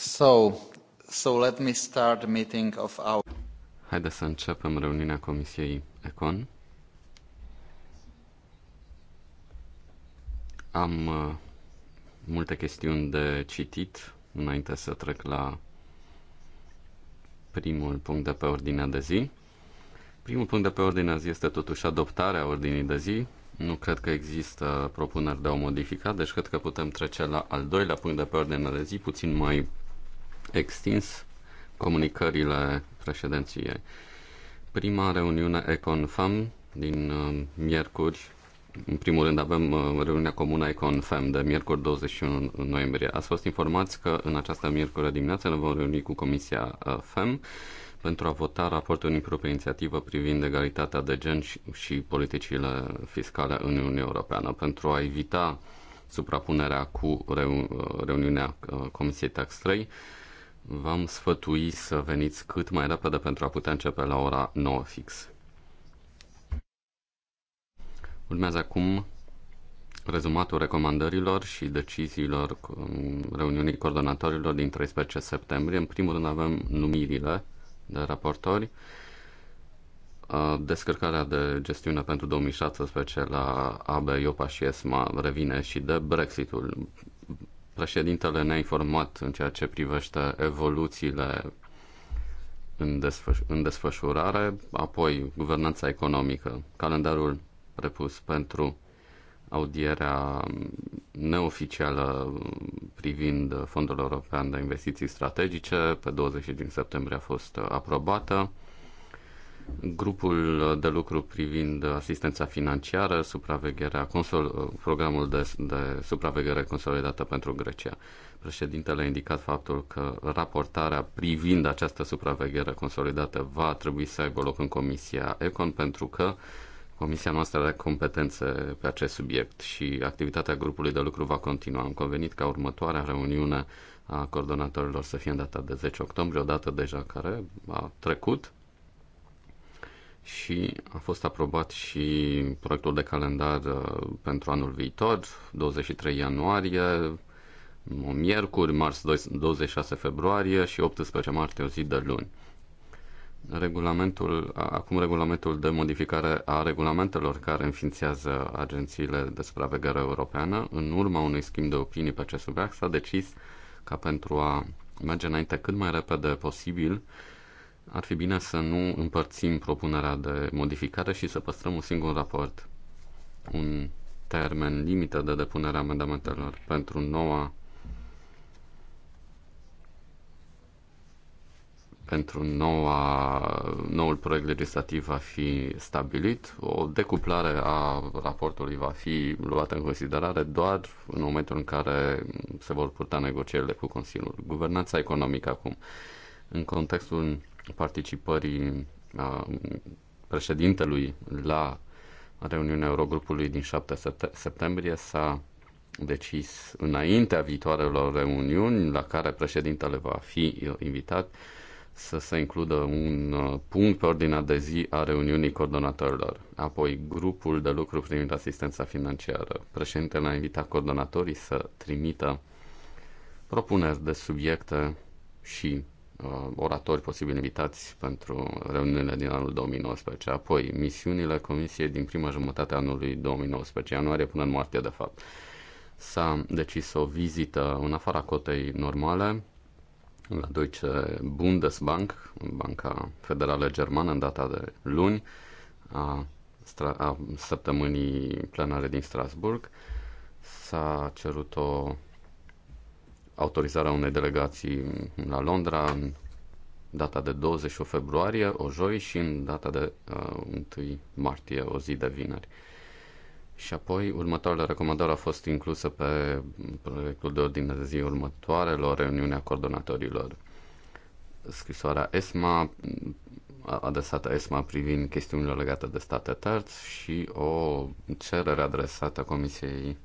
So, so let me start meeting of our... Haideți să începem reuniunea Comisiei Econ. Am uh, multe chestiuni de citit înainte să trec la primul punct de pe ordinea de zi. Primul punct de pe ordinea de zi este totuși adoptarea ordinii de zi. Nu cred că există propuneri de a o modifica, deci cred că putem trece la al doilea punct de pe ordinea de zi, puțin mai extins comunicările președinției. Prima reuniune econ din din uh, miercuri, în primul rând avem uh, reuniunea comună Econfam de miercuri 21 noiembrie. Ați fost informați că în această miercuri dimineață ne vom reuni cu Comisia uh, FEM pentru a vota raportul din proprie inițiativă privind egalitatea de gen și, și politicile fiscale în Uniunea Europeană. Pentru a evita suprapunerea cu reuniunea Comisiei Tax 3, v-am sfătui să veniți cât mai repede pentru a putea începe la ora 9 fix. Urmează acum rezumatul recomandărilor și deciziilor um, reuniunii coordonatorilor din 13 septembrie. În primul rând avem numirile de raportori, uh, descărcarea de gestiune pentru 2016 la AB, IOPA și ESMA revine și de Brexitul Președintele ne-a informat în ceea ce privește evoluțiile în, desfăș- în desfășurare, apoi guvernanța economică, calendarul prepus pentru audierea neoficială privind Fondul European de Investiții Strategice pe 20 din septembrie a fost aprobată grupul de lucru privind asistența financiară, supravegherea, consol, programul de, de supraveghere consolidată pentru Grecia. Președintele a indicat faptul că raportarea privind această supraveghere consolidată va trebui să aibă loc în Comisia Econ pentru că Comisia noastră are competențe pe acest subiect și activitatea grupului de lucru va continua. Am convenit ca următoarea reuniune a coordonatorilor să fie în data de 10 octombrie, o dată deja care a trecut, și a fost aprobat și proiectul de calendar uh, pentru anul viitor, 23 ianuarie, miercuri, marți 26 februarie și 18 martie, o zi de luni. Regulamentul, acum regulamentul de modificare a regulamentelor care înființează agențiile de supraveghere europeană, în urma unui schimb de opinii pe acest subiect, s-a decis ca pentru a merge înainte cât mai repede posibil, ar fi bine să nu împărțim propunerea de modificare și să păstrăm un singur raport. Un termen limită de depunere a amendamentelor pentru noua pentru noua, noul proiect legislativ va fi stabilit. O decuplare a raportului va fi luată în considerare doar în momentul în care se vor purta negocierile cu Consiliul. Guvernanța economică acum. În contextul participării președintelui la reuniunea Eurogrupului din 7 septembrie s-a decis înaintea viitoarelor reuniuni la care președintele va fi invitat să se includă un punct pe ordinea de zi a reuniunii coordonatorilor, apoi grupul de lucru privind asistența financiară. Președintele a invitat coordonatorii să trimită propuneri de subiecte și Uh, oratori posibil invitați pentru reuniunile din anul 2019, apoi misiunile Comisiei din prima jumătate a anului 2019, ianuarie până în martie de fapt. S-a decis o vizită în afara cotei normale la Deutsche Bundesbank, Banca Federală Germană, în data de luni a, a săptămânii plenare din Strasburg. S-a cerut o autorizarea unei delegații la Londra în data de 21 februarie, o joi, și în data de uh, 1 martie, o zi de vineri. Și apoi, următoarele recomandări a fost inclusă pe proiectul de ordine de zi următoare, la reuniunea coordonatorilor. Scrisoarea ESMA, adresată ESMA privind chestiunile legate de state terți și o cerere adresată Comisiei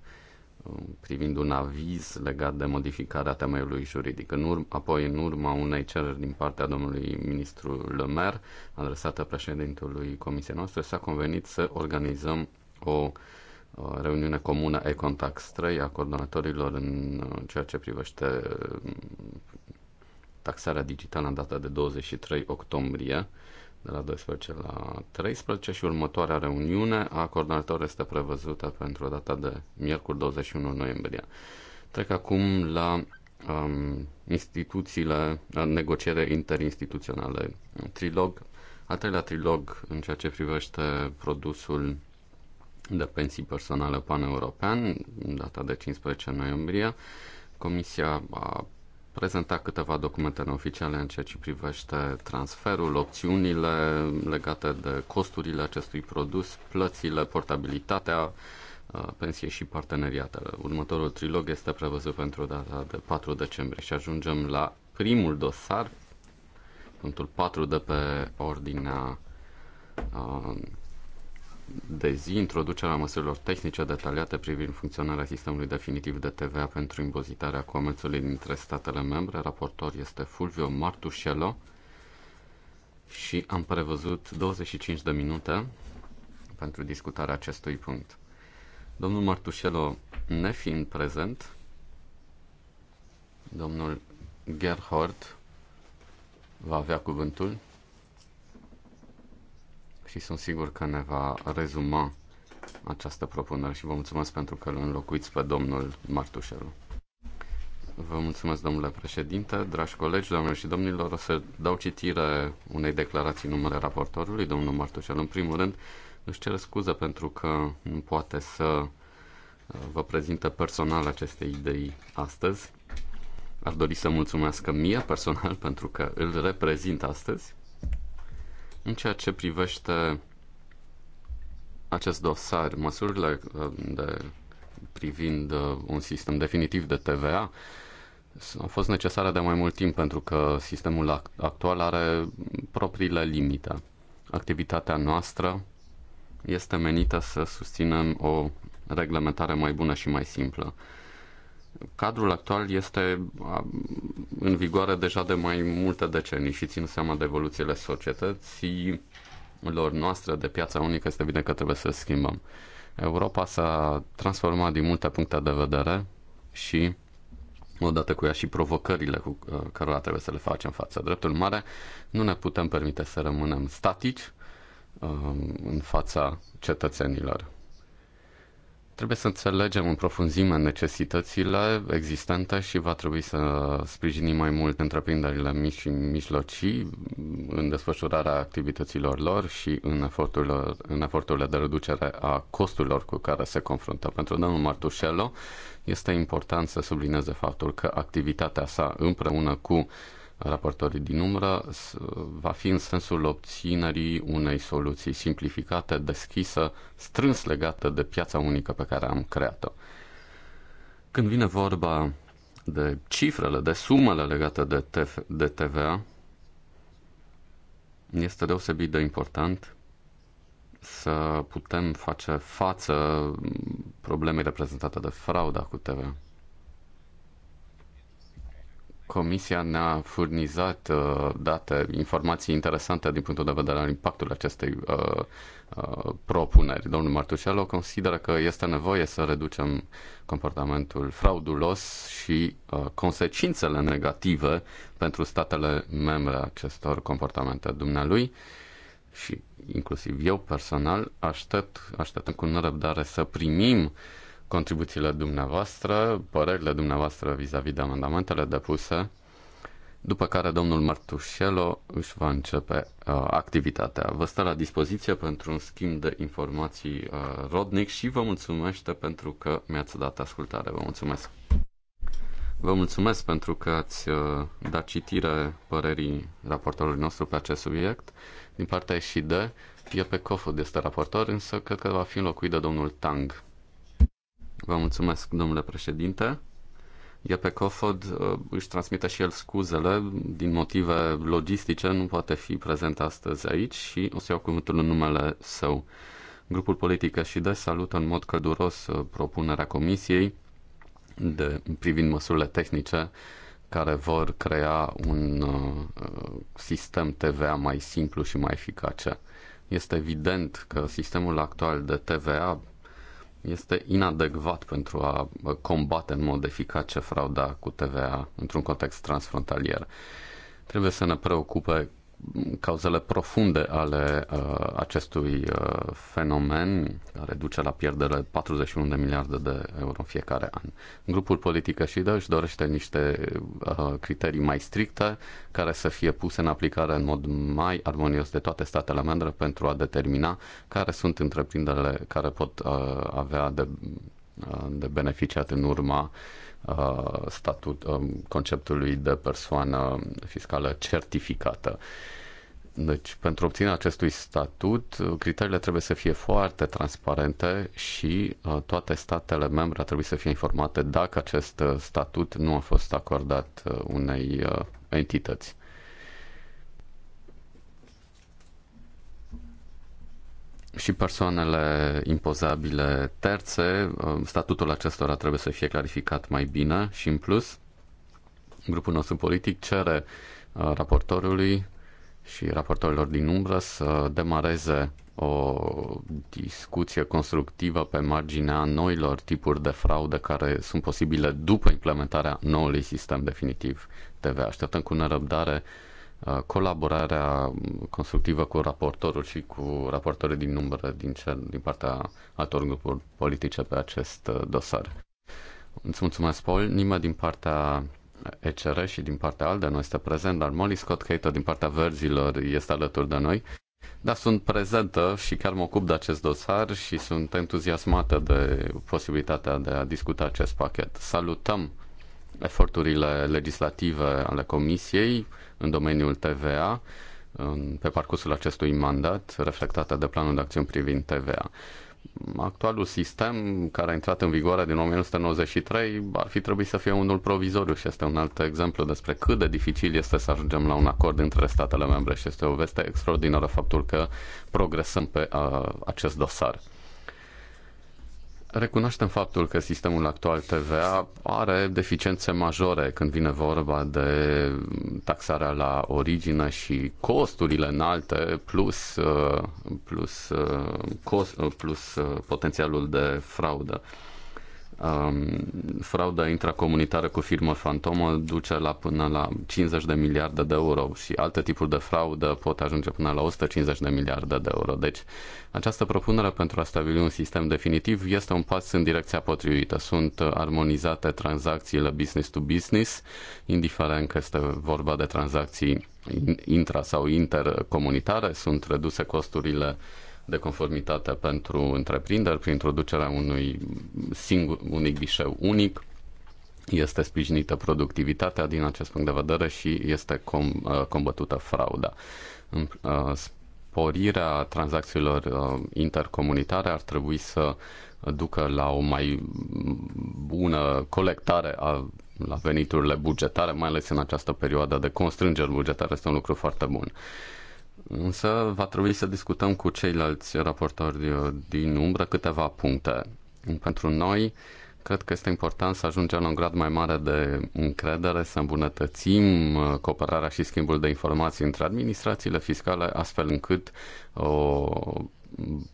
Um, privind un aviz legat de modificarea temeiului juridic. În urm, apoi, în urma unei cereri din partea domnului ministru Lemer, adresată președintelui comisiei noastre, s-a convenit să organizăm o uh, reuniune comună e-contact 3 a coordonatorilor în uh, ceea ce privește um, taxarea digitală în data de 23 octombrie de la 12 la 13 și următoarea reuniune a coordonatorilor este prevăzută pentru data de miercuri 21 noiembrie. Trec acum la um, instituțiile, la negociere interinstituționale. Trilog, al treilea trilog în ceea ce privește produsul de pensii personale pan-european, data de 15 noiembrie. Comisia a prezenta câteva documente neoficiale în ceea ce privește transferul, opțiunile legate de costurile acestui produs, plățile, portabilitatea, uh, pensie și parteneriatele. Următorul trilog este prevăzut pentru data de 4 decembrie și ajungem la primul dosar, punctul 4 de pe ordinea uh, de zi, introducerea măsurilor tehnice detaliate privind funcționarea sistemului definitiv de TVA pentru impozitarea comerțului dintre statele membre. Raportor este Fulvio Martușelo și am prevăzut 25 de minute pentru discutarea acestui punct. Domnul Martușelo nefiind prezent, domnul Gerhard va avea cuvântul și sunt sigur că ne va rezuma această propunere și vă mulțumesc pentru că îl înlocuiți pe domnul Martușelu. Vă mulțumesc, domnule președinte, dragi colegi, doamnelor și domnilor, o să dau citire unei declarații în numele raportorului, domnul Martușel. În primul rând, își cer scuze pentru că nu poate să uh, vă prezintă personal aceste idei astăzi. Ar dori să mulțumesc mie personal pentru că îl reprezint astăzi în ceea ce privește acest dosar, măsurile uh, de, privind uh, un sistem definitiv de TVA, au fost necesare de mai mult timp pentru că sistemul actual are propriile limite. Activitatea noastră este menită să susținem o reglementare mai bună și mai simplă. Cadrul actual este în vigoare deja de mai multe decenii și țin seama de evoluțiile societății lor noastre de piața unică, este bine că trebuie să schimbăm. Europa s-a transformat din multe puncte de vedere și odată cu ea și provocările cu care trebuie să le facem față. Dreptul mare, nu ne putem permite să rămânem statici în fața cetățenilor. Trebuie să înțelegem în profunzime necesitățile existente și va trebui să sprijinim mai mult întreprinderile mici și mijlocii în desfășurarea activităților lor și în eforturile, în eforturile de reducere a costurilor cu care se confruntă. Pentru domnul Martușelo este important să sublineze faptul că activitatea sa împreună cu raportorii din umbră va fi în sensul obținerii unei soluții simplificate, deschisă, strâns legată de piața unică pe care am creat-o. Când vine vorba de cifrele, de sumele legate de, TV, de TVA, este deosebit de important să putem face față problemei reprezentate de frauda cu TVA. Comisia ne-a furnizat uh, date, informații interesante din punctul de vedere al impactului acestei uh, uh, propuneri. Domnul Martușelo consideră că este nevoie să reducem comportamentul fraudulos și uh, consecințele negative pentru statele membre acestor comportamente dumnealui și inclusiv eu personal aștept, așteptăm cu nerăbdare să primim uh, contribuțiile dumneavoastră, părerile dumneavoastră vis-a-vis -vis de amendamentele depuse, după care domnul Martușelo își va începe uh, activitatea. Vă stă la dispoziție pentru un schimb de informații uh, rodnic și vă mulțumește pentru că mi-ați dat ascultare. Vă mulțumesc! Vă mulțumesc pentru că ați uh, dat citire părerii raportorului nostru pe acest subiect. Din partea și de, e pe cofod este raportor, însă cred că va fi înlocuit de domnul Tang. Vă mulțumesc, domnule președinte. pe Cofod uh, își transmite și el scuzele din motive logistice, nu poate fi prezent astăzi aici și o să iau cuvântul în numele său. Grupul politic și de salută în mod călduros uh, propunerea Comisiei de, privind măsurile tehnice care vor crea un uh, sistem TVA mai simplu și mai eficace. Este evident că sistemul actual de TVA este inadecvat pentru a combate în mod eficace frauda cu TVA într-un context transfrontalier. Trebuie să ne preocupe cauzele profunde ale uh, acestui uh, fenomen, care duce la pierdere 41 de miliarde de euro în fiecare an. Grupul politic și își dorește niște uh, criterii mai stricte, care să fie puse în aplicare în mod mai armonios de toate statele membre pentru a determina care sunt întreprinderile care pot uh, avea de, uh, de beneficiat în urma uh, Uh, statut, um, conceptului de persoană fiscală certificată. Deci, pentru obținerea acestui statut, criteriile trebuie să fie foarte transparente și uh, toate statele membre ar trebui să fie informate dacă acest uh, statut nu a fost acordat unei entități. și persoanele impozabile terțe, uh, statutul acestora trebuie să fie clarificat mai bine și în plus, grupul nostru politic cere uh, raportorului și raportorilor din umbră să demareze o discuție constructivă pe marginea noilor tipuri de fraude care sunt posibile după implementarea noului sistem definitiv TV. Așteptăm cu nerăbdare uh, Uh, colaborarea um, constructivă cu raportorul și cu raportorii din numără din, cel, din partea altor grupuri politice pe acest uh, dosar. Îți mulțumesc, Paul. nimă din partea ECR și din partea ALDE nu este prezent, dar Molly Scott Cato din partea Verzilor este alături de noi. Dar sunt prezentă și chiar mă ocup de acest dosar și sunt entuziasmată de posibilitatea de a discuta acest pachet. Salutăm eforturile legislative ale Comisiei în domeniul TVA pe parcursul acestui mandat, reflectate de planul de acțiuni privind TVA. Actualul sistem care a intrat în vigoare din 1993 ar fi trebuit să fie unul provizoriu și este un alt exemplu despre cât de dificil este să ajungem la un acord între statele membre și este o veste extraordinară faptul că progresăm pe a, acest dosar. Recunoaștem faptul că sistemul actual TVA are deficiențe majore când vine vorba de taxarea la origine și costurile înalte plus, uh, plus, uh, uh, plus, plus potențialul de fraudă um, frauda intracomunitară cu firmă fantomă duce la până la 50 de miliarde de euro și alte tipuri de fraudă pot ajunge până la 150 de miliarde de euro. Deci, această propunere pentru a stabili un sistem definitiv este un pas în direcția potrivită. Sunt armonizate tranzacțiile business to business, indiferent că este vorba de tranzacții intra sau intercomunitare, sunt reduse costurile uh, de conformitate pentru întreprinderi prin introducerea unui singur, unic ghișeu unic. Este sprijinită productivitatea din acest punct de vedere și este com, uh, combătută frauda. Uh, sporirea tranzacțiilor uh, intercomunitare ar trebui să ducă la o mai bună colectare a la veniturile bugetare, mai ales în această perioadă de constrângeri bugetare, este un lucru foarte bun. Uh, Însă va trebui să discutăm cu ceilalți raportori uh, din umbră câteva puncte. Pentru noi, cred că este important să ajungem la un grad mai mare de încredere, să îmbunătățim uh, cooperarea și schimbul de informații între administrațiile fiscale, astfel încât o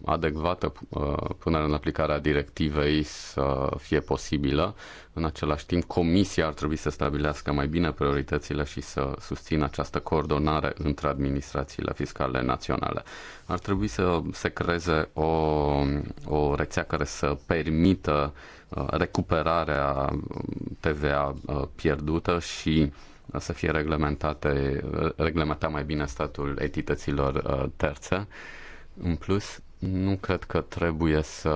adecvată uh, punerea în aplicare a directivei să fie posibilă. În același timp, Comisia ar trebui să stabilească mai bine prioritățile și să susțină această coordonare între administrațiile fiscale naționale. Ar trebui să se creeze o, o rețea care să permită uh, recuperarea TVA uh, pierdută și să fie reglementate, reglementat mai bine statul entităților terțe în plus, nu cred că trebuie să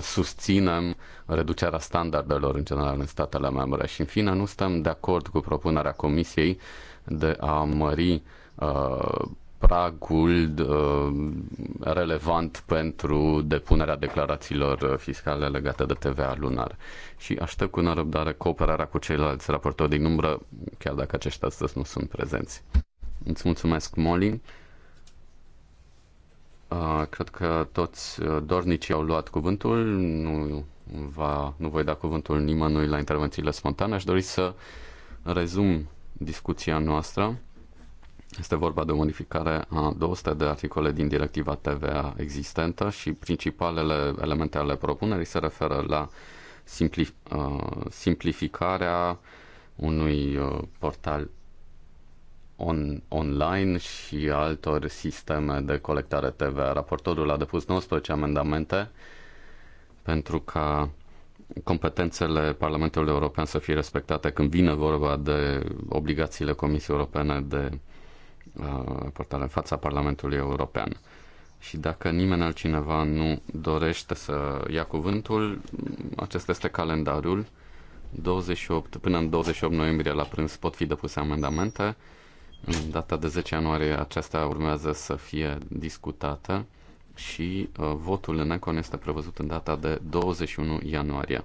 susținem reducerea standardelor în general în statele membre și în fine nu stăm de acord cu propunerea Comisiei de a mări uh, pragul uh, relevant pentru depunerea declarațiilor fiscale legate de TVA lunar. Și aștept cu nerăbdare cooperarea cu ceilalți raportori din umbră, chiar dacă aceștia astăzi nu sunt prezenți. Îți mulțumesc, Molly. Uh, cred că toți uh, dornicii au luat cuvântul. Nu, va, nu voi da cuvântul nimănui la intervențiile spontane. Aș dori să rezum discuția noastră. Este vorba de o modificare a 200 de articole din directiva TVA existentă și principalele elemente ale propunerii se referă la simpli, uh, simplificarea unui uh, portal on, online și altor sisteme de colectare TVA. Raportorul a depus 19 amendamente pentru ca competențele Parlamentului European să fie respectate când vine vorba de obligațiile Comisiei Europene de raportare uh, în fața Parlamentului European. Și dacă nimeni altcineva nu dorește să ia cuvântul, acesta este calendarul. 28, până în 28 noiembrie la prânz pot fi depuse amendamente. În data de 10 ianuarie acesta urmează să fie discutată și uh, votul în ECON este prevăzut în data de 21 ianuarie.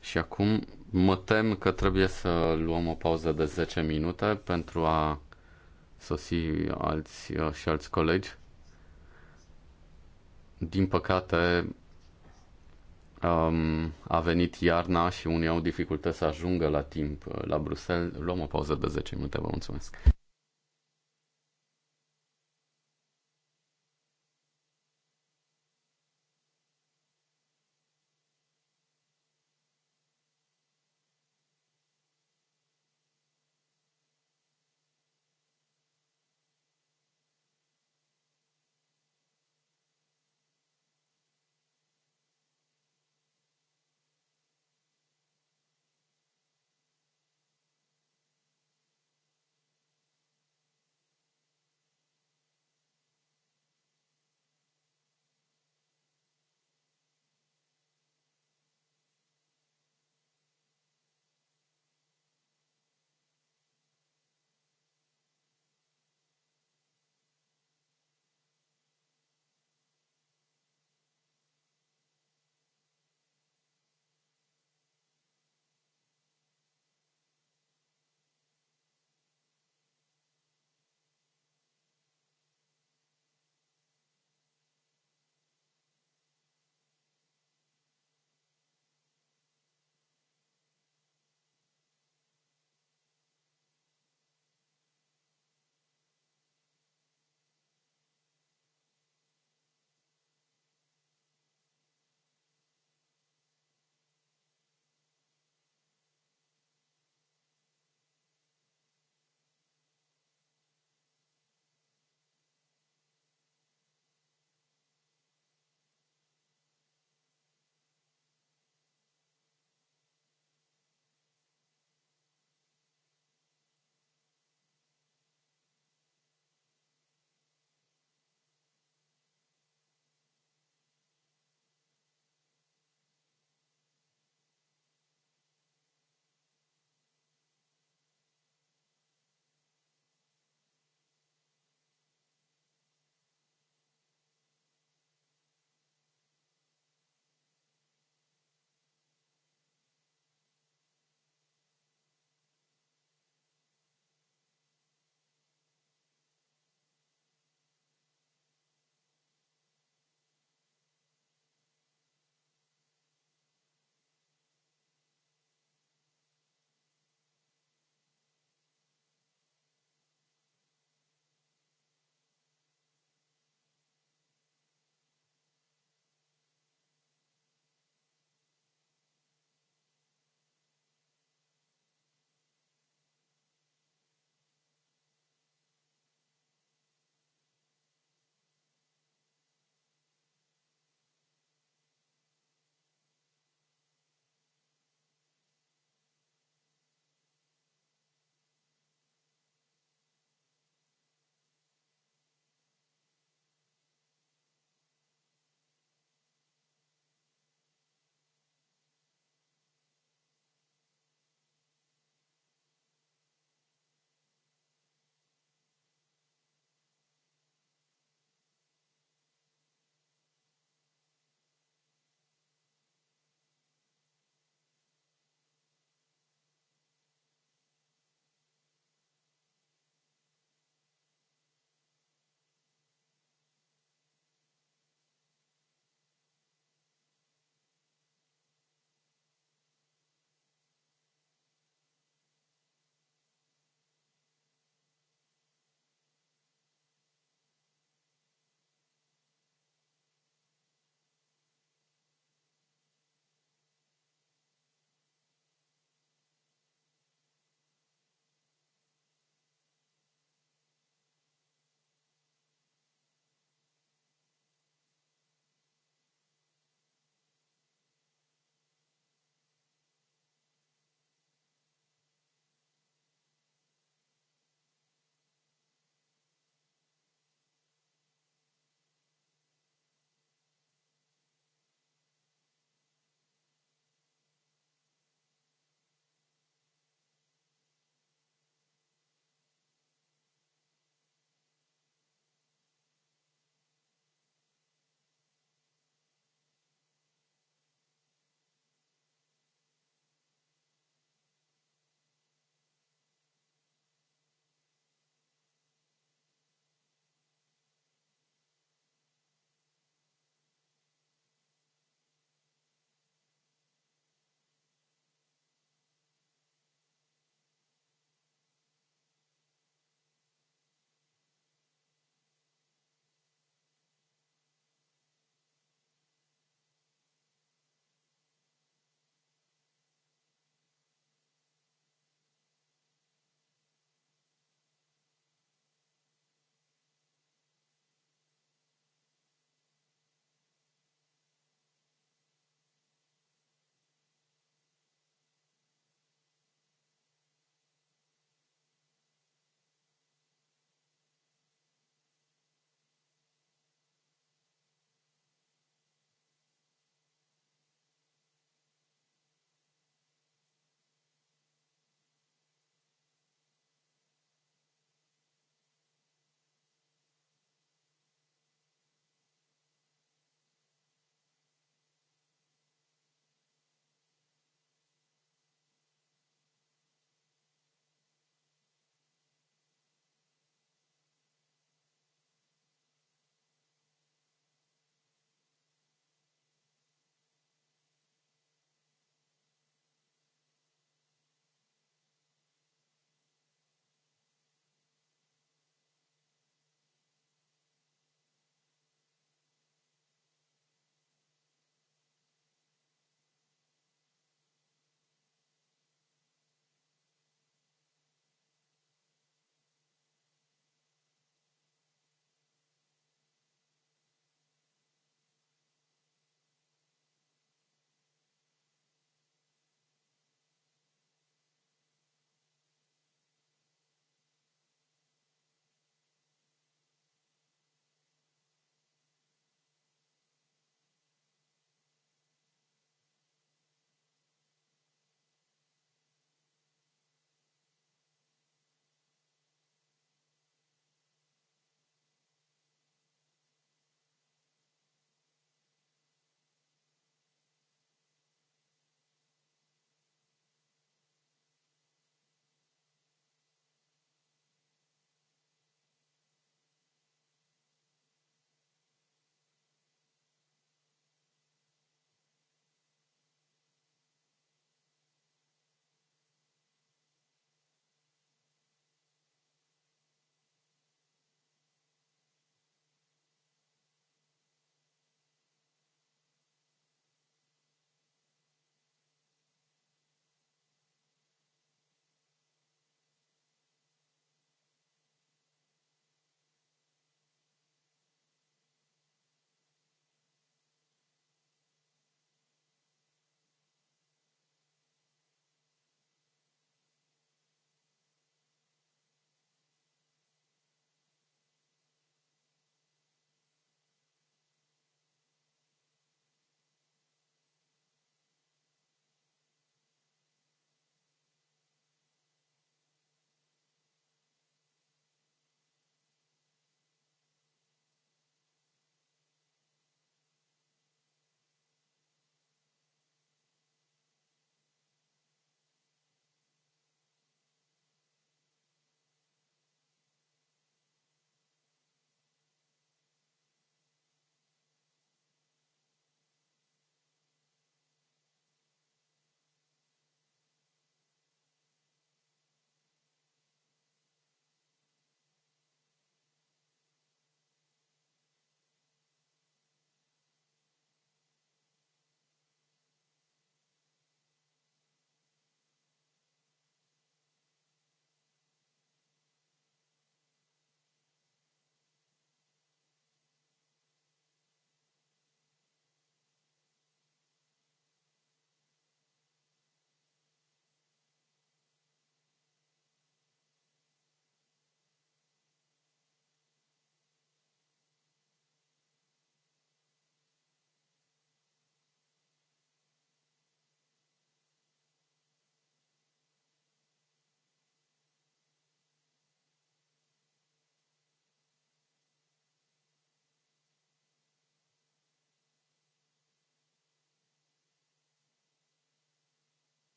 Și acum mă tem că trebuie să luăm o pauză de 10 minute pentru a sosi alți uh, și alți colegi. Din păcate, um, a venit iarna și unii au dificultăți să ajungă la timp uh, la Bruxelles. Luăm o pauză de 10 minute, vă mulțumesc.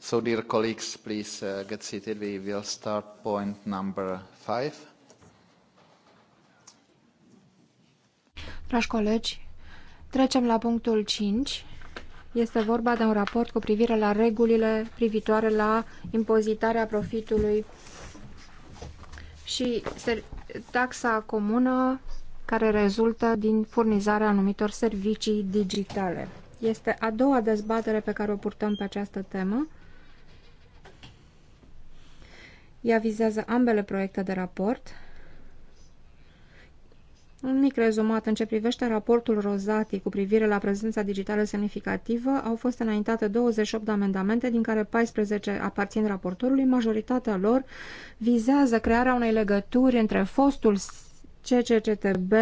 So, dear colleagues, please uh, get seated. We will start point number five. Dragi colegi, trecem la punctul 5. Este vorba de un raport cu privire la regulile privitoare la impozitarea profitului și taxa comună care rezultă din furnizarea anumitor servicii digitale. Este a doua dezbatere pe care o purtăm pe această temă. Ea vizează ambele proiecte de raport. Un mic rezumat în ce privește raportul Rozati cu privire la prezența digitală semnificativă, au fost înaintate 28 de amendamente, din care 14 aparțin raportorului. Majoritatea lor vizează crearea unei legături între fostul CCCTB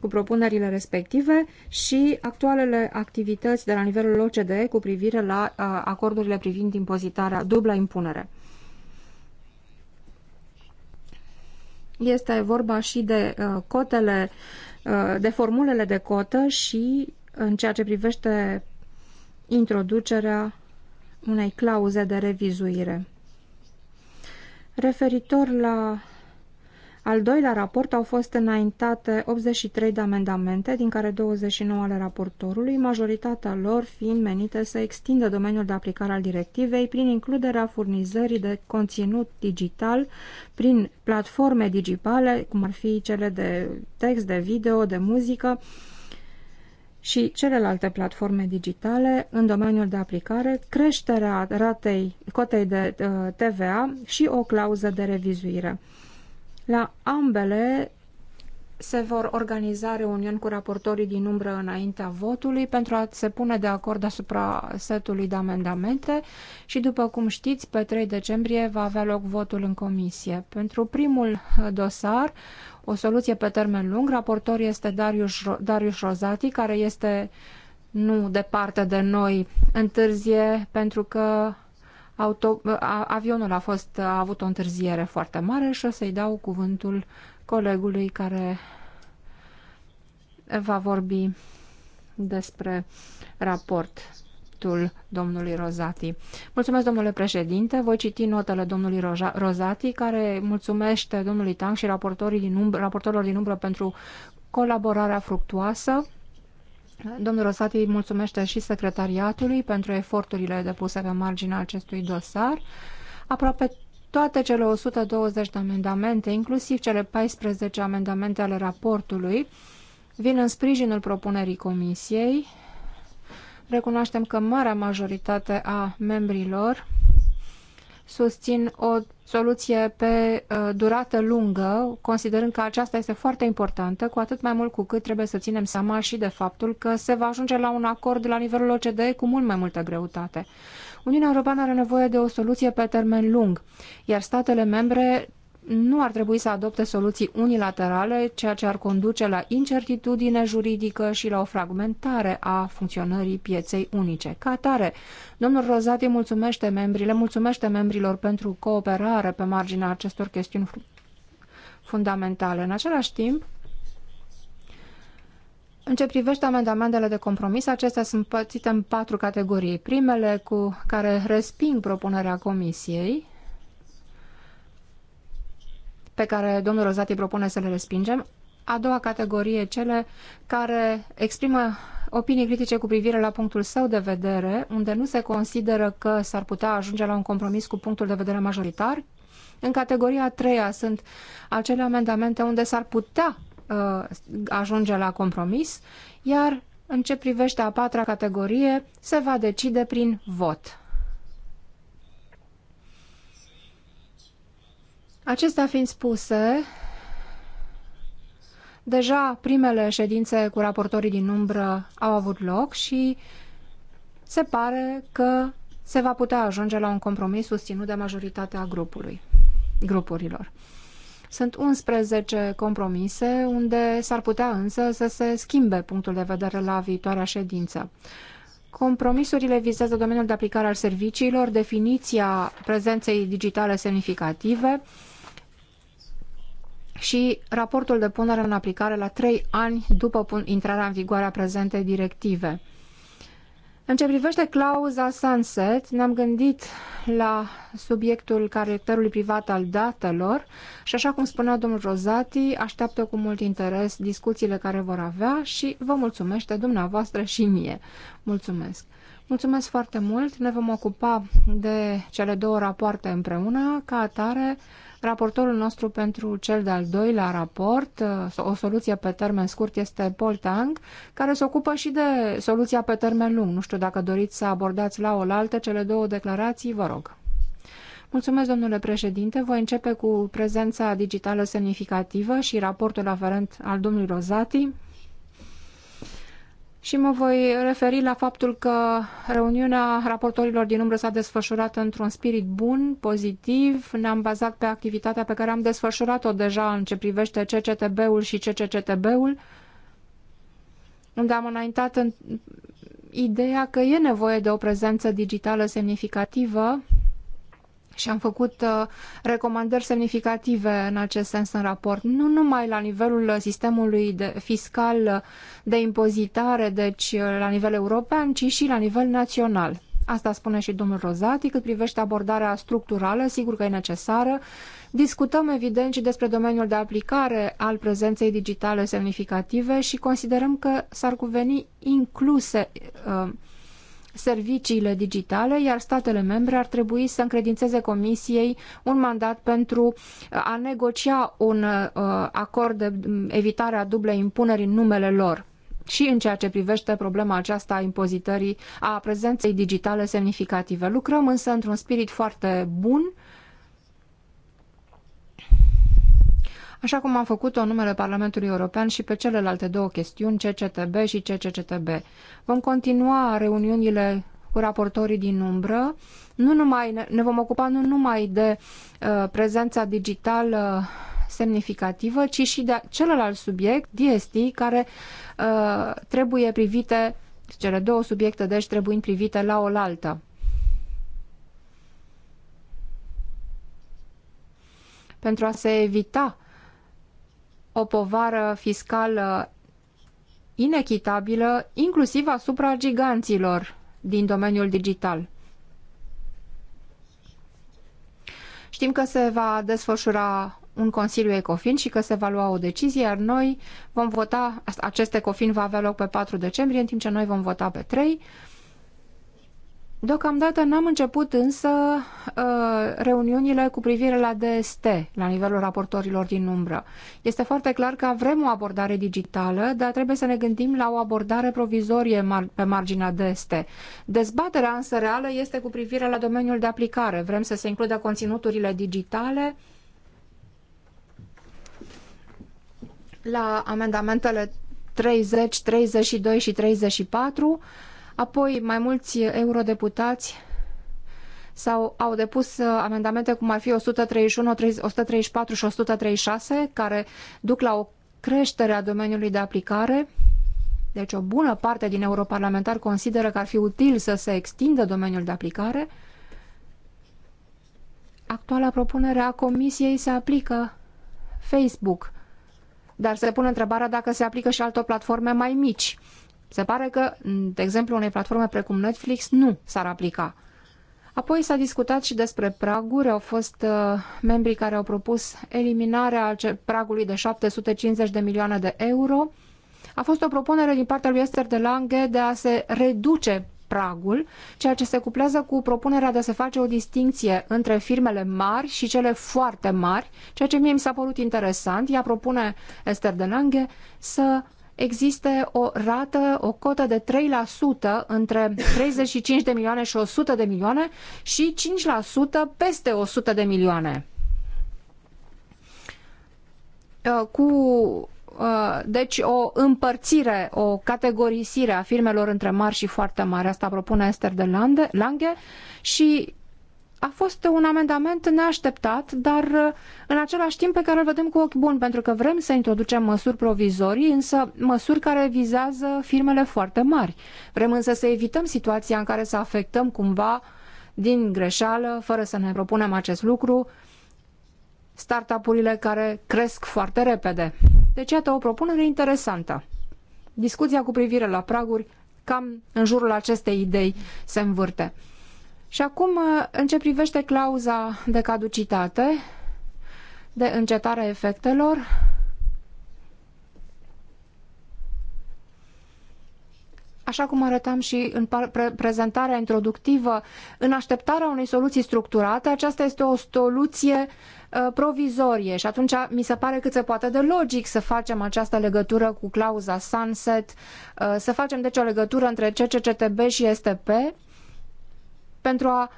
cu propunerile respective și actualele activități de la nivelul OCDE cu privire la acordurile privind impozitarea, dubla impunere. Este vorba și de uh, cotele, uh, de formulele de cotă și în ceea ce privește introducerea unei clauze de revizuire. Referitor la al doilea raport au fost înaintate 83 de amendamente, din care 29 ale raportorului, majoritatea lor fiind menite să extindă domeniul de aplicare al directivei prin includerea furnizării de conținut digital prin platforme digitale, cum ar fi cele de text, de video, de muzică, și celelalte platforme digitale în domeniul de aplicare, creșterea ratei cotei de uh, TVA și o clauză de revizuire. La ambele se vor organiza reuniuni cu raportorii din umbră înaintea votului pentru a se pune de acord asupra setului de amendamente și, după cum știți, pe 3 decembrie va avea loc votul în comisie. Pentru primul dosar, o soluție pe termen lung, raportor este Darius, Darius Rozati, care este nu departe de noi, întârzie pentru că Auto, avionul a, fost, a avut o întârziere foarte mare și o să-i dau cuvântul colegului care va vorbi despre raportul domnului Rozati. Mulțumesc, domnule președinte. Voi citi notele domnului Rozati, care mulțumește domnului Tang și din umbră, raportorilor din umbră pentru colaborarea fructuoasă Domnul Rosati mulțumește și secretariatului pentru eforturile depuse pe marginea acestui dosar. Aproape toate cele 120 de amendamente, inclusiv cele 14 amendamente ale raportului, vin în sprijinul propunerii comisiei. Recunoaștem că marea majoritate a membrilor susțin o soluție pe uh, durată lungă, considerând că aceasta este foarte importantă, cu atât mai mult cu cât trebuie să ținem seama și de faptul că se va ajunge la un acord la nivelul OCDE cu mult mai multă greutate. Uniunea Europeană are nevoie de o soluție pe termen lung, iar statele membre nu ar trebui să adopte soluții unilaterale, ceea ce ar conduce la incertitudine juridică și la o fragmentare a funcționării pieței unice. Ca atare, domnul Rozati mulțumește membrile, mulțumește membrilor pentru cooperare pe marginea acestor chestiuni fundamentale. În același timp, în ce privește amendamentele de compromis, acestea sunt pățite în patru categorii. Primele cu care resping propunerea Comisiei, pe care domnul Rozati propune să le respingem. A doua categorie, cele care exprimă opinii critice cu privire la punctul său de vedere, unde nu se consideră că s-ar putea ajunge la un compromis cu punctul de vedere majoritar. În categoria a treia sunt acele amendamente unde s-ar putea uh, ajunge la compromis, iar în ce privește a patra categorie, se va decide prin vot. Acestea fiind spuse, deja primele ședințe cu raportorii din umbră au avut loc și se pare că se va putea ajunge la un compromis susținut de majoritatea grupului, grupurilor. Sunt 11 compromise unde s-ar putea însă să se schimbe punctul de vedere la viitoarea ședință. Compromisurile vizează domeniul de aplicare al serviciilor, definiția prezenței digitale semnificative, și raportul de punere în aplicare la trei ani după intrarea în vigoare a prezentei directive. În ce privește clauza sunset, ne-am gândit la subiectul caracterului privat al datelor și așa cum spunea domnul Rozati, așteaptă cu mult interes discuțiile care vor avea și vă mulțumește dumneavoastră și mie. Mulțumesc! Mulțumesc foarte mult! Ne vom ocupa de cele două rapoarte împreună, ca atare Raportorul nostru pentru cel de-al doilea raport, uh, o soluție pe termen scurt, este Paul Tang, care se ocupă și de soluția pe termen lung. Nu știu dacă doriți să abordați la oaltă cele două declarații, vă rog. Mulțumesc, domnule președinte. Voi începe cu prezența digitală semnificativă și raportul aferent al domnului Rozati, și mă voi referi la faptul că reuniunea raportorilor din umbră s-a desfășurat într-un spirit bun, pozitiv, ne-am bazat pe activitatea pe care am desfășurat-o deja în ce privește CCTB-ul și CCCTB-ul, unde am înaintat în ideea că e nevoie de o prezență digitală semnificativă și am făcut uh, recomandări semnificative în acest sens în raport, nu numai la nivelul sistemului de fiscal de impozitare, deci uh, la nivel european, ci și la nivel național. Asta spune și domnul Rozati, cât privește abordarea structurală, sigur că e necesară. Discutăm evident și despre domeniul de aplicare al prezenței digitale semnificative și considerăm că s-ar cuveni incluse uh, serviciile digitale, iar statele membre ar trebui să încredințeze Comisiei un mandat pentru uh, a negocia un uh, acord de mm, evitare a dublei impuneri în numele lor și în ceea ce privește problema aceasta a impozitării a prezenței digitale semnificative. Lucrăm însă într-un spirit foarte bun, așa cum am făcut-o în numele Parlamentului European și pe celelalte două chestiuni, CCTB și CCCTB. Vom continua reuniunile cu raportorii din umbră. Nu numai, ne vom ocupa nu numai de uh, prezența digitală semnificativă, ci și de celălalt subiect, DST, care uh, trebuie privite, cele două subiecte, deci, trebuie privite la oaltă. Pentru a se evita o povară fiscală inechitabilă, inclusiv asupra giganților din domeniul digital. Știm că se va desfășura un Consiliu Ecofin și că se va lua o decizie, iar noi vom vota, acest Ecofin va avea loc pe 4 decembrie, în timp ce noi vom vota pe 3 Deocamdată n-am început însă ă, reuniunile cu privire la DST, la nivelul raportorilor din umbră. Este foarte clar că avem o abordare digitală, dar trebuie să ne gândim la o abordare provizorie pe marginea DST. Dezbaterea însă reală este cu privire la domeniul de aplicare. Vrem să se includă conținuturile digitale la amendamentele 30, 32 și 34 Apoi, mai mulți eurodeputați sau au depus uh, amendamente cum ar fi 131, 134 și 136, care duc la o creștere a domeniului de aplicare. Deci o bună parte din europarlamentari consideră că ar fi util să se extindă domeniul de aplicare. Actuala propunere a Comisiei se aplică Facebook, dar se pune întrebarea dacă se aplică și altor platforme mai mici. Se pare că, de exemplu, unei platforme precum Netflix nu s-ar aplica. Apoi s-a discutat și despre praguri. Au fost uh, membrii care au propus eliminarea pragului de 750 de milioane de euro. A fost o propunere din partea lui Esther de Lange de a se reduce pragul, ceea ce se cuplează cu propunerea de a se face o distinție între firmele mari și cele foarte mari, ceea ce mie mi s-a părut interesant. Ea propune Esther de Lange să existe o rată, o cotă de 3% între 35 de milioane și 100 de milioane și 5% peste 100 de milioane. Uh, cu uh, deci o împărțire, o categorisire a firmelor între mari și foarte mari, asta propune Esther de Lange și a fost un amendament neașteptat, dar uh, în același timp pe care îl vedem cu ochi buni, pentru că vrem să introducem măsuri provizorii, însă măsuri care vizează firmele foarte mari. Vrem însă să evităm situația în care să afectăm cumva din greșeală, fără să ne propunem acest lucru, startup-urile care cresc foarte repede. Deci, iată o propunere interesantă. Discuția cu privire la praguri cam în jurul acestei idei se învârte. Și acum, uh, în ce privește clauza de caducitate, de încetare efectelor, așa cum arătam și în prezentarea introductivă, în așteptarea unei soluții structurate, aceasta este o soluție uh, provizorie și atunci mi se pare cât se poate de logic să facem această legătură cu clauza sunset, uh, să facem deci o legătură între CCCTB și STP, pentru a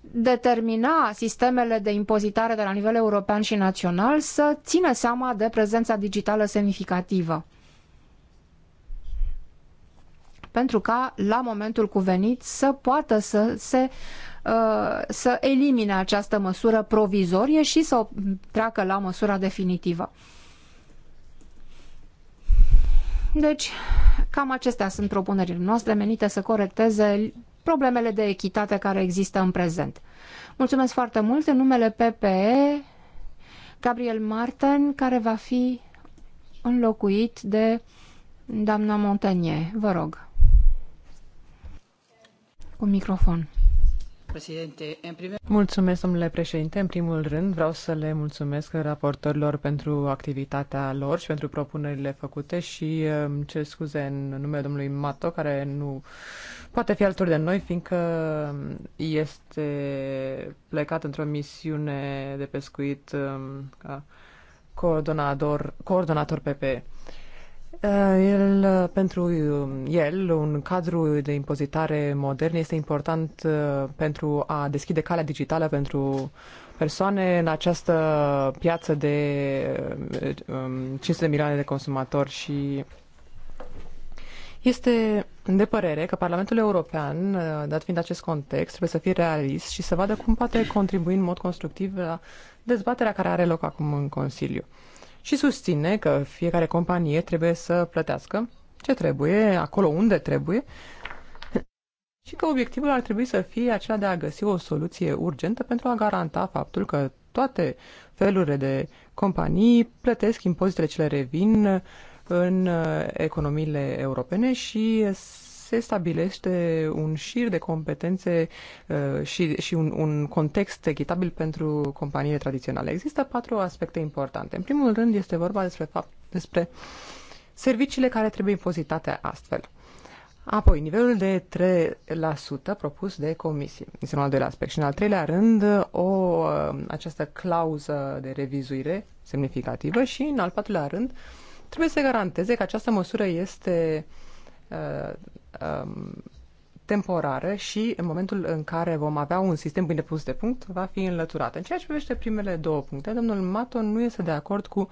determina sistemele de impozitare de la nivel european și național să țină seama de prezența digitală semnificativă. Pentru ca, la momentul cuvenit, să poată să se uh, să elimine această măsură provizorie și să o treacă la măsura definitivă. Deci, cam acestea sunt propunerile noastre menite să corecteze problemele de echitate care există în prezent. Mulțumesc foarte mult în numele PPE, Gabriel Martin, care va fi înlocuit de doamna Montanie. Vă rog. Cu microfon. Mulțumesc, domnule președinte. În primul rând, vreau să le mulțumesc raportorilor pentru activitatea lor și pentru propunerile făcute și îmi cer scuze în numele domnului Mato, care nu poate fi alături de noi, fiindcă este plecat într-o misiune de pescuit um, ca coordonator, coordonator PPE. Uh, el, uh, pentru um, el, un cadru de impozitare modern este important uh, pentru a deschide calea digitală pentru persoane în această piață de 500 um, de milioane de consumatori și este de părere că Parlamentul European, uh, dat fiind acest context, trebuie să fie realist și să vadă cum poate contribui în mod constructiv la dezbaterea care are loc acum în Consiliu. Și susține că fiecare companie trebuie să plătească ce trebuie, acolo unde trebuie, și că obiectivul ar trebui să fie acela de a găsi o soluție urgentă pentru a garanta faptul că toate felurile de companii plătesc impozitele ce le revin în uh, economiile europene și se stabilește un șir de competențe uh, și, și un, un context echitabil pentru companiile tradiționale. Există patru aspecte importante. În primul rând este vorba despre, fapt, despre serviciile care trebuie impozitate astfel. Apoi, nivelul de 3% propus de comisie. Este un al doilea aspect. Și în al treilea rând, o, uh, această clauză de revizuire semnificativă și, în al patrulea rând, uh, trebuie să garanteze că această măsură este uh, um, temporară și în momentul în care vom avea un sistem bine pus de punct, va fi înlăturată. În ceea ce privește primele două puncte, domnul Maton nu este de acord cu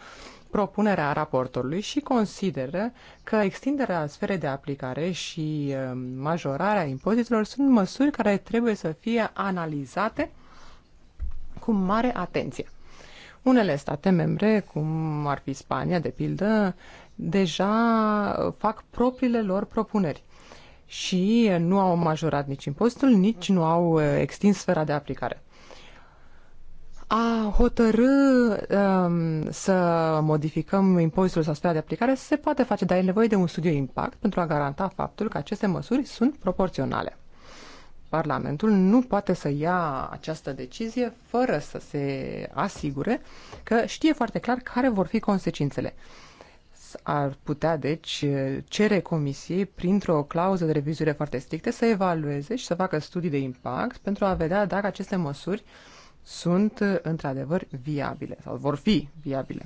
propunerea raportorului și consideră că extinderea sferei de aplicare și um, majorarea impozitelor sunt măsuri care trebuie să fie analizate cu mare atenție. Unele state membre, cum ar fi Spania, de pildă, deja fac propriile lor propuneri și nu au majorat nici impostul, nici nu au uh, extins sfera de aplicare. A hotărâ um, să modificăm impozitul sau sfera de aplicare se poate face, dar e nevoie de un studiu impact pentru a garanta faptul că aceste măsuri sunt proporționale. Parlamentul nu poate să ia această decizie fără să se asigure că știe foarte clar care vor fi consecințele. Ar putea, deci, cere Comisiei, printr-o clauză de revizuire foarte strictă, să evalueze și să facă studii de impact pentru a vedea dacă aceste măsuri sunt într-adevăr viabile sau vor fi viabile.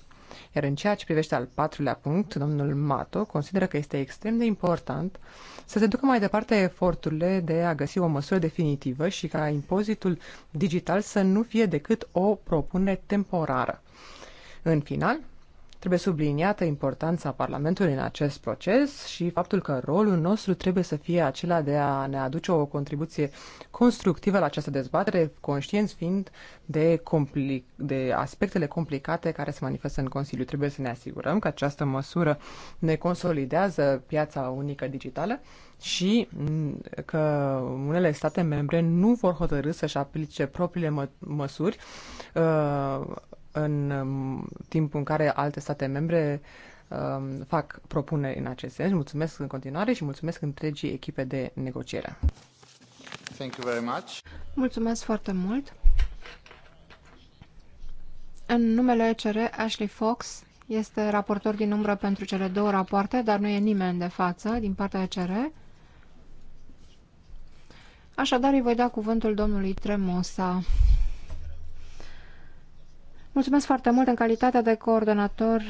Iar în ceea ce privește al patrulea punct, domnul Mato consideră că este extrem de important să se ducă mai departe eforturile de a găsi o măsură definitivă și ca impozitul digital să nu fie decât o propunere temporară. În final, Trebuie subliniată importanța Parlamentului în acest proces și faptul că rolul nostru trebuie să fie acela de a ne aduce o contribuție constructivă la această dezbatere, conștienți fiind de, compli- de aspectele complicate care se manifestă în Consiliu. Trebuie să ne asigurăm că această măsură ne consolidează piața unică digitală și că unele state membre nu vor hotărâ să-și aplice propriile mă- măsuri uh, în um, timpul în care alte state membre um, fac propuneri în acest sens. Mulțumesc în continuare și mulțumesc întregii echipe de negociere. Thank you very much. Mulțumesc foarte mult. În numele ECR, Ashley Fox este raportor din umbră pentru cele două rapoarte, dar nu e nimeni de față din partea ECR. Așadar îi voi da cuvântul domnului Tremosa Mulțumesc foarte mult în calitatea de coordonator.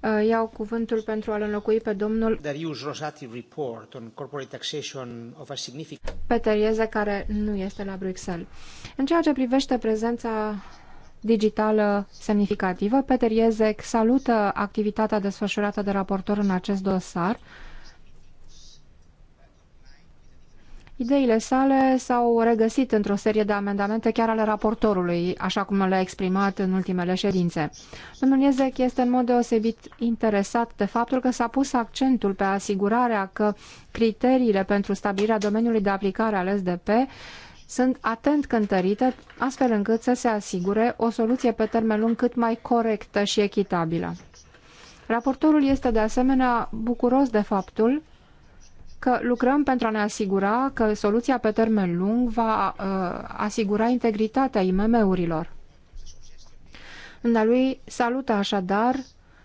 Uh, iau cuvântul pentru a-l înlocui pe domnul Peter Ieze, care nu este la Bruxelles. În ceea ce privește prezența digitală semnificativă, Peter Ieze salută activitatea desfășurată de raportor în acest dosar, Ideile sale s-au regăsit într-o serie de amendamente chiar ale raportorului, așa cum le-a exprimat în ultimele ședințe. Domnul Iezec este în mod deosebit interesat de faptul că s-a pus accentul pe asigurarea că criteriile pentru stabilirea domeniului de aplicare al SDP sunt atent cântărite, astfel încât să se asigure o soluție pe termen lung cât mai corectă și echitabilă. Raportorul este de asemenea bucuros de faptul că lucrăm pentru a ne asigura că soluția pe termen lung va uh, asigura integritatea IMM-urilor. lui salută așadar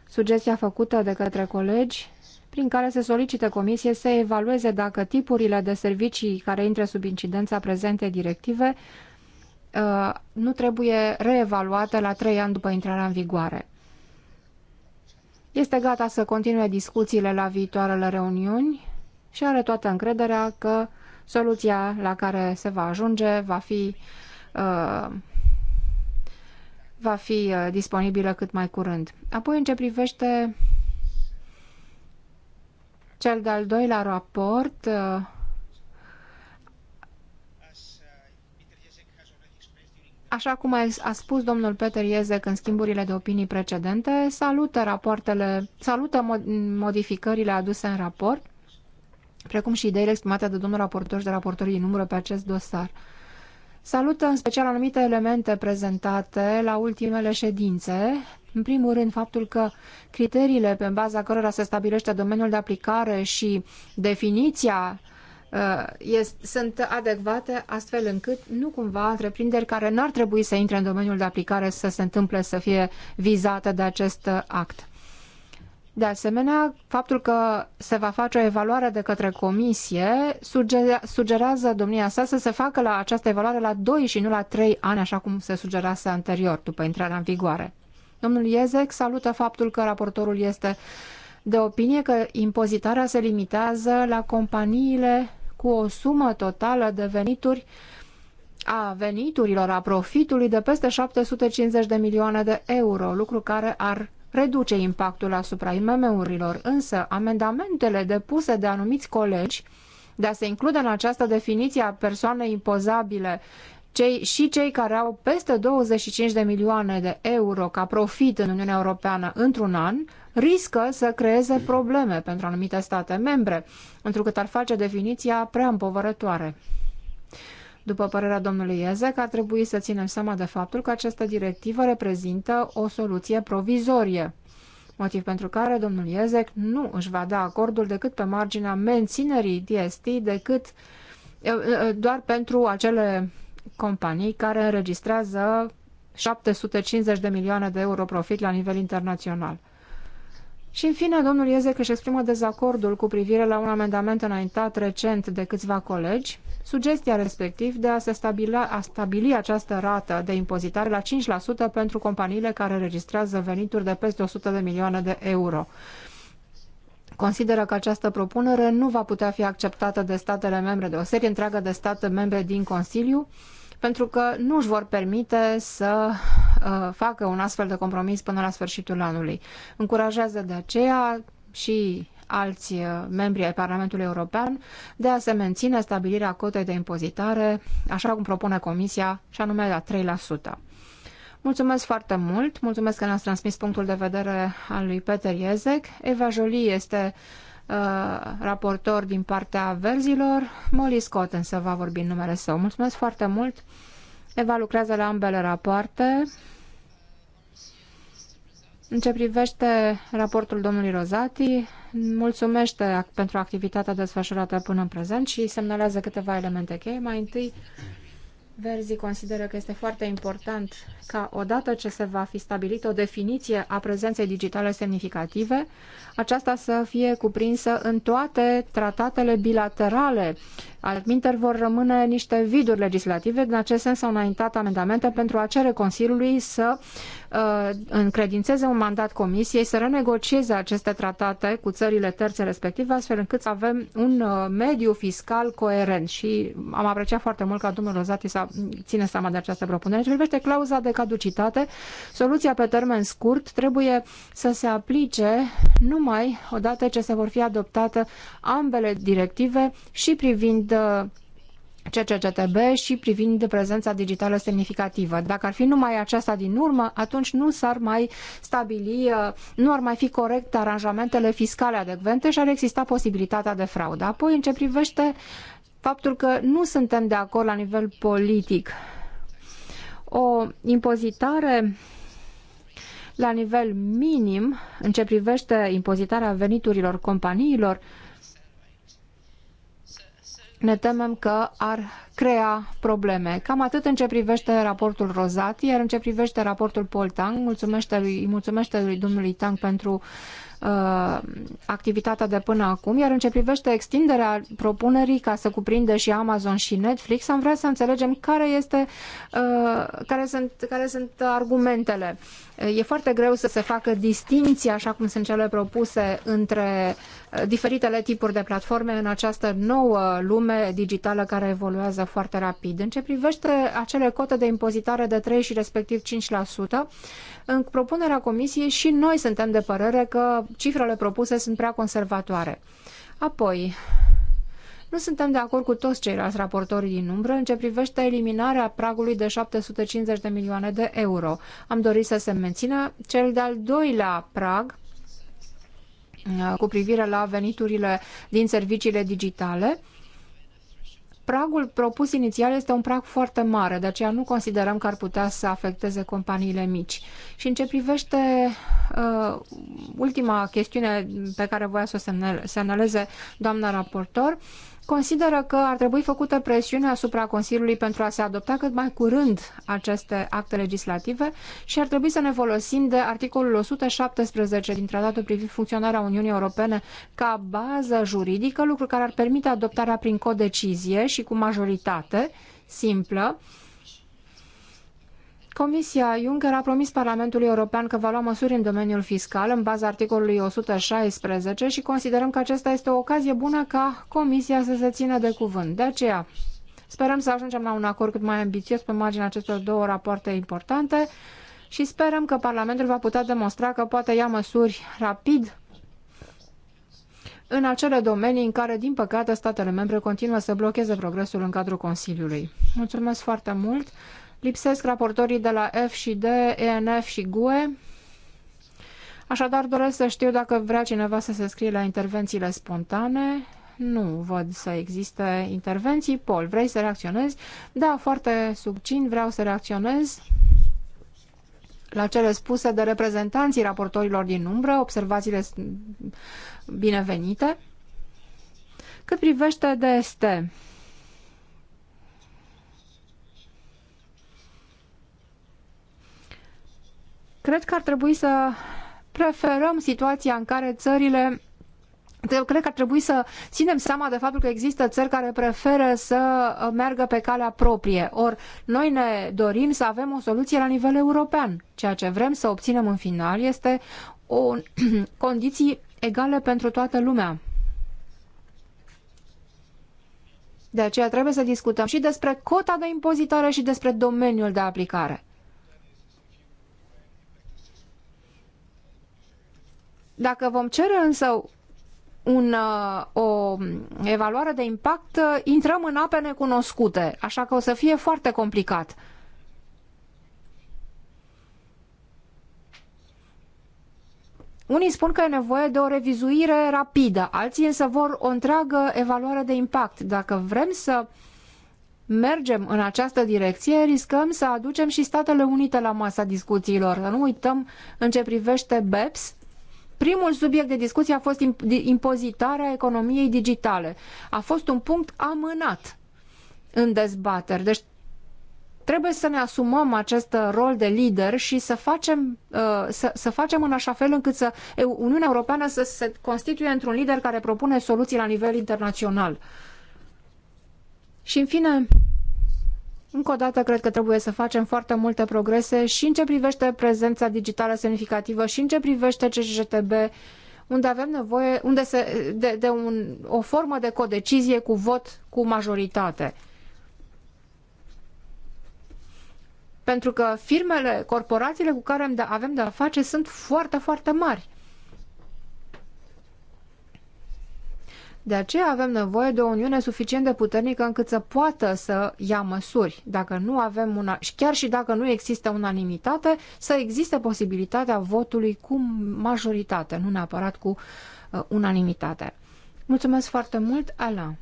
sugestia făcută de către colegi prin care se solicită comisie să evalueze dacă tipurile de servicii care intră sub incidența prezente directive uh, nu trebuie reevaluate la trei ani după intrarea în vigoare. Este gata să continue discuțiile la viitoarele reuniuni și are toată încrederea că soluția la care se va ajunge va fi, uh, va fi uh, disponibilă cât mai curând. Apoi, în ce privește cel de-al doilea raport, uh, Așa cum a spus domnul Peter Iezec în schimburile de opinii precedente, salută rapoartele, salută modificările aduse în raport, precum și ideile exprimate de domnul raportor și de raportorii din umbră pe acest dosar. Salută în special anumite elemente prezentate la ultimele ședințe, în primul rând, faptul că criteriile pe baza cărora se stabilește domeniul de aplicare și definiția uh, este, sunt adecvate astfel încât nu cumva întreprinderi care n-ar trebui să intre în domeniul de aplicare să se întâmple să fie vizate de acest act. De asemenea, faptul că se va face o evaluare de către comisie sugerează domnia sa să se facă la această evaluare la 2 și nu la 3 ani, așa cum se sugerase anterior, după intrarea în vigoare. Domnul Iezec salută faptul că raportorul este de opinie că impozitarea se limitează la companiile cu o sumă totală de venituri a veniturilor, a profitului de peste 750 de milioane de euro, lucru care ar reduce impactul asupra IMM-urilor, însă amendamentele depuse de anumiți colegi de a se include în această definiție a persoanei impozabile cei, și cei care au peste 25 de milioane de euro ca profit în Uniunea Europeană într-un an, riscă să creeze probleme pentru anumite state membre, întrucât ar face definiția prea împovărătoare. După părerea domnului Iezec, ar trebui să ținem seama de faptul că această directivă reprezintă o soluție provizorie, motiv pentru care domnul Iezec nu își va da acordul decât pe marginea menținerii DST, decât eh, eh, doar pentru acele companii care înregistrează 750 de milioane de euro profit la nivel internațional. Și în fine, domnul Iezec își exprimă dezacordul cu privire la un amendament înaintat recent de câțiva colegi, sugestia respectiv de a se stabila, a stabili această rată de impozitare la 5% pentru companiile care registrează venituri de peste 100 de milioane de euro. Consideră că această propunere nu va putea fi acceptată de statele membre, de o serie întreagă de state membre din Consiliu, pentru că nu își vor permite să uh, facă un astfel de compromis până la sfârșitul anului. Încurajează de aceea și alți uh, membri ai Parlamentului European de a se menține stabilirea cotei de impozitare, așa cum propune Comisia, și anume la 3%. Mulțumesc foarte mult, mulțumesc că ne-ați transmis punctul de vedere al lui Peter Iezec. Eva Jolie este uh, Uh, raportor din partea verzilor. Molly Scott însă va vorbi în numele său. Mulțumesc foarte mult! Eva lucrează la ambele rapoarte. În ce privește raportul domnului Rozati, mulțumește pentru activitatea desfășurată până în prezent și semnalează câteva elemente cheie. Mai întâi, Verzi consideră că este foarte important ca odată ce se va fi stabilit o definiție a prezenței digitale semnificative, aceasta să fie cuprinsă în toate tratatele bilaterale Altminter vor rămâne niște viduri legislative. În acest sens au înaintat amendamente pentru a cere Consiliului să uh, încredințeze un mandat Comisiei, să renegocieze aceste tratate cu țările terțe respective, astfel încât să avem un uh, mediu fiscal coerent. Și am apreciat foarte mult ca domnul Rozati să ține seama de această propunere. Ce privește clauza de caducitate, soluția pe termen scurt trebuie să se aplice numai odată ce se vor fi adoptate ambele directive și privind privind uh, CCCTB și privind prezența digitală semnificativă. Dacă ar fi numai aceasta din urmă, atunci nu s-ar mai stabili, uh, nu ar mai fi corect aranjamentele fiscale adecvente și ar exista posibilitatea de fraudă. Apoi, în ce privește faptul că nu suntem de acord la nivel politic, o impozitare la nivel minim în ce privește impozitarea veniturilor companiilor, uh, ne temem că ar crea probleme. Cam atât în ce privește raportul Rozati, iar în ce privește raportul Poltang, mulțumește lui, mulțumește lui domnului Tang pentru uh, activitatea de până acum, iar în ce privește extinderea propunerii ca să cuprindă și Amazon și Netflix, am vrea să înțelegem care, este, uh, care, sunt, care sunt argumentele. Uh, E foarte greu să se facă distinții, așa cum sunt cele propuse, între uh, diferitele tipuri de platforme în această nouă lume digitală care evoluează foarte rapid. În ce privește acele cote de impozitare de 3 și respectiv 5%, în propunerea comisiei și noi suntem de părere că cifrele propuse sunt prea conservatoare. Apoi, nu suntem de acord cu toți ceilalți raportori din umbră în ce privește eliminarea pragului de 750 de milioane de euro. Am dorit să se mențină cel de-al doilea prag uh, cu privire la veniturile din serviciile digitale. Pragul propus inițial este un prag foarte mare, de aceea nu considerăm că ar putea să afecteze companiile mici. Și în ce privește uh, ultima chestiune pe care voia să o semnaleze doamna raportor, uh, consideră că ar trebui făcută presiune asupra Consiliului pentru a se adopta cât mai curând aceste acte legislative și ar trebui să ne folosim de articolul 117 din Tratatul privind funcționarea Uniunii Europene ca bază juridică, lucru care ar permite adoptarea prin codecizie și cu majoritate simplă Comisia Juncker a promis Parlamentului European că va lua măsuri în domeniul fiscal în baza articolului 116 și considerăm că acesta este o ocazie bună ca Comisia să se țină de cuvânt. De aceea, sperăm să ajungem la un acord cât mai ambițios pe marginea acestor două rapoarte importante și sperăm că Parlamentul va putea demonstra că poate ia măsuri rapid în acele domenii în care, din păcate, statele membre continuă să blocheze progresul în cadrul Consiliului. Mulțumesc foarte mult! Lipsesc raportorii de la F și D, ENF și GUE. Așadar, doresc să știu dacă vrea cineva să se scrie la intervențiile spontane. Nu văd să existe intervenții. Paul, vrei să reacționezi? Da, foarte subțin. vreau să reacționez la cele spuse de reprezentanții raportorilor din umbră, observațiile binevenite. Cât privește DST, Cred că ar trebui să preferăm situația în care țările eu cred că ar trebui să ținem seama de faptul că există țări care preferă să meargă pe calea proprie. Ori noi ne dorim să avem o soluție la nivel european. Ceea ce vrem să obținem în final este o condiții egale pentru toată lumea. De aceea trebuie să discutăm și despre cota de impozitare și despre domeniul de aplicare. Dacă vom cere însă un, uh, o evaluare de impact, uh, intrăm în ape necunoscute, așa că o să fie foarte complicat. Unii spun că e nevoie de o revizuire rapidă, alții însă vor o întreagă evaluare de impact. Dacă vrem să mergem în această direcție, riscăm să aducem și Statele Unite la masa discuțiilor. Să nu uităm în ce privește BEPS, Primul subiect de discuție a fost impozitarea economiei digitale. A fost un punct amânat în dezbateri. Deci trebuie să ne asumăm acest rol de lider și să facem, uh, să, să facem în așa fel încât să, Uniunea Europeană să se constituie într-un lider care propune soluții la nivel internațional. Și în fine, încă o dată, cred că trebuie să facem foarte multe progrese și în ce privește prezența digitală semnificativă și în ce privește CCJTB, unde avem nevoie unde se, de, de un, o formă de codecizie cu vot cu majoritate. Pentru că firmele, corporațiile cu care avem de-a face sunt foarte, foarte mari. De aceea avem nevoie de o Uniune suficient de puternică încât să poată să ia măsuri. Dacă nu avem una, chiar și dacă nu există unanimitate, să existe posibilitatea votului cu majoritate, nu neapărat cu uh, unanimitate. Mulțumesc foarte mult, Ala.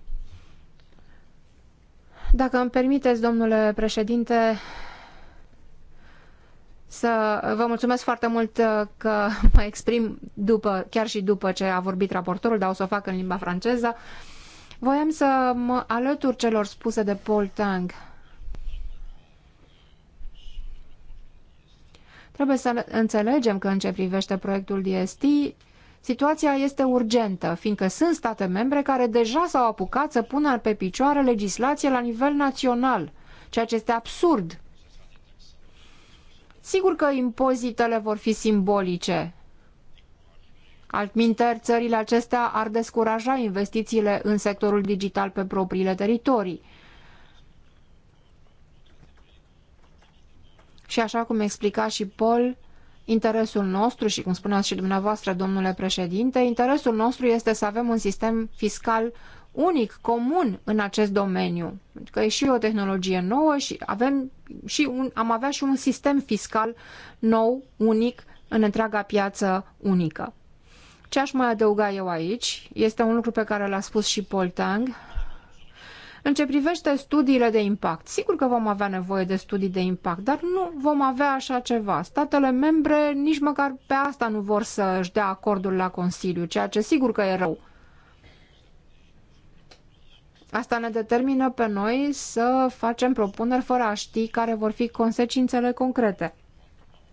Dacă îmi permiteți, domnule președinte, să vă mulțumesc foarte mult uh, că mă exprim după, chiar și după ce a vorbit raportorul, dar o să o fac în limba franceză. Voiam să mă alătur celor spuse de Paul Tang. Trebuie să înțelegem că în ce privește proiectul DST, situația este urgentă, fiindcă sunt state membre care deja s-au apucat să pună pe picioare legislație la nivel național, ceea ce este absurd Sigur că impozitele vor fi simbolice. Altminteri, țările acestea ar descuraja investițiile în sectorul digital pe propriile teritorii. Și așa cum explica și Paul, interesul nostru, și cum spuneați și dumneavoastră, domnule președinte, interesul nostru este să avem un sistem fiscal unic, comun în acest domeniu. Pentru că e și o tehnologie nouă și avem și un, am avea și un sistem fiscal nou, unic, în întreaga piață unică. Ce aș mai adăuga eu aici este un lucru pe care l-a spus și Paul Tang. În ce privește studiile de impact, sigur că vom avea nevoie de studii de impact, dar nu vom avea așa ceva. Statele membre nici măcar pe asta nu vor să-și dea acordul la Consiliu, ceea ce sigur că e rău. Asta ne determină pe noi să facem propuneri fără a ști care vor fi consecințele concrete.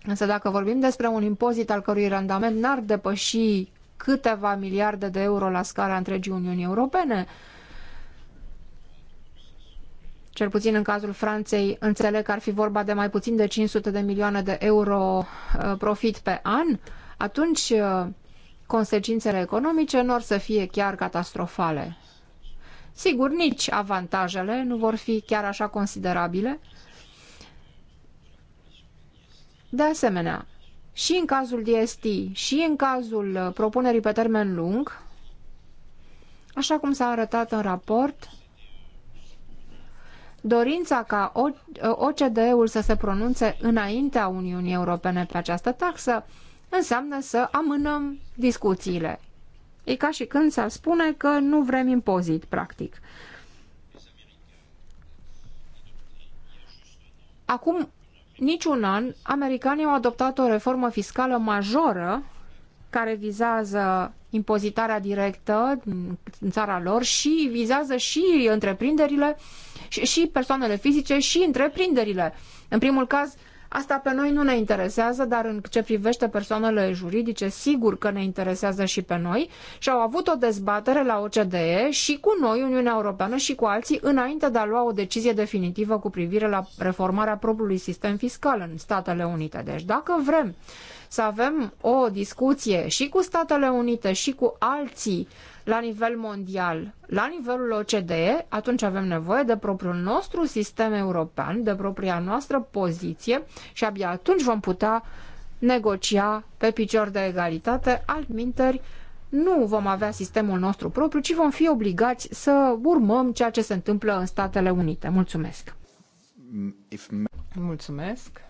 Însă dacă vorbim despre un impozit al cărui randament n-ar depăși câteva miliarde de euro la scara întregii Uniunii Europene, cel puțin în cazul Franței, înțeleg că ar fi vorba de mai puțin de 500 de milioane de euro uh, profit pe an, atunci uh, consecințele economice nu or să fie chiar catastrofale. Sigur, nici avantajele nu vor fi chiar așa considerabile. De asemenea, și în cazul DST, și în cazul uh, propunerii pe termen lung, așa cum s-a arătat în raport, dorința ca OCDE-ul uh, să se pronunțe înaintea Uniunii Europene pe această taxă înseamnă să amânăm discuțiile E ca și când s-ar spune că nu vrem impozit, practic. Acum niciun an, americanii au adoptat o reformă fiscală majoră care vizează impozitarea directă în țara lor și vizează și întreprinderile, și, și persoanele fizice și întreprinderile. În primul caz, Asta pe noi nu ne interesează, dar în ce privește persoanele juridice, sigur că ne interesează și pe noi și au avut o dezbatere la OCDE și cu noi, Uniunea Europeană și cu alții, înainte de a lua o decizie definitivă cu privire la reformarea propriului sistem fiscal în Statele Unite. Deci dacă vrem să avem o discuție și cu Statele Unite și cu alții la nivel mondial, la nivelul OCDE, atunci avem nevoie de propriul nostru sistem european, de propria noastră poziție și abia atunci vom putea negocia pe picior de egalitate, altminteri nu vom avea sistemul nostru propriu, ci vom fi obligați să urmăm ceea ce se întâmplă în Statele Unite. Mulțumesc! Mulțumesc!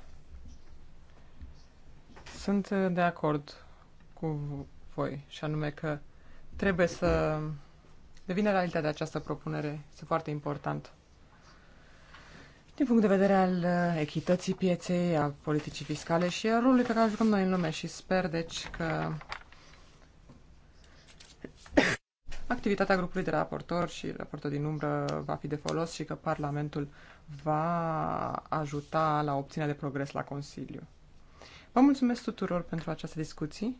Sunt de acord cu voi și anume că trebuie să devină realitatea această propunere. Este foarte important. Din punct de vedere al uh, echității pieței, a politicii fiscale și a rolului pe care jucăm noi în lume și sper, deci, că activitatea grupului de raportor și raportor din umbră va fi de folos și că Parlamentul va ajuta la obținerea de progres la Consiliu. Vă mulțumesc tuturor pentru această discuție.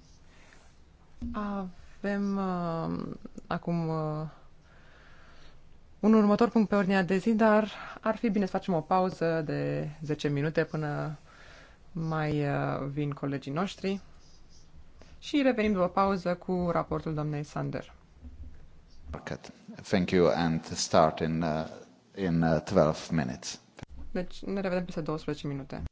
Uh. Avem uh, acum uh, un următor punct pe ordinea de zi, dar ar fi bine să facem o pauză de 10 minute până mai uh, vin colegii noștri și revenim după pauză cu raportul doamnei Sander. Thank you and start in, uh, in uh, 12 minutes. Deci ne revedem peste 12 minute.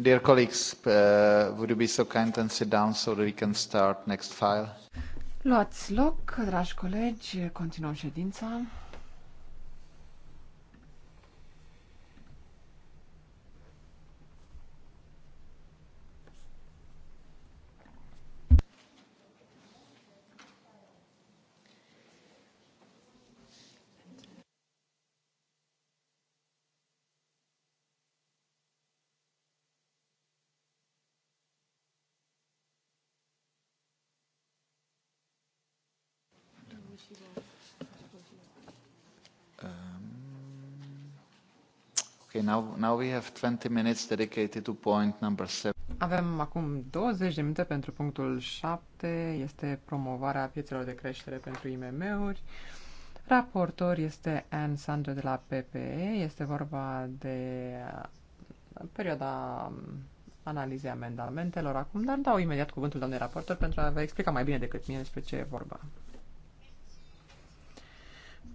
Dear colleagues, uh, would you be so kind and sit down so that we can start next file? Luați loc, dragi colegi, continuăm ședința. Now, now we have 20 minutes dedicated to point number 7. Avem acum 20 de minute pentru punctul 7, este promovarea piețelor de creștere pentru IMM-uri. Raportor este Anne Sandra de la PPE, este vorba de uh, perioada um, analizei amendamentelor acum, dar dau imediat cuvântul doamnei raportor pentru a vă explica mai bine decât mine despre ce e vorba.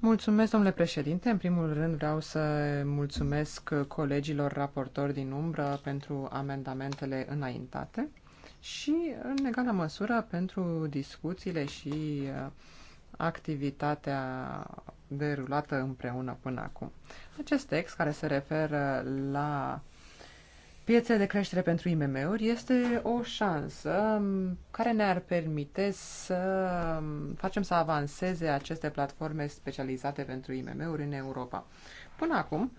Mulțumesc, domnule președinte. În primul rând vreau să mulțumesc colegilor raportori din umbră pentru amendamentele înaintate și, în egală măsură, pentru discuțiile și uh, activitatea derulată împreună până acum. Acest text, care se referă la Piața de creștere pentru IMM-uri este o șansă um, care ne-ar permite să um, facem să avanseze aceste platforme specializate pentru IMM-uri în Europa. Până acum,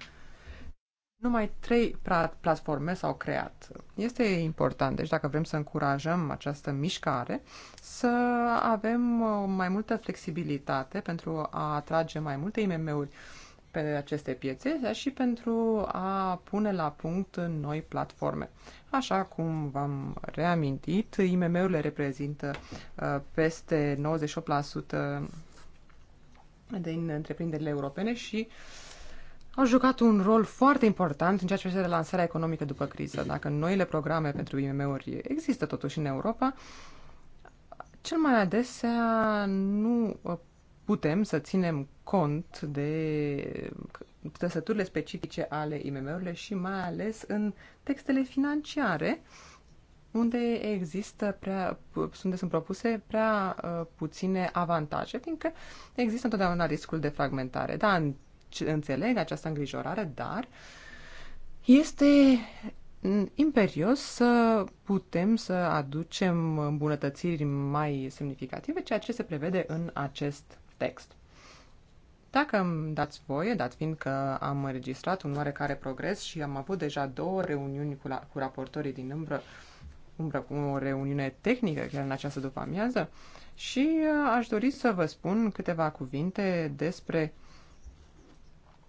numai trei platforme s-au creat. Este important, deci dacă vrem să încurajăm această mișcare, să avem uh, mai multă flexibilitate pentru a atrage mai multe IMM-uri pe aceste piețe, dar și pentru a pune la punct noi platforme. Așa cum v-am reamintit, IMM-urile reprezintă uh, peste 98% din întreprinderile europene și au jucat un rol foarte important în ceea ce privește lansarea economică după criză. Dacă noile programe pentru IMM-uri există totuși în Europa, cel mai adesea nu uh, putem să ținem cont de trăsăturile specifice ale IMM-urilor și mai ales în textele financiare, unde există prea, unde sunt propuse prea uh, puține avantaje, fiindcă există întotdeauna riscul de fragmentare. Da, în, înțeleg această îngrijorare, dar este mm, imperios să putem să aducem îmbunătățiri mai semnificative, ceea ce se prevede în acest text. Dacă îmi dați voie, dat fiind că am înregistrat un oarecare progres și am avut deja două reuniuni cu, la, cu raportorii din umbră, umbră, cu o reuniune tehnică chiar în această după amiază, și uh, aș dori să vă spun câteva cuvinte despre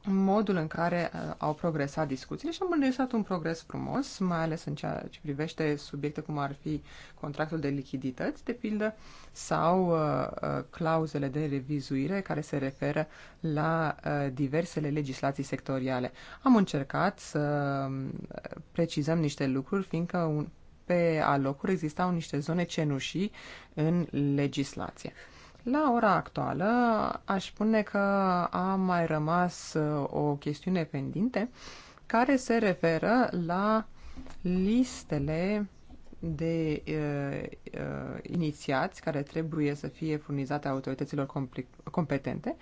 modul în care uh, au progresat discuțiile și am înregistrat un progres frumos, mai ales în ceea ce privește subiecte cum ar fi contractul de lichidități, de pildă, sau uh, uh, clauzele de revizuire care se referă la uh, diversele legislații sectoriale. Am încercat să um, precizăm niște lucruri, fiindcă un, pe alocuri existau niște zone cenușii în legislație. La ora actuală, aș spune că a mai rămas uh, o chestiune pendinte care se referă la listele de uh, uh, inițiați care trebuie să fie furnizate autorităților competente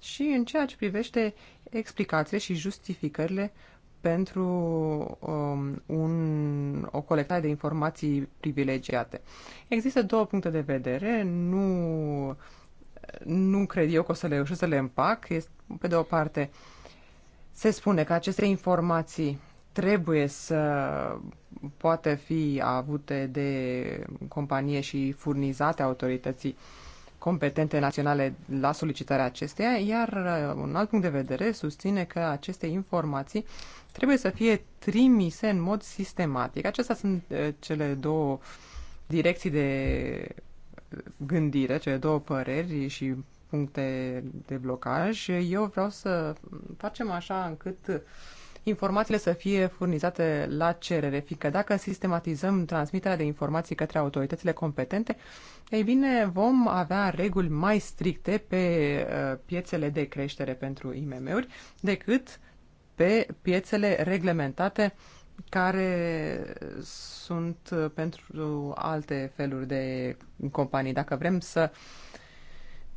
și în ceea ce privește explicațiile și justificările pentru um, un, o colectare de informații privilegiate. Există două puncte de vedere, nu, nu cred eu că o să le reușesc să le împac. Este, pe de o parte, se spune că aceste informații trebuie să poată fi avute de companie și furnizate autorității competente naționale la solicitarea acesteia, iar uh, un alt punct de vedere susține că aceste informații trebuie să fie trimise în mod sistematic. Acestea sunt uh, cele două direcții de uh, gândire, cele două păreri și puncte de blocaj. Eu vreau să facem așa încât informațiile să fie furnizate la cerere, fiindcă dacă sistematizăm transmiterea de informații către autoritățile competente, ei bine, vom avea reguli mai stricte pe uh, piețele de creștere pentru IMM-uri decât pe piețele reglementate care sunt pentru alte feluri de companii. Dacă vrem să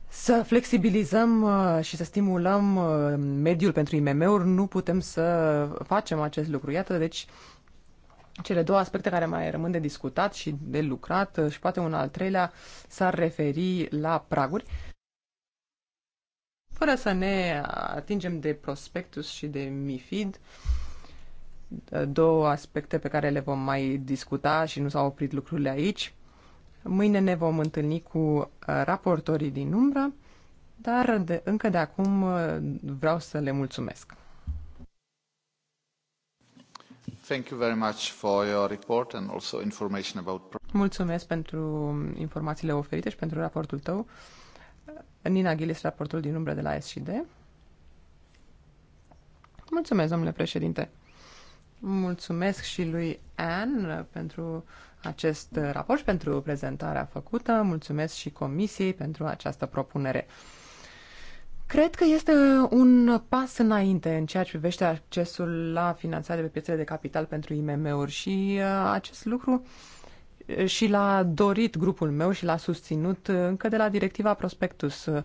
să flexibilizăm uh, și să stimulăm uh, mediul pentru IMM-uri, nu putem să facem acest lucru. Iată, deci, cele două aspecte care mai rămân de discutat și de lucrat uh, și poate un al treilea s-ar referi la praguri fără să ne atingem de prospectus și de MIFID, două aspecte pe care le vom mai discuta și nu s-au oprit lucrurile aici. Mâine ne vom întâlni cu uh, raportorii din umbră, dar de, încă de acum uh, vreau să le mulțumesc. Thank you very much for your report and also information about Mulțumesc pentru informațiile oferite și pentru raportul tău. Nina Ghilis, raportul din umbră de la SCD. Mulțumesc, domnule președinte. Mulțumesc și lui Anne pentru acest raport și pentru prezentarea făcută. Mulțumesc și comisiei pentru această propunere. Cred că este un pas înainte în ceea ce privește accesul la finanțare pe piețele de capital pentru IMM-uri și uh, acest lucru uh, și l-a dorit grupul meu și l-a susținut uh, încă de la directiva Prospectus, uh,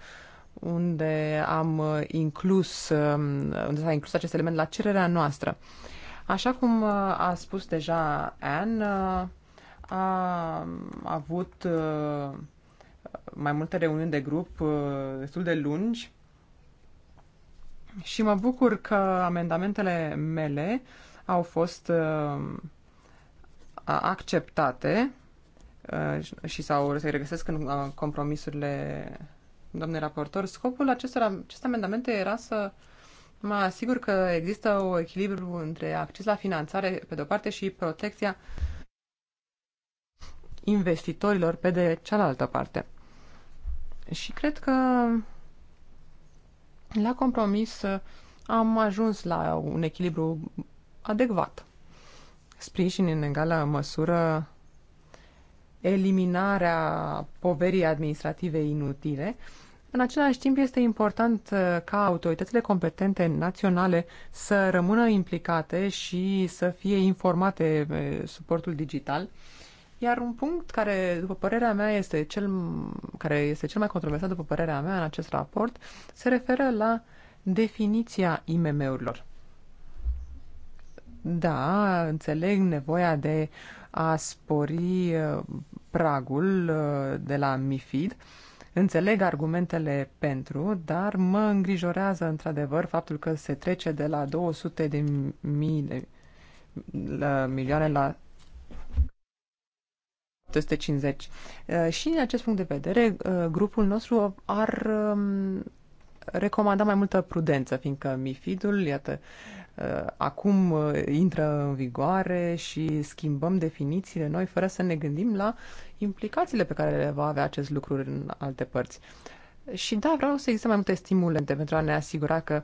unde am uh, inclus, um, unde s-a inclus acest element la cererea noastră. Așa cum a spus deja Anne, a avut mai multe reuniuni de grup destul de lungi și mă bucur că amendamentele mele au fost acceptate uh, și sau se regăsesc în uh, compromisurile domnului raportor. Scopul acestor aceste amendamente era să mă asigur că există o echilibru între acces la finanțare pe de-o parte și protecția investitorilor pe de cealaltă parte. Și cred că la compromis uh, am ajuns la un echilibru adecvat sprijin în egală măsură eliminarea poverii administrative inutile. În același timp, este important uh, ca autoritățile competente naționale să rămână implicate și să fie informate pe uh, suportul digital. Iar un punct care, după părerea mea, este cel, care este cel mai controversat, după părerea mea, în acest raport, se referă la definiția IMM-urilor. Da, înțeleg nevoia de a spori uh, pragul uh, de la MIFID. Înțeleg argumentele pentru, dar mă îngrijorează într-adevăr faptul că se trece de la 200 de mii de la milioane la 250. Uh, și din acest punct de vedere, grupul nostru ar um, recomanda mai multă prudență, fiindcă MIFID-ul, iată, Uh, acum uh, intră în vigoare și schimbăm definițiile noi fără să ne gândim la implicațiile pe care le va avea acest lucru în alte părți. Și da, vreau să existe mai multe stimulente pentru a ne asigura că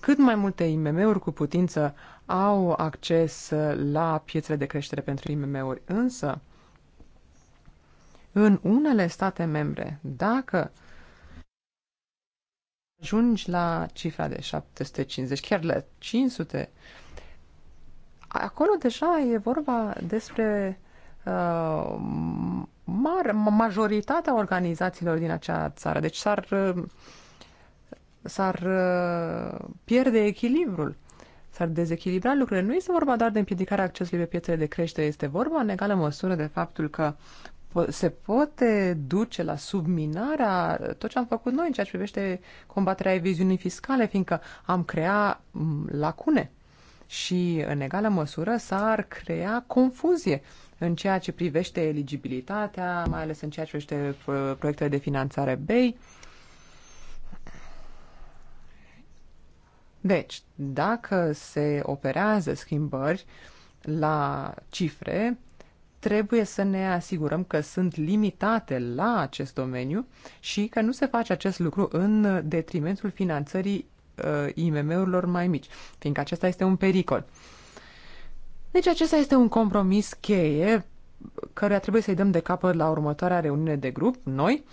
cât mai multe IMM-uri cu putință au acces la piețele de creștere pentru IMM-uri. Însă, în unele state membre, dacă uh, ajungi la cifra de 750, chiar la 500, acolo deja e vorba despre uh, mar, majoritatea organizațiilor din acea țară. Deci s-ar, uh, s-ar uh, pierde echilibrul, s-ar dezechilibra lucrurile. Nu este vorba doar de împiedicarea accesului pe piețele de creștere, este vorba în egală măsură de faptul că se poate duce la subminarea tot ce am făcut noi în ceea ce privește combaterea eviziunii fiscale, fiindcă am creat lacune și, în egală măsură, s-ar crea confuzie în ceea ce privește eligibilitatea, mai ales în ceea ce privește proiectele de finanțare BEI. Deci, dacă se operează schimbări la cifre, trebuie să ne asigurăm că sunt limitate la acest domeniu și că nu se face acest lucru în detrimentul finanțării uh, IMM-urilor mai mici, fiindcă acesta este un pericol. Deci acesta este un compromis cheie care trebuie să-i dăm de capăt la următoarea reuniune de grup, noi.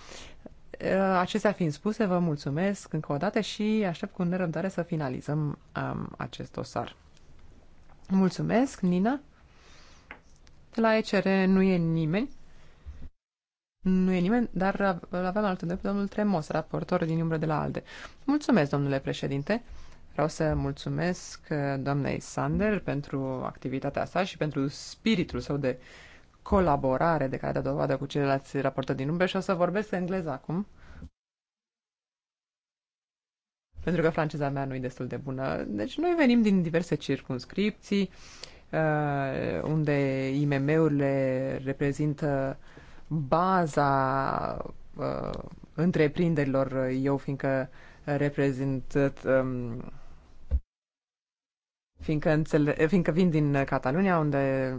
Uh, acestea fiind spuse, vă mulțumesc încă o dată și aștept cu nerăbdare să finalizăm um, acest dosar. Mulțumesc, Nina! De la ECR nu e nimeni. Nu e nimeni, dar îl aveam alături de domnul Tremos, raportor din umbră de la ALDE. Mulțumesc, domnule președinte. Vreau să mulțumesc uh, doamnei Sander pentru activitatea sa și pentru spiritul său de colaborare de care a dat dovadă cu ceilalți raportori din umbră și o să vorbesc engleză acum. Pentru că franceza mea nu e destul de bună. Deci noi venim din diverse circunscripții, uh, Uh, unde IMM-urile reprezintă baza uh, întreprinderilor, uh, eu fiindcă reprezint um, fiindcă, înțele- fiindcă vin din Catalunia, unde,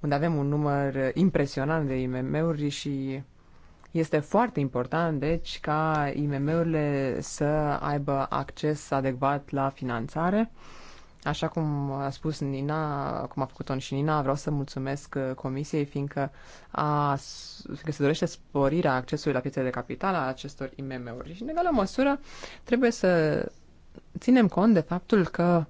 unde avem un număr impresionant de IMM-uri și este foarte important, deci, ca IMM-urile să aibă acces adecvat la finanțare. Uh, Așa cum a spus Nina, cum a făcut-o și Nina, vreau să mulțumesc uh, Comisiei, fiindcă, a, fiindcă se dorește sporirea accesului la piețele de capital a acestor IMM-uri. Și, în egală măsură, trebuie să ținem cont de faptul că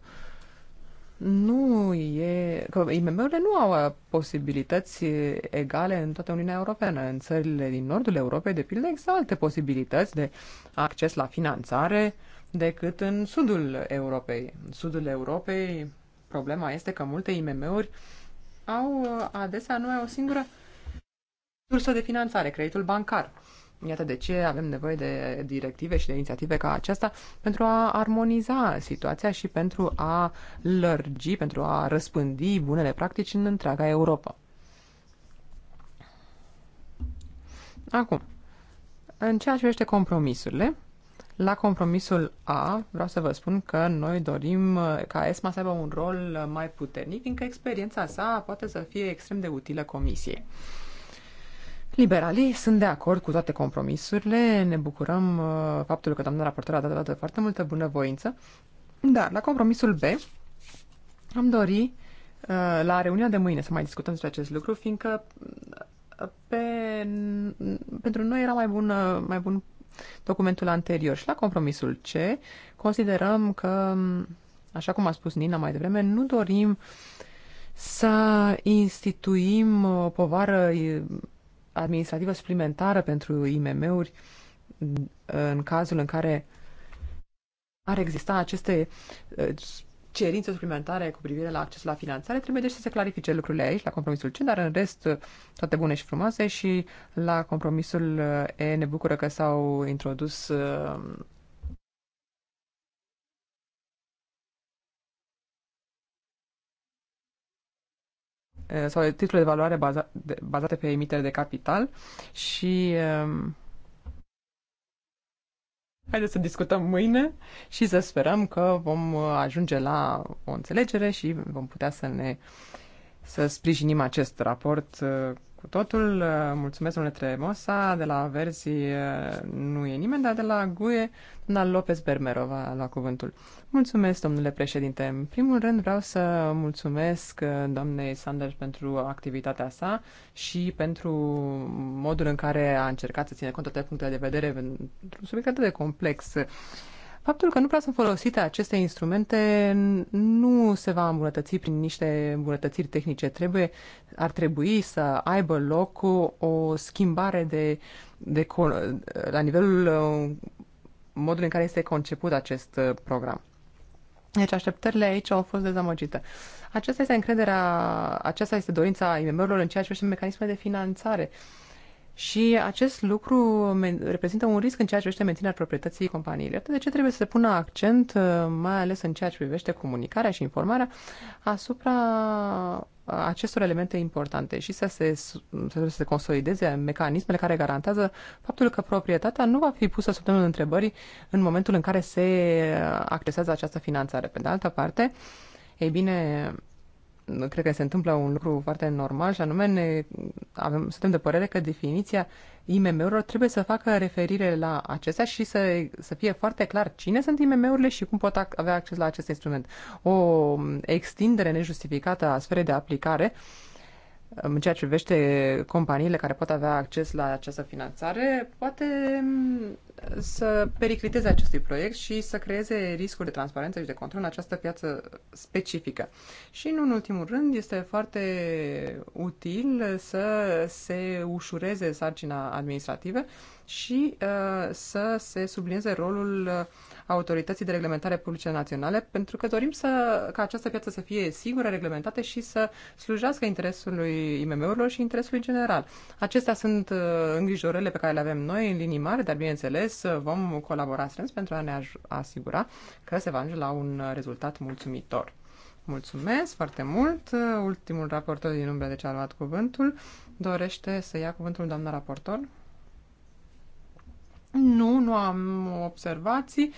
nu e, că IMM-urile nu au uh, posibilități uh, egale în toată Uniunea Europeană. În țările din nordul Europei, de pildă, există alte posibilități de acces la finanțare, uh, decât în sudul Europei. În sudul Europei problema este că multe IMM-uri au uh, adesea numai o singură sursă de finanțare, creditul bancar. Iată de ce avem nevoie de directive și de inițiative ca aceasta pentru a armoniza situația și pentru a lărgi, pentru a răspândi bunele practici în întreaga Europa. Acum, în ceea ce privește compromisurile, la compromisul A vreau să vă spun că noi dorim uh, ca ESMA să aibă un rol uh, mai puternic, fiindcă experiența sa poate să fie extrem de utilă comisiei. Liberalii sunt de acord cu toate compromisurile, ne bucurăm uh, faptul că doamna raportor a dat dată foarte multă bunăvoință, dar la compromisul B am dori la reuniunea de mâine să mai discutăm despre acest lucru, fiindcă pe, pentru noi era mai, bun, mai bun documentul anterior. Și la compromisul C considerăm că, așa cum a spus Nina mai devreme, nu dorim să instituim o povară administrativă suplimentară pentru IMM-uri în cazul în care ar exista aceste cerințe suplimentare cu privire la accesul la finanțare. Trebuie deci să se clarifice lucrurile aici, la compromisul C, dar în rest uh, toate bune și frumoase și la compromisul uh, E ne bucură că s-au introdus uh, sau titlurile de valoare baza, de, bazate pe emitere de capital și um, Haideți să discutăm mâine și să sperăm că vom ajunge la o înțelegere și vom putea să ne să sprijinim acest raport cu totul. Uh, mulțumesc, domnule Tremosa. De la Verzi uh, nu e nimeni, dar de la GUE, doamna Lopez Bermerova a luat cuvântul. Mulțumesc, domnule președinte. În primul rând vreau să mulțumesc uh, doamnei Sanders pentru activitatea sa și pentru modul în care a încercat să ține cont toate punctele de vedere pentru un subiect atât de complex. Faptul că nu prea sunt folosite aceste instrumente nu se va îmbunătăți prin niște îmbunătățiri tehnice. Trebuie, ar trebui să aibă loc o schimbare de, de, la nivelul uh, modului în care este conceput acest uh, program. Deci așteptările aici au fost dezamăgite. Aceasta este încrederea, aceasta este dorința IMM-urilor în ceea ce privește mecanismele de finanțare. Uh, și acest lucru reprezintă un risc în ceea ce privește menținerea proprietății companiilor. De ce trebuie să se pună accent, uh, mai ales în ceea ce privește comunicarea și informarea, asupra uh, acestor elemente importante și să se, să se consolideze mecanismele care garantează faptul că proprietatea nu va fi pusă sub semnul întrebării în momentul în care se accesează această finanțare. Pe de altă parte, ei bine, cred că se întâmplă un lucru foarte normal și anume ne, avem, suntem de părere că definiția IMM-urilor trebuie să facă referire la acestea și să, să fie foarte clar cine sunt IMM-urile și cum pot avea acces la acest instrument. O mm, extindere nejustificată a sferei de aplicare uh, în ceea ce privește companiile care pot avea acces la această finanțare, poate mm, să pericliteze acestui proiect și să creeze riscuri de transparență și de control în această piață specifică. Și, nu în ultimul rând, este foarte util să se ușureze sarcina administrativă și uh, să se sublinieze rolul uh, Autorității de Reglementare Publice Naționale, pentru că dorim să, ca această piață să fie sigură, reglementată și să slujească interesului IMM-urilor și interesului general. Acestea sunt uh, îngrijorările pe care le avem noi în linii mari, dar bineînțeles vom colabora strâns pentru a ne asigura că se va ajunge la un rezultat mulțumitor. Mulțumesc foarte mult. Ultimul raportor din umbră de deci, ce a luat cuvântul dorește să ia cuvântul doamna raportor. Nu, nu am observații.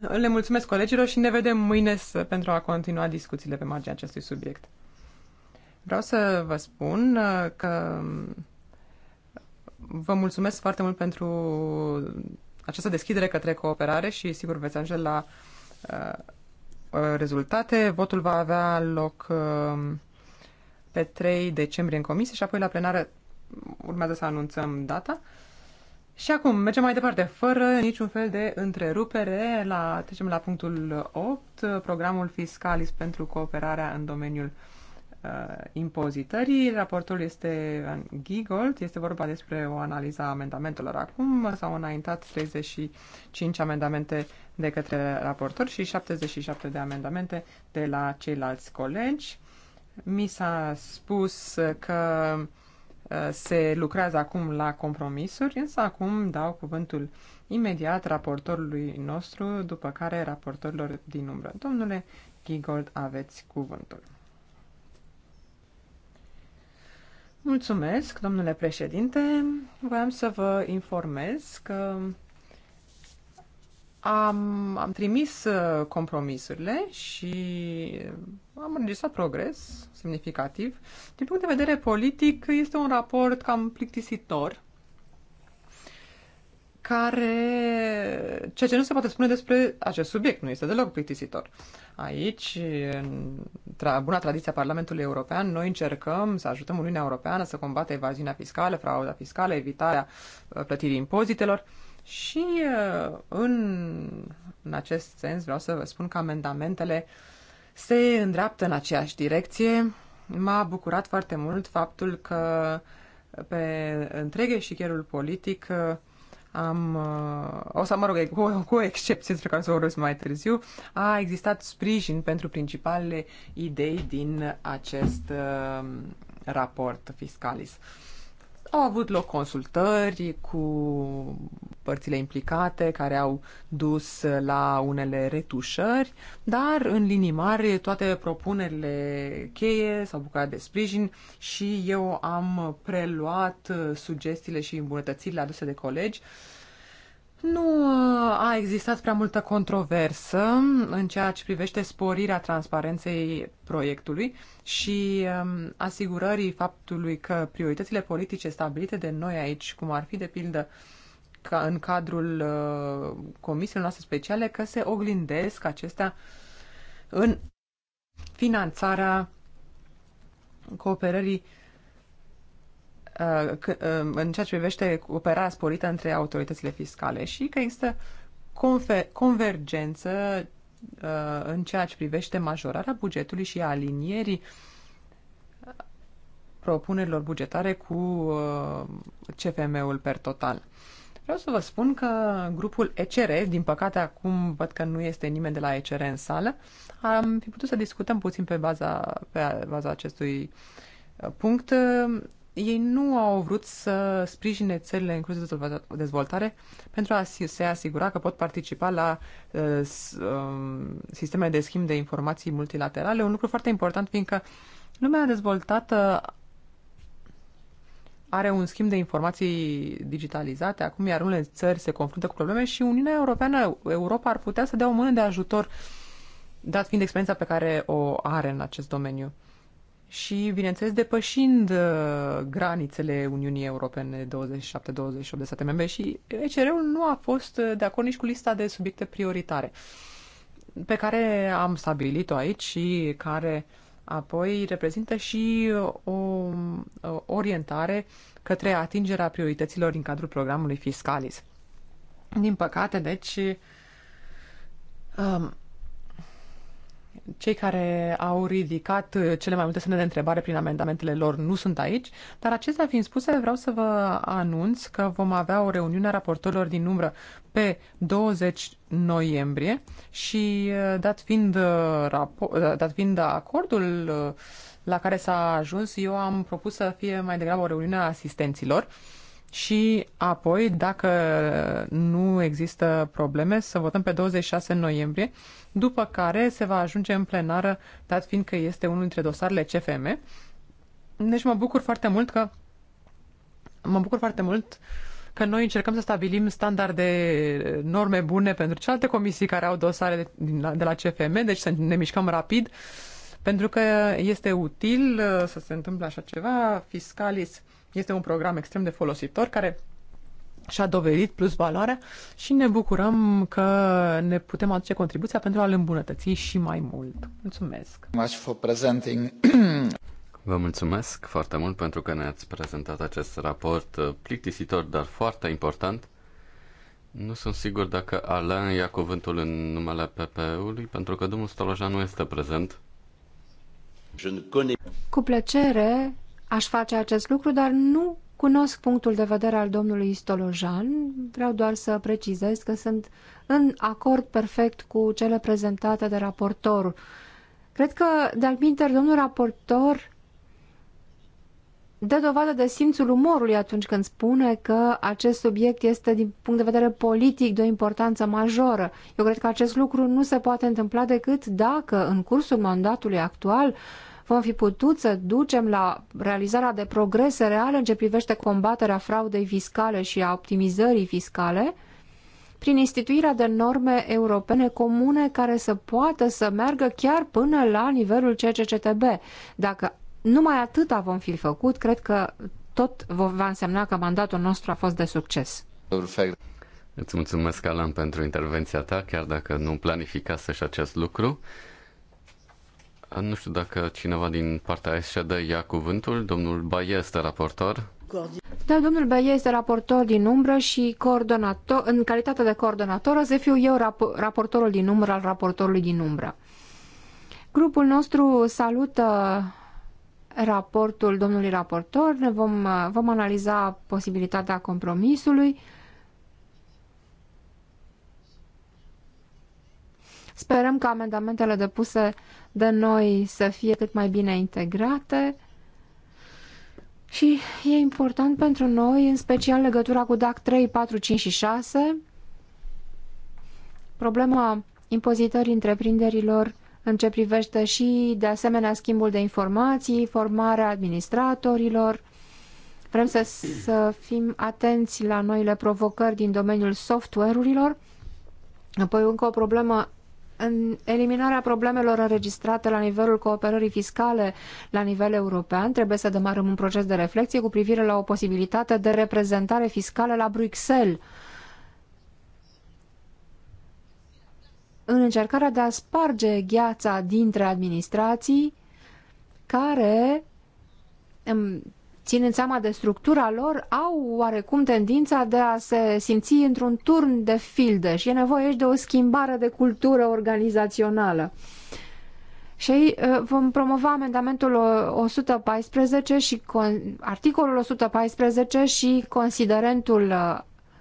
Le mulțumesc colegilor și ne vedem mâine pentru a continua discuțiile pe marginea acestui subiect. Vreau să vă spun uh, că um, vă mulțumesc foarte mult pentru această deschidere către cooperare și sigur veți ajunge la uh, uh, rezultate. Votul va avea loc um, pe 3 decembrie în comisie și apoi la plenară urmează să anunțăm data. Și acum mergem mai departe, fără niciun fel de întrerupere, la, trecem la punctul 8, programul Fiscalis pentru cooperarea în domeniul uh, impozitării. Raportul este în Gigold, este vorba despre o analiză a amendamentelor acum. S-au înaintat 35 amendamente de către raportor și 77 de amendamente de la ceilalți colegi. Mi s-a spus că uh, se lucrează acum la compromisuri, însă acum dau cuvântul imediat raportorului nostru, după care raportorilor din umbră. Domnule Gigold, aveți cuvântul. Mulțumesc, domnule președinte. Voiam să vă informez că am, am trimis uh, compromisurile și am înregistrat progres semnificativ. Din punct de vedere politic, este un raport cam plictisitor care, ceea ce nu se poate spune despre acest subiect, nu este deloc plictisitor. Aici, în tra- buna tradiție a Parlamentului European, noi încercăm să ajutăm Uniunea Europeană să combată evaziunea fiscală, frauda fiscală, evitarea uh, plătirii impozitelor. Uh, și uh, în, în acest sens vreau să vă spun că amendamentele se îndreaptă în aceeași direcție. M-a bucurat foarte mult faptul că pe întreg eșichierul politic uh, am, uh, o să mă rog, cu, cu o excepție despre care o să vorbesc mai târziu, a existat sprijin pentru principalele idei din acest uh, raport fiscalis. Uh, au avut loc consultări cu părțile implicate care au dus la unele retușări, dar în linii mari toate propunerile cheie s-au bucurat de sprijin și eu am preluat sugestiile și îmbunătățirile aduse de colegi uh, nu uh, a existat prea multă controversă în ceea ce privește sporirea transparenței proiectului și um, asigurării faptului că prioritățile politice stabilite de noi aici, cum ar fi de pildă ca în cadrul uh, comisiilor noastre speciale, că se oglindesc acestea în finanțarea cooperării uh, Uh, uh, în ceea ce privește cooperarea sporită între autoritățile fiscale și că există convergență uh, în ceea ce privește majorarea bugetului și alinierii propunerilor bugetare cu CFM-ul per total. Vreau să vă spun că grupul ECR, din păcate acum văd că nu este nimeni de la ECR în sală, am fi putut să discutăm puțin pe baza, pe baza acestui punct ei nu au vrut să sprijine țările în curs de dezvoltare pentru a se asigura că pot participa la uh, um, sistemele sisteme de schimb de informații multilaterale, un lucru foarte important, fiindcă lumea dezvoltată are un schimb de informații digitalizate, acum iar unele țări se confruntă cu probleme și Uniunea Europeană, Europa ar putea să dea o mână de ajutor, dat fiind experiența pe care o are în acest domeniu și, bineînțeles, depășind uh, granițele Uniunii Europene 27-28 de state membre și ECR-ul nu a fost uh, de acord nici cu lista de subiecte prioritare pe care am stabilit-o aici și care apoi reprezintă și uh, o, o orientare către atingerea priorităților din cadrul programului Fiscalis. Din păcate, deci, um, cei care au ridicat uh, cele mai multe semne de întrebare prin amendamentele lor nu sunt aici, dar acestea fiind spuse, vreau să vă anunț că vom avea o reuniune a raportorilor din umbră pe 20 noiembrie și uh, dat fiind, uh, dat fiind acordul la care s-a ajuns, eu am propus să fie mai degrabă o reuniune a asistenților și apoi, dacă nu există probleme, să votăm pe 26 noiembrie, după care se va ajunge în plenară, dat fiind că este unul dintre dosarele CFM. Deci mă bucur foarte mult că mă bucur foarte mult că noi încercăm să stabilim standarde, norme bune pentru celelalte comisii care au dosare de la CFM, deci să ne mișcăm rapid, pentru că este util uh, să se întâmple așa ceva. Fiscalis este un program extrem de folositor care și-a dovedit plus valoarea și ne bucurăm că ne putem aduce contribuția pentru a-l îmbunătăți și mai mult. Mulțumesc! Much for presenting. Vă mulțumesc foarte mult pentru că ne-ați prezentat acest raport uh, plictisitor, dar foarte important. Nu sunt sigur dacă Alain ia cuvântul în numele PPE-ului, pentru că domnul Stolojan nu este prezent. Cu plăcere Aș face acest lucru, dar nu cunosc punctul de vedere al domnului Stolojan. Vreau doar să precizez că sunt în acord perfect cu cele prezentate de raportor. Cred că, de-al domnul raportor dă dovadă de simțul umorului atunci când spune că acest subiect este, din punct de vedere politic, de o importanță majoră. Eu cred că acest lucru nu se poate întâmpla decât dacă, în cursul mandatului actual, uh, vom fi putut să ducem la realizarea de progrese reale în ce privește combaterea fraudei fiscale și a optimizării fiscale, prin instituirea de norme europene comune care să poată să meargă chiar până la nivelul CCCTB. Dacă numai atâta vom fi făcut, cred că tot va însemna că mandatul nostru a fost de succes. Perfect. Îți mulțumesc, Alan, pentru intervenția ta, chiar dacă nu planificase și acest lucru. Nu știu dacă cineva din partea SCD ia cuvântul. Domnul Baie este raportor. Da, domnul Baie este raportor din umbră și coordonator, în calitate de coordonator o să fiu eu rap- raportorul din umbră al raportorului din umbră. Grupul nostru salută raportul domnului raportor, ne vom, vom analiza posibilitatea compromisului. Sperăm că amendamentele depuse de noi să fie cât mai bine integrate și e important pentru noi, în special legătura cu DAC 3, 4, 5 și 6, problema impozitării întreprinderilor în ce privește și, de asemenea, schimbul de informații, formarea administratorilor. Vrem să, să fim atenți la noile provocări din domeniul software-urilor. Apoi încă o problemă în eliminarea problemelor înregistrate la nivelul cooperării fiscale la nivel european, trebuie să demarăm un proces de reflexie cu privire la o posibilitate de reprezentare fiscală la Bruxelles. În încercarea de a sparge gheața dintre administrații care ținând seama de structura lor, au oarecum tendința de a se simți într-un turn de filde și e nevoie aici de o schimbare de cultură organizațională. Și uh, vom promova amendamentul 114 și articolul 114 și considerentul uh,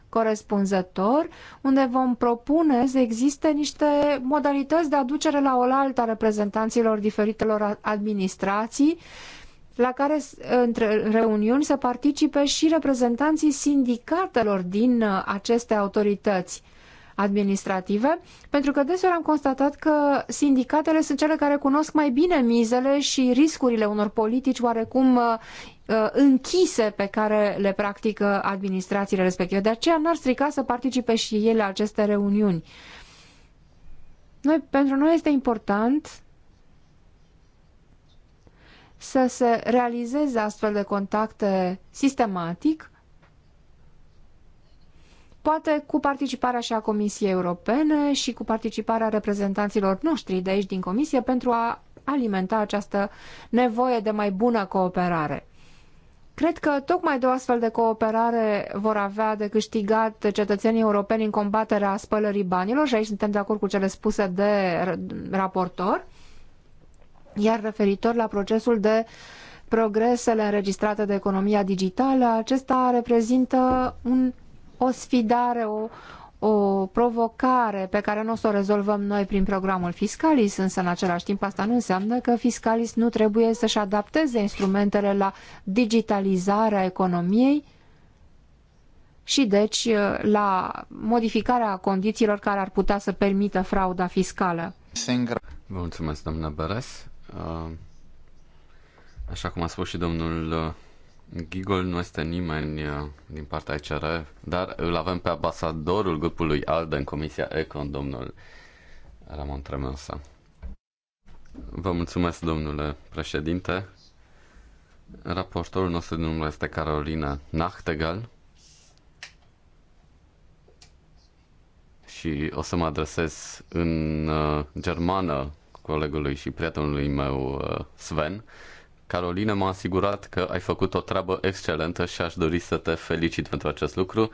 corespunzător, unde vom propune să existe niște modalități de aducere la oaltă a reprezentanților diferitelor administrații la care între reuniuni să participe și reprezentanții sindicatelor din uh, aceste autorități administrative, pentru că deseori am constatat că sindicatele sunt cele care cunosc mai bine mizele și riscurile unor politici oarecum uh, uh, închise pe care le practică administrațiile respective. De aceea n-ar strica să participe și ei la aceste reuniuni. Noi, pentru noi este important să se realizeze astfel de contacte sistematic, poate cu participarea și a Comisiei Europene și cu participarea reprezentanților noștri de aici din Comisie pentru a alimenta această nevoie de mai bună cooperare. Cred că tocmai de o astfel de cooperare vor avea de câștigat cetățenii europeni în combaterea spălării banilor și aici suntem de acord cu cele spuse de raportor. Iar referitor la procesul de progresele înregistrate de economia digitală, acesta reprezintă un, o sfidare, o, o provocare pe care nu o să o rezolvăm noi prin programul Fiscalis, însă în același timp asta nu înseamnă că Fiscalis nu trebuie să-și adapteze instrumentele la digitalizarea economiei și deci la modificarea condițiilor care ar putea să permită frauda fiscală. Vă mulțumesc, doamna Beres. Uh, așa cum a spus și domnul uh, Gigol, nu este nimeni uh, din partea ICR, dar îl avem pe ambasadorul grupului ALDE în Comisia Econ, domnul Ramon Tremosa. Vă mulțumesc, domnule președinte. Raportorul nostru din este Carolina Nachtegal și o să mă adresez în germană colegului și prietenului meu uh, Sven. Carolina m-a asigurat că ai făcut o treabă excelentă și aș dori să te felicit pentru acest lucru.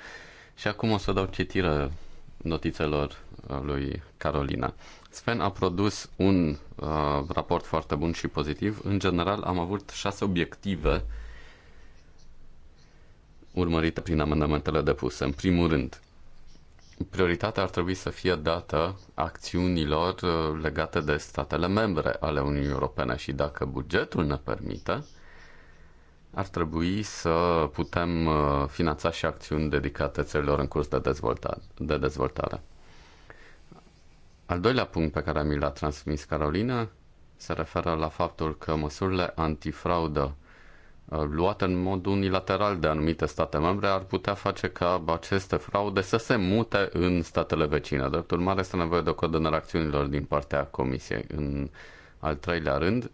Și acum o să dau citire notițelor uh, lui Carolina. Sven a produs un uh, raport foarte bun și pozitiv. În general, am avut șase obiective urmărite prin amendamentele depuse. În primul rând, prioritatea ar trebui să fie dată acțiunilor uh, legate de statele membre ale Uniunii Europene și dacă bugetul ne permite, ar trebui să putem uh, finanța și acțiuni dedicate țărilor în curs de dezvoltare. De dezvoltare. Al doilea punct pe care mi l-a transmis Carolina se referă la faptul că măsurile antifraudă Uh, luate în mod unilateral de anumite state membre ar putea face ca aceste fraude să se mute în statele vecine. Drept urmare, este nevoie de o coordonare acțiunilor din partea Comisiei. În al treilea rând,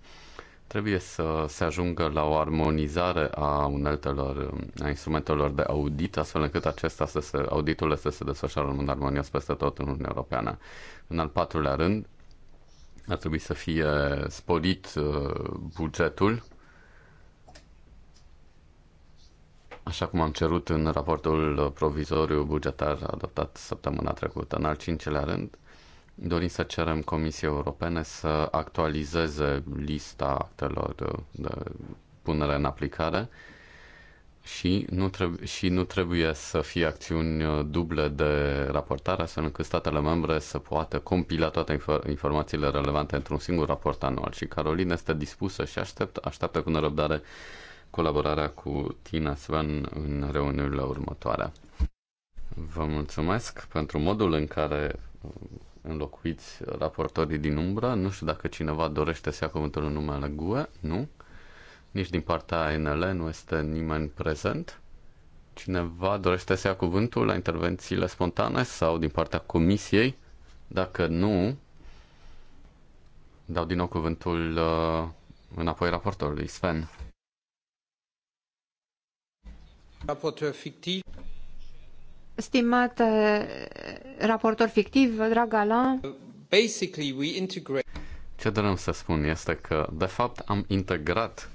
trebuie să se ajungă la o armonizare a uneltelor, a instrumentelor de audit, astfel încât acesta să se, auditul să se desfășoare în mod armonios peste tot în Uniunea Europeană. În al patrulea rând, ar trebui să fie sporit uh, bugetul Așa cum am cerut în raportul provizoriu bugetar adoptat săptămâna trecută, în al cincilea rând, dorim să cerem Comisiei Europene să actualizeze lista actelor de punere în aplicare și nu, trebu- și nu trebuie să fie acțiuni duble de raportare, astfel încât statele membre să poată compila toate infor- informațiile relevante într-un singur raport anual. Și Carolina este dispusă și aștept, așteaptă cu nerăbdare colaborarea cu Tina Sven, în reuniunile următoare. Vă mulțumesc pentru modul în care uh, înlocuiți raportorii din umbră. Nu știu dacă cineva dorește să ia cuvântul în numele GUE, nu? Nici din partea ANL nu este nimeni prezent. Cineva dorește să ia cuvântul la intervențiile spontane sau din partea comisiei? Dacă nu, dau din nou cuvântul uh, înapoi raportorului. Sven. Raportor fictiv. Stimate raportor fictiv, drag Alain. Basically, we integrate... Ce dorem să spun este că, de fapt, am integrat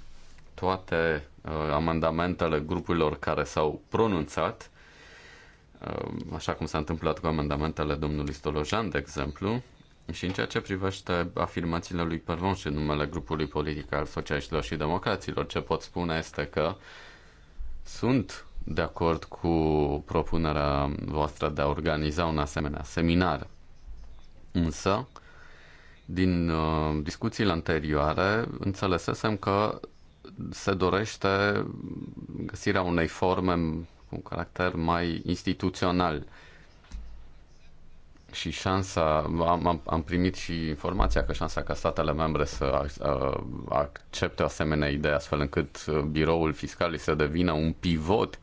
toate uh, amendamentele grupurilor care s-au pronunțat, uh, așa cum s-a întâmplat cu amendamentele domnului Stolojan, de exemplu, și în ceea ce privește afirmațiile lui Pervon și numele grupului politic al socialiștilor și democraților, ce pot spune este că uh, sunt de acord cu propunerea voastră de a organiza un asemenea seminar. Însă, din uh, discuțiile anterioare, înțelesesem că se dorește găsirea unei forme cu un caracter mai instituțional și șansa, am, am primit și informația că șansa ca statele membre să accepte o asemenea idee, astfel încât uh, biroul fiscal să devină un pivot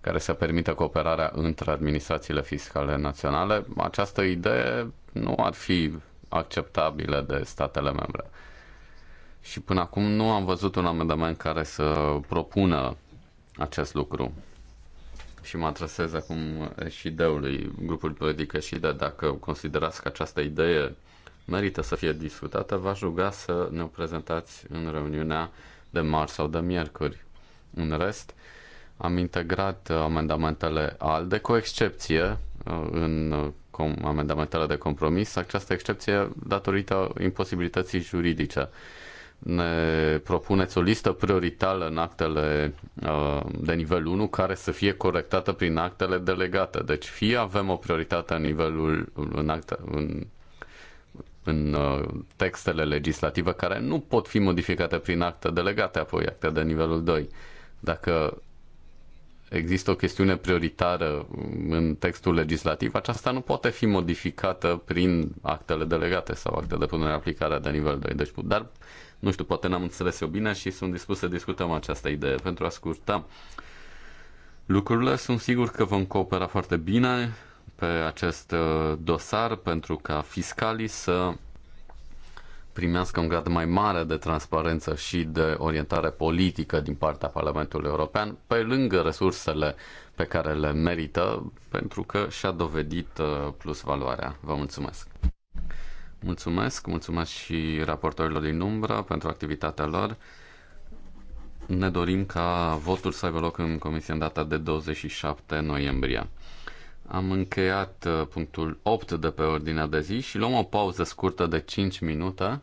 care să permită cooperarea între administrațiile fiscale naționale, această idee nu ar fi acceptabilă de statele membre. Și până acum nu am văzut un amendament care să propună acest lucru și mă atrasez acum eh, și ideului grupul politic și de dacă considerați că această idee merită să fie discutată, v-aș ruga să ne o prezentați în reuniunea de marți sau de miercuri. În rest, am integrat eh, amendamentele ALDE cu excepție eh, în amendamentele de compromis, această excepție datorită imposibilității juridice ne propuneți o listă prioritară în actele uh, de nivel 1 care să fie corectată prin actele delegate. Deci fie avem o prioritate în nivelul în, acte, în în uh, textele legislative care nu pot fi modificate prin acte delegate, apoi acte de nivelul 2. Dacă există o chestiune prioritară în textul legislativ, aceasta nu poate fi modificată prin actele delegate sau acte de punere în aplicare de nivel 2. Deci, dar nu știu, poate n-am înțeles eu bine și sunt dispus să discutăm această idee pentru a scurta lucrurile. Sunt sigur că vom coopera foarte bine pe acest uh, dosar pentru ca fiscalii să primească un grad mai mare de transparență și de orientare politică din partea Parlamentului European, pe lângă resursele pe care le merită, pentru că și-a dovedit uh, plus valoarea. Vă mulțumesc! Mulțumesc, mulțumesc și raportorilor din umbra pentru activitatea lor. Ne dorim ca votul să aibă loc în comisie în data de 27 noiembrie. Am încheiat uh, punctul 8 de pe ordinea de zi și luăm o pauză scurtă de 5 minute.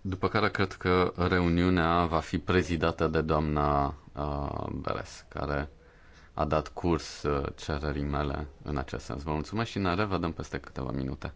După care cred că reuniunea va fi prezidată de doamna uh, Beres, care a dat curs uh, cererii mele în acest sens. Vă mulțumesc și ne revedem peste câteva minute.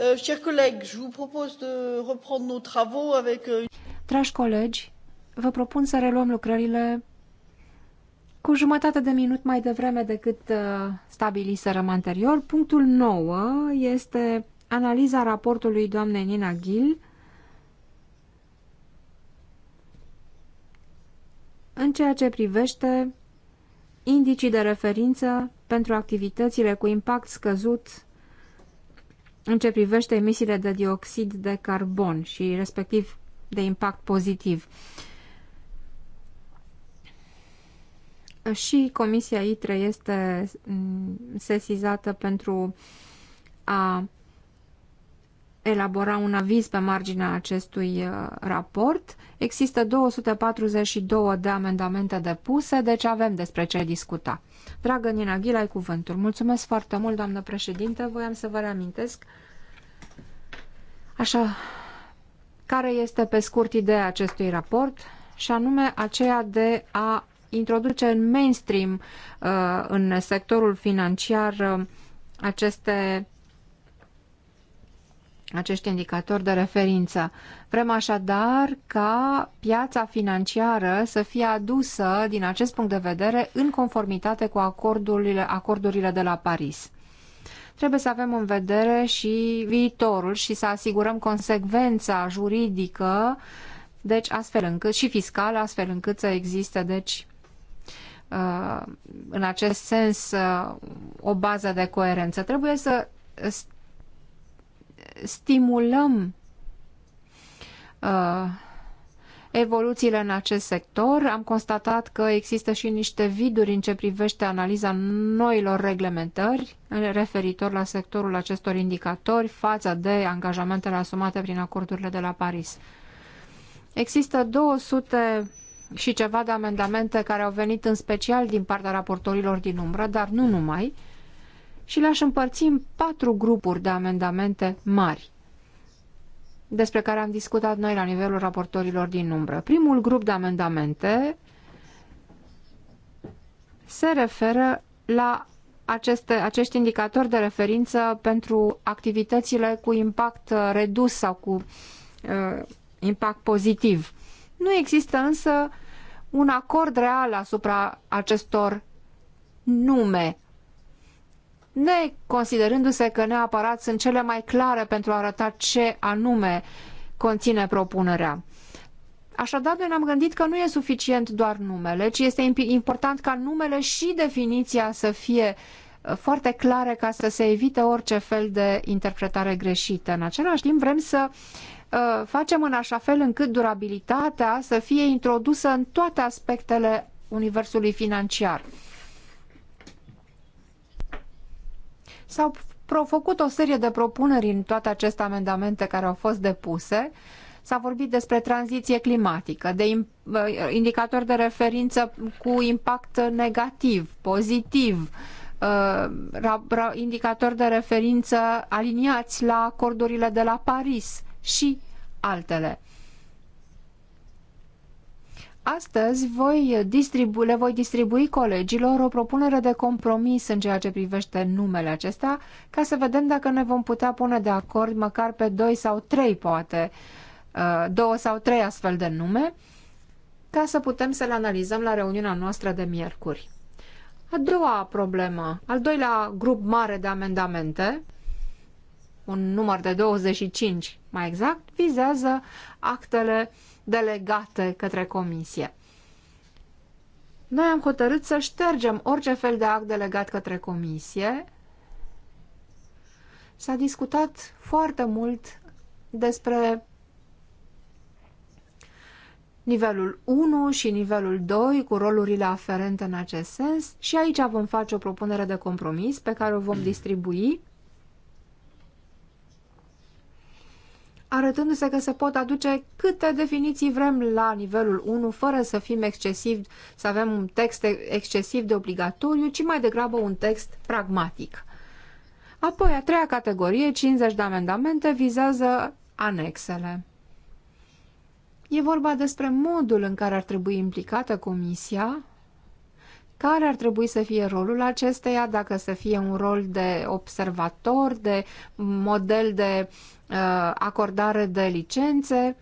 Euh, chers collègues, je vous propose de reprendre nos travaux avec... Euh, Dragi colegi, vă propun să reluăm lucrările cu jumătate de minut mai devreme decât uh, stabiliserăm anterior. Punctul 9 este analiza raportului doamnei Nina Gil în ceea ce privește indicii de referință pentru activitățile cu impact scăzut în ce privește emisiile de dioxid de carbon și respectiv de impact pozitiv. Și Comisia ITRE este mm, sesizată pentru a elabora un aviz pe marginea acestui uh, raport. Există 242 de amendamente depuse, deci avem despre ce discuta. Dragă Nina Ghil, ai cuvântul. Mulțumesc foarte mult, doamnă președinte. Voiam să vă reamintesc așa care este pe scurt ideea acestui raport și anume aceea de a introduce în mainstream uh, în sectorul financiar uh, aceste acești indicatori de referință. Vrem așadar ca piața financiară să fie adusă, din acest punct de vedere, în conformitate cu acordurile, acordurile de la Paris. Trebuie să avem în vedere și viitorul și să asigurăm consecvența juridică, deci astfel încât și fiscală, astfel încât să existe, deci, uh, în acest sens, uh, o bază de coerență. Trebuie să stimulăm uh, evoluțiile în acest sector. Am constatat că există și niște viduri în ce privește analiza noilor reglementări referitor la sectorul acestor indicatori față de angajamentele asumate prin acordurile de la Paris. Există 200 și ceva de amendamente care au venit în special din partea raportorilor din umbră, dar nu numai, și le-aș împărți în patru grupuri de amendamente mari despre care am discutat noi la nivelul raportorilor din umbră. Primul grup de amendamente se referă la aceste, acești indicatori de referință pentru activitățile cu impact redus sau cu uh, impact pozitiv. Nu există însă un acord real asupra acestor nume neconsiderându-se că neapărat sunt cele mai clare pentru a arăta ce anume conține propunerea. Așadar, noi ne-am gândit că nu e suficient doar numele, ci este important ca numele și definiția să fie uh, foarte clare ca să se evite orice fel de interpretare greșită. În același timp, vrem să uh, facem în așa fel încât durabilitatea să fie introdusă în toate aspectele universului financiar. S-au făcut o serie de propuneri în toate aceste amendamente care au fost depuse. S-a vorbit despre tranziție climatică, de uh, indicatori de referință cu impact negativ, pozitiv, uh, indicatori de referință aliniați la acordurile de la Paris și altele. Astăzi voi distribu- le voi distribui colegilor o propunere de compromis în ceea ce privește numele acesta, ca să vedem dacă ne vom putea pune de acord măcar pe doi sau trei, poate, uh, două sau trei astfel de nume, ca să putem să le analizăm la reuniunea noastră de miercuri. A doua problemă, al doilea grup mare de amendamente, un număr de 25 mai exact, vizează actele uh, delegate către comisie. Noi am hotărât să ștergem orice fel de act delegat către comisie. S-a discutat foarte mult despre nivelul 1 și nivelul 2 cu rolurile aferente în acest sens și aici vom face o propunere de compromis pe care o vom distribui arătându-se că se pot aduce câte definiții vrem la nivelul 1, fără să fim excesiv, să avem un text excesiv de obligatoriu, ci mai degrabă un text pragmatic. Apoi, a treia categorie, 50 de amendamente, vizează anexele. E vorba despre modul în care ar trebui implicată Comisia care ar trebui să fie rolul acesteia, dacă să fie un rol de observator, de model de uh, acordare de licențe?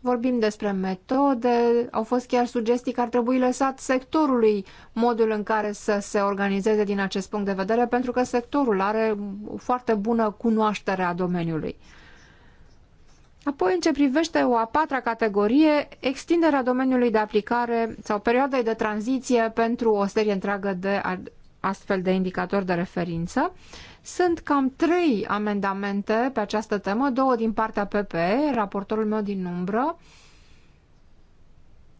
Vorbim despre metode, au fost chiar sugestii că ar trebui lăsat sectorului modul în care să se organizeze din acest punct de vedere, pentru că sectorul are o foarte bună cunoaștere a domeniului. Apoi, în ce privește o a patra categorie, extinderea domeniului de aplicare sau perioadei de tranziție pentru o serie întreagă de astfel de indicatori de referință. Sunt cam trei amendamente pe această temă, două din partea PPE, raportorul meu din umbră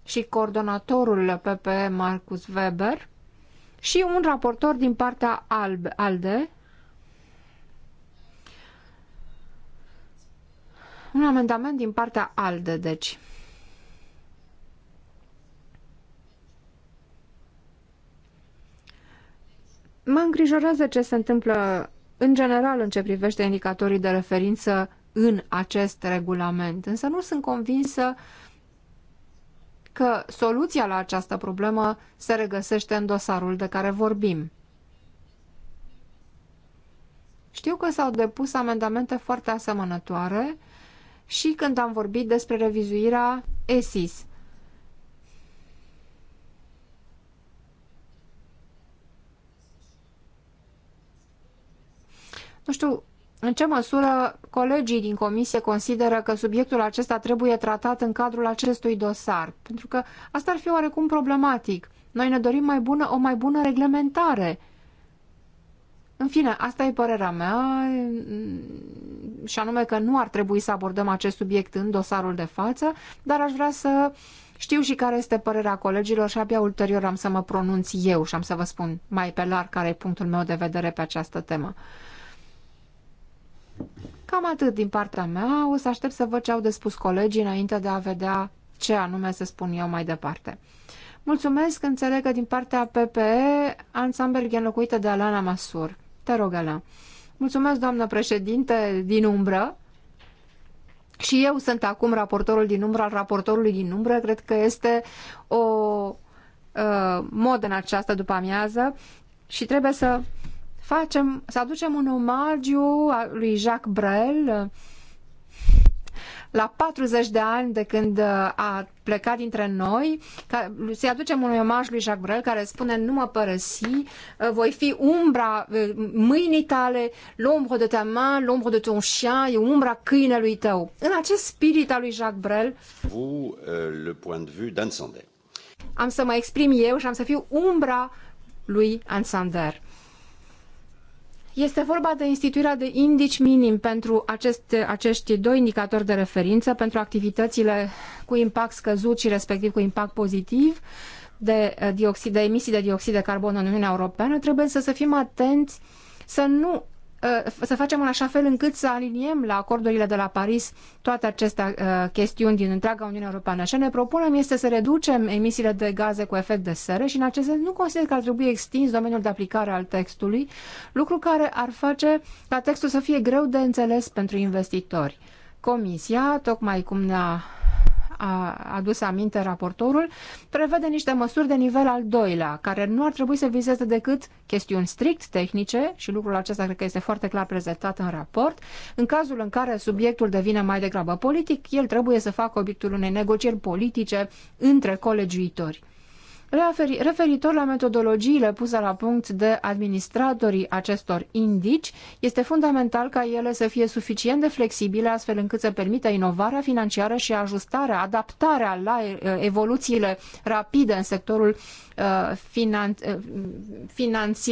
și coordonatorul PPE Marcus Weber și un raportor din partea ALDE, Un amendament din partea ALDE, deci. Mă îngrijorează ce se întâmplă în general în ce privește indicatorii de referință în acest regulament, însă nu sunt convinsă că soluția la această problemă se regăsește în dosarul de care vorbim. Știu că s-au depus amendamente foarte asemănătoare și când am vorbit despre revizuirea ESIS. Nu știu în ce măsură colegii din comisie consideră că subiectul acesta trebuie tratat în cadrul acestui dosar, pentru că asta ar fi oarecum problematic. Noi ne dorim mai bună, o mai bună reglementare – în fine, asta e părerea mea și anume că nu ar trebui să abordăm acest subiect în dosarul de față, dar aș vrea să știu și care este părerea colegilor și abia ulterior am să mă pronunț eu și am să vă spun mai pe larg care e punctul meu de vedere pe această temă. Cam atât din partea mea. O să aștept să văd ce au de spus colegii înainte de a vedea ce anume să spun eu mai departe. Mulțumesc, înțeleg că din partea PPE, Ansamberg e înlocuită de Alana Masur. Te rog, Alain. Mulțumesc, doamnă președinte, din umbră. Și eu sunt acum raportorul din umbră al raportorului din umbră. Cred că este o uh, modă în această după amiază și trebuie să facem, să aducem un omagiu lui Jacques Brel, uh, la 40 de ani de când uh, a plecat dintre noi, să-i aducem un omaj lui Jacques Brel care spune nu mă părăsi, uh, voi fi umbra uh, mâinii tale, l'ombre de ta main, l'ombre de ton chien, e umbra câinelui tău. În acest spirit al lui Jacques Brel, Vous, euh, le point de vue Am să mă exprim eu și am să fiu umbra lui Ansander. Este vorba de instituirea de indici minim pentru aceste, acești doi indicatori de referință, pentru activitățile cu impact scăzut și respectiv cu impact pozitiv de, eh, dioxid, de emisii de dioxid de carbon în Uniunea Europeană. Trebuie să, să fim atenți să nu Uh, să facem în așa fel încât să aliniem la acordurile de la Paris toate aceste uh, chestiuni din întreaga Uniune Europeană. Ce ne propunem este să reducem emisiile de gaze cu efect de seră și în acest sens nu consider că ar trebui extins domeniul de aplicare al textului, lucru care ar face ca textul să fie greu de înțeles pentru investitori. Comisia, tocmai cum ne-a a adus aminte raportorul, prevede niște măsuri de nivel al doilea, care nu ar trebui să vizeze decât chestiuni strict tehnice, și lucrul acesta cred că este foarte clar prezentat în raport, în cazul în care subiectul devine mai degrabă politic, el trebuie să facă obiectul unei negocieri politice între colegiuitori. Referitor la metodologiile puse la punct de administratorii acestor indici, este fundamental ca ele să fie suficient de flexibile astfel încât să permită inovarea financiară și ajustarea, adaptarea la evoluțiile rapide în sectorul finan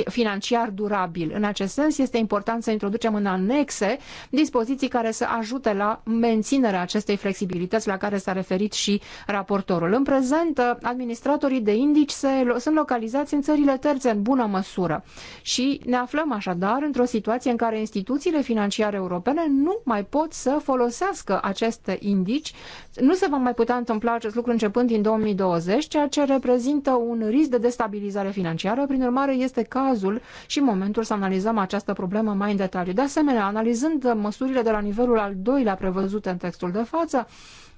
financiar durabil. În acest sens, este important să introducem în anexe dispoziții care să ajute la menținerea acestei flexibilități la care s-a referit și raportorul. În prezent, administratorii de indici indici se, sunt localizați în țările terțe în bună măsură și ne aflăm așadar într-o situație în care instituțiile financiare europene nu mai pot să folosească aceste indici. Nu se va mai putea întâmpla acest lucru începând din 2020, ceea ce reprezintă un risc de destabilizare financiară. Prin urmare, este cazul și momentul să analizăm această problemă mai în detaliu. De asemenea, analizând măsurile de la nivelul al doilea prevăzute în textul de față,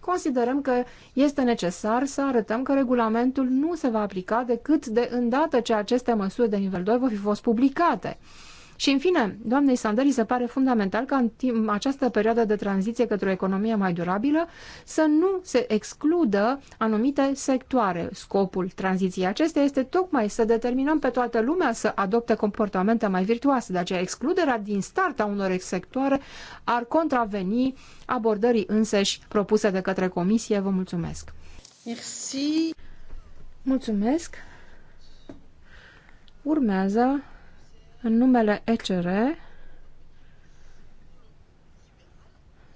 considerăm că este necesar să arătăm că regulamentul nu se va aplica decât de îndată ce aceste măsuri de nivel 2 vor fi fost publicate. Și, în fine, doamnei Sandări se pare fundamental ca în timp, această perioadă de tranziție către o economie mai durabilă să nu se excludă anumite sectoare. Scopul tranziției acestea este tocmai să determinăm pe toată lumea să adopte comportamente mai virtuoase. De aceea, excluderea din start a unor sectoare ar contraveni abordării înseși propuse de către Comisie. Vă mulțumesc! Merci. Mulțumesc! Urmează în numele ECR,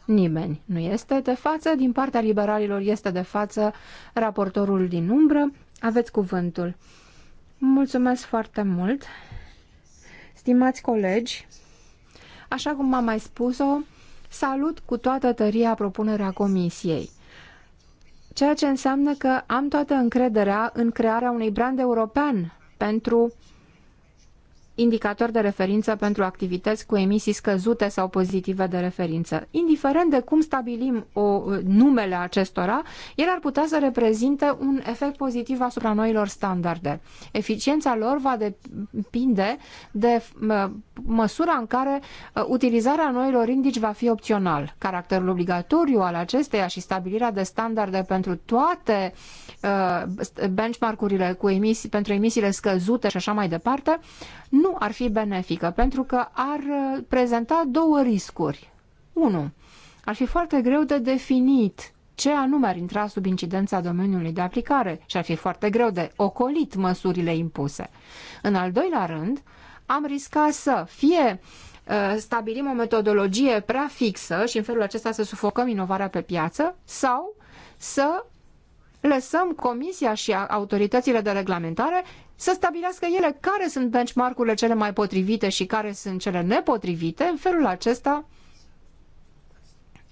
nimeni nu este de față. Din partea liberalilor este de față raportorul din umbră. Aveți cuvântul. Mulțumesc foarte mult. Stimați colegi, așa cum am mai spus-o, salut cu toată tăria propunerea comisiei ceea ce înseamnă că am toată încrederea în crearea unui brand european pentru indicator de referință pentru activități cu emisii scăzute sau pozitive de referință. Indiferent de cum stabilim o, numele acestora, el ar putea să reprezinte un efect pozitiv asupra noilor standarde. Eficiența lor va depinde de măsura în care uh, utilizarea noilor indici va fi opțional. Caracterul obligatoriu al acesteia și stabilirea de standarde pentru toate uh, benchmark-urile cu emisii, pentru emisiile scăzute și așa mai departe, nu nu ar fi benefică, pentru că ar uh, prezenta două riscuri. Unu, Ar fi foarte greu de definit ce anume ar intra sub incidența domeniului de aplicare și ar fi foarte greu de ocolit măsurile impuse. În al doilea rând, am riscat să fie uh, stabilim o metodologie prea fixă și în felul acesta să sufocăm inovarea pe piață sau să lăsăm Comisia și autoritățile de reglementare să stabilească ele care sunt benchmark-urile cele mai potrivite și care sunt cele nepotrivite, în felul acesta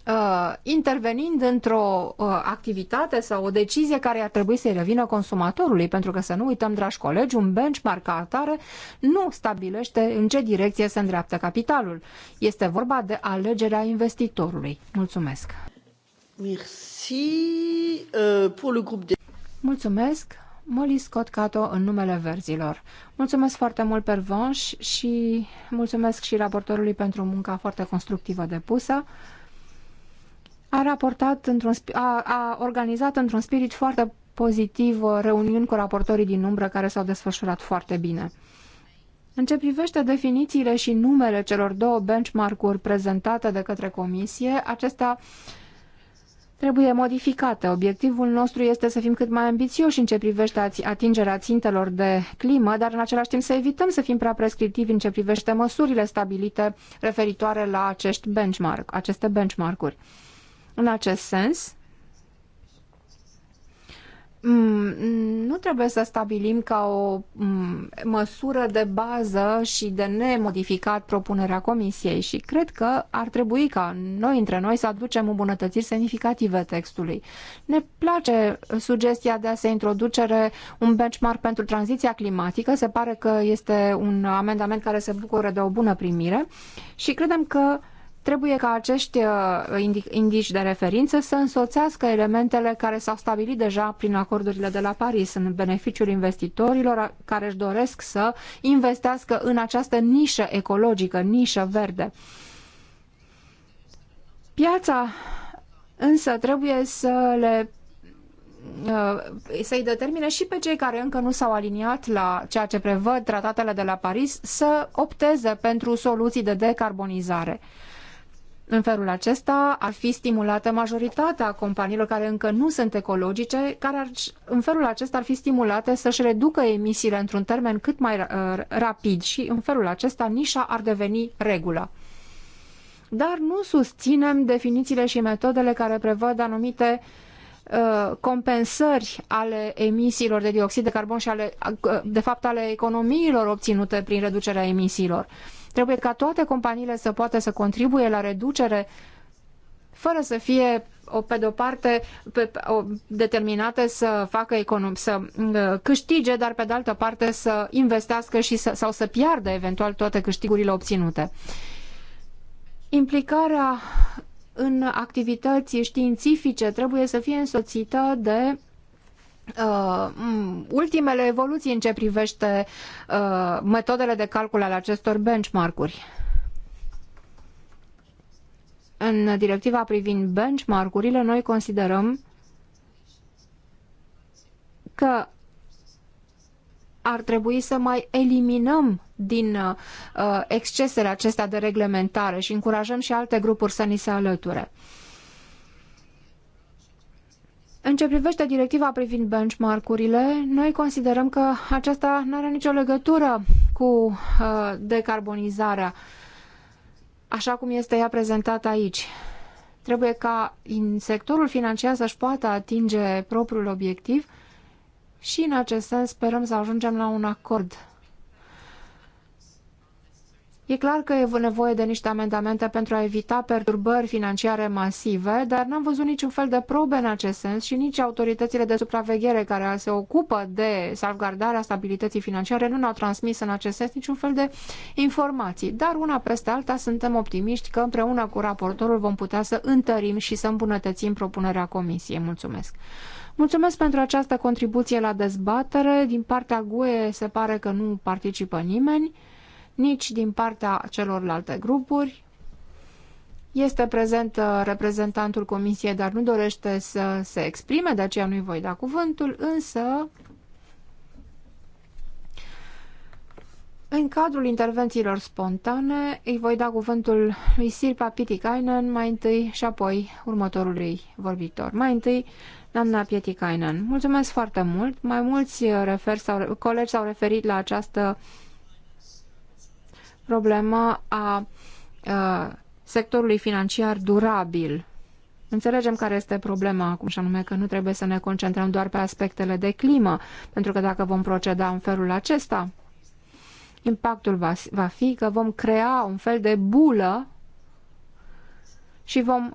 uh, intervenind într-o uh, activitate sau o decizie care ar trebui să-i revină consumatorului, pentru că să nu uităm, dragi colegi, un benchmark ca atare nu stabilește în ce direcție se îndreaptă capitalul. Este vorba de alegerea investitorului. Mulțumesc! Merci. Euh, pour le de... Mulțumesc. Molly Scott Cato în numele verzilor. Mulțumesc foarte mult, Pervanș, și mulțumesc și raportorului pentru munca foarte constructivă depusă. A raportat într-un, a, a organizat într-un spirit foarte pozitiv uh, reuniuni cu raportorii din umbră care s-au desfășurat foarte bine. În ce privește definițiile și numele celor două benchmark-uri prezentate de către comisie, acestea uh, trebuie modificată. Obiectivul nostru este să fim cât mai ambițioși în ce privește atingerea țintelor de climă, dar în același timp să evităm să fim prea prescriptivi în ce privește măsurile stabilite referitoare la acești benchmark, aceste benchmark-uri. În acest sens, Mm, nu trebuie să stabilim ca o mm, măsură de bază și de nemodificat propunerea comisiei și cred că ar trebui ca noi între noi să aducem îmbunătățiri semnificative textului. Ne place sugestia de a se introduce un benchmark pentru tranziția climatică, se pare că este un amendament care se bucură de o bună primire și credem că trebuie ca acești uh, indici de referință să însoțească elementele care s-au stabilit deja prin acordurile de la Paris în beneficiul investitorilor care își doresc să investească în această nișă ecologică, nișă verde. Piața însă trebuie să le uh, să-i determine și pe cei care încă nu s-au aliniat la ceea ce prevăd tratatele de la Paris să opteze pentru soluții de decarbonizare. În felul acesta ar fi stimulată majoritatea companiilor care încă nu sunt ecologice, care ar, în felul acesta ar fi stimulate să-și reducă emisiile într-un termen cât mai uh, rapid și în felul acesta nișa ar deveni regulă. Dar nu susținem definițiile și metodele care prevăd anumite uh, compensări ale emisiilor de dioxid de carbon și ale, uh, de fapt ale economiilor obținute prin reducerea emisiilor. Trebuie ca toate companiile să poată să contribuie la reducere fără să fie o, pe de-o parte pe, o, determinate să facă econom, să uh, câștige, dar pe de altă parte să investească și să, sau să piardă eventual toate câștigurile obținute. Implicarea în activități științifice trebuie să fie însoțită de Uh, ultimele evoluții în ce privește uh, metodele de calcul ale acestor benchmark-uri. În directiva privind benchmark-urile, noi considerăm că ar trebui să mai eliminăm din uh, excesele acestea de reglementare și încurajăm și alte grupuri să ni se alăture. Uh, în ce privește directiva privind benchmark-urile, noi considerăm că aceasta nu are nicio legătură cu uh, decarbonizarea, așa cum este ea prezentată aici. Trebuie ca în sectorul financiar să-și poată atinge propriul obiectiv și în acest sens sperăm să ajungem la un acord E clar că e nevoie de niște amendamente pentru a evita perturbări financiare masive, dar n-am văzut niciun fel de probe în acest sens și nici autoritățile de supraveghere care se ocupă de salvgardarea stabilității financiare nu ne-au transmis în acest sens niciun fel de informații. Dar una peste alta suntem optimiști că împreună cu raportorul vom putea să întărim și să îmbunătățim propunerea comisiei. Mulțumesc! Mulțumesc pentru această contribuție la dezbatere. Din partea GUE se pare că nu participă nimeni nici din partea celorlalte grupuri. Este prezent uh, reprezentantul comisiei, dar nu dorește să se exprime, de aceea nu-i voi da cuvântul, însă În cadrul intervențiilor spontane, îi voi da cuvântul lui Sirpa Pietikainen mai întâi și apoi următorului vorbitor. Mai întâi, doamna Pietikainen. Mulțumesc foarte mult. Mai mulți uh, refer, sau, colegi s-au referit la această uh, problema a, sectorului financiar durabil. Înțelegem care este problema acum și anume că nu trebuie să ne concentrăm doar pe aspectele de climă, pentru că dacă vom proceda în felul acesta, impactul va, va fi că vom crea un fel de bulă și vom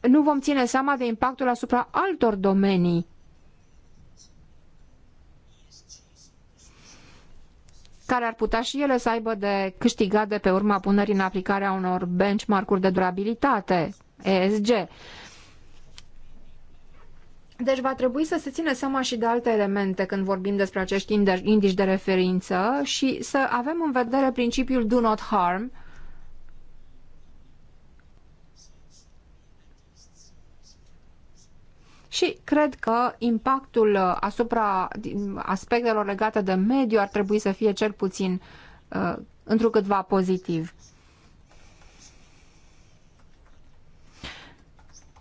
nu vom ține seama de impactul asupra altor domenii care ar putea și ele să aibă de câștigat de pe urma punerii în aplicare a unor benchmark-uri de durabilitate, ESG. Deci va trebui să se țină seama și de alte elemente când vorbim despre acești indici de referință și să avem în vedere principiul do not harm, și cred că impactul uh, asupra aspectelor legate de mediu ar trebui să fie cel puțin uh, întrucâtva pozitiv.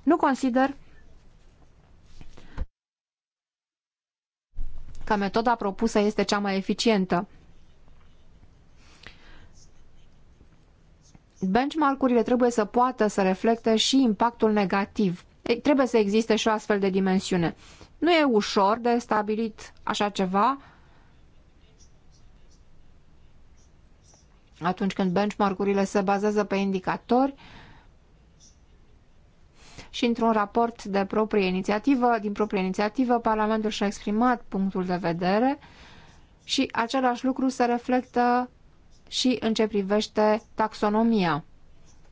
Nu consider că metoda propusă este cea mai eficientă. Benchmark-urile trebuie să poată să reflecte și impactul negativ trebuie să existe și o astfel de dimensiune. Nu e ușor de stabilit așa ceva atunci când benchmark-urile se bazează pe indicatori și într-un raport de proprie inițiativă, din proprie inițiativă, Parlamentul și-a exprimat punctul de vedere și același lucru se reflectă și în ce privește taxonomia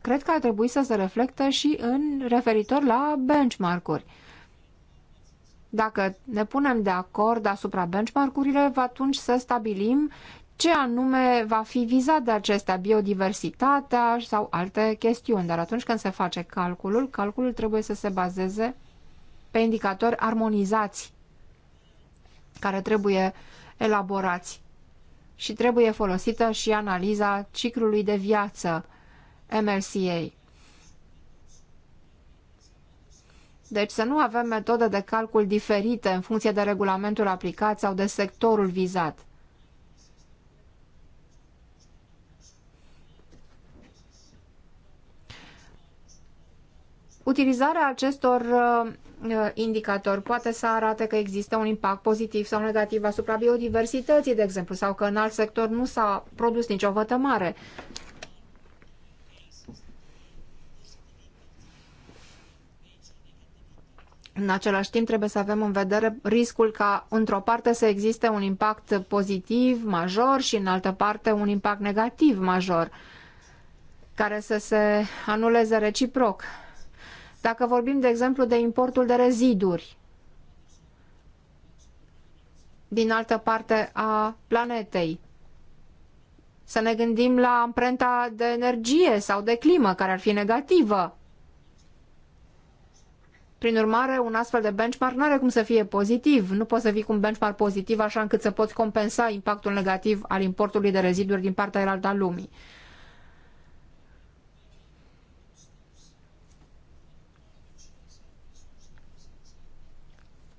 cred că ar trebui să se reflectă și în referitor la benchmark-uri. Dacă ne punem de acord asupra benchmark urile atunci să stabilim ce anume va fi vizat de acestea, biodiversitatea sau alte chestiuni. Dar atunci când se face calculul, calculul trebuie să se bazeze pe indicatori armonizați care trebuie elaborați și trebuie folosită și analiza ciclului de viață MLCA. Deci să nu avem metode de calcul diferite în funcție de regulamentul aplicat sau de sectorul vizat. Utilizarea acestor uh, uh, indicatori poate să arate că există un impact pozitiv sau negativ asupra biodiversității, de exemplu, sau că în alt sector nu s-a produs nicio vătămare. În același timp, trebuie să avem în vedere riscul ca, într-o parte, să existe un impact pozitiv major și, în altă parte, un impact negativ major, care să se anuleze reciproc. Dacă vorbim, de exemplu, de importul de reziduri din altă parte a planetei, să ne gândim la amprenta de energie sau de climă, care ar fi negativă prin urmare, un astfel de benchmark nu are cum să fie pozitiv. Nu poți să fii cu un benchmark pozitiv așa încât să poți compensa impactul negativ al importului de reziduri din partea aia a lumii.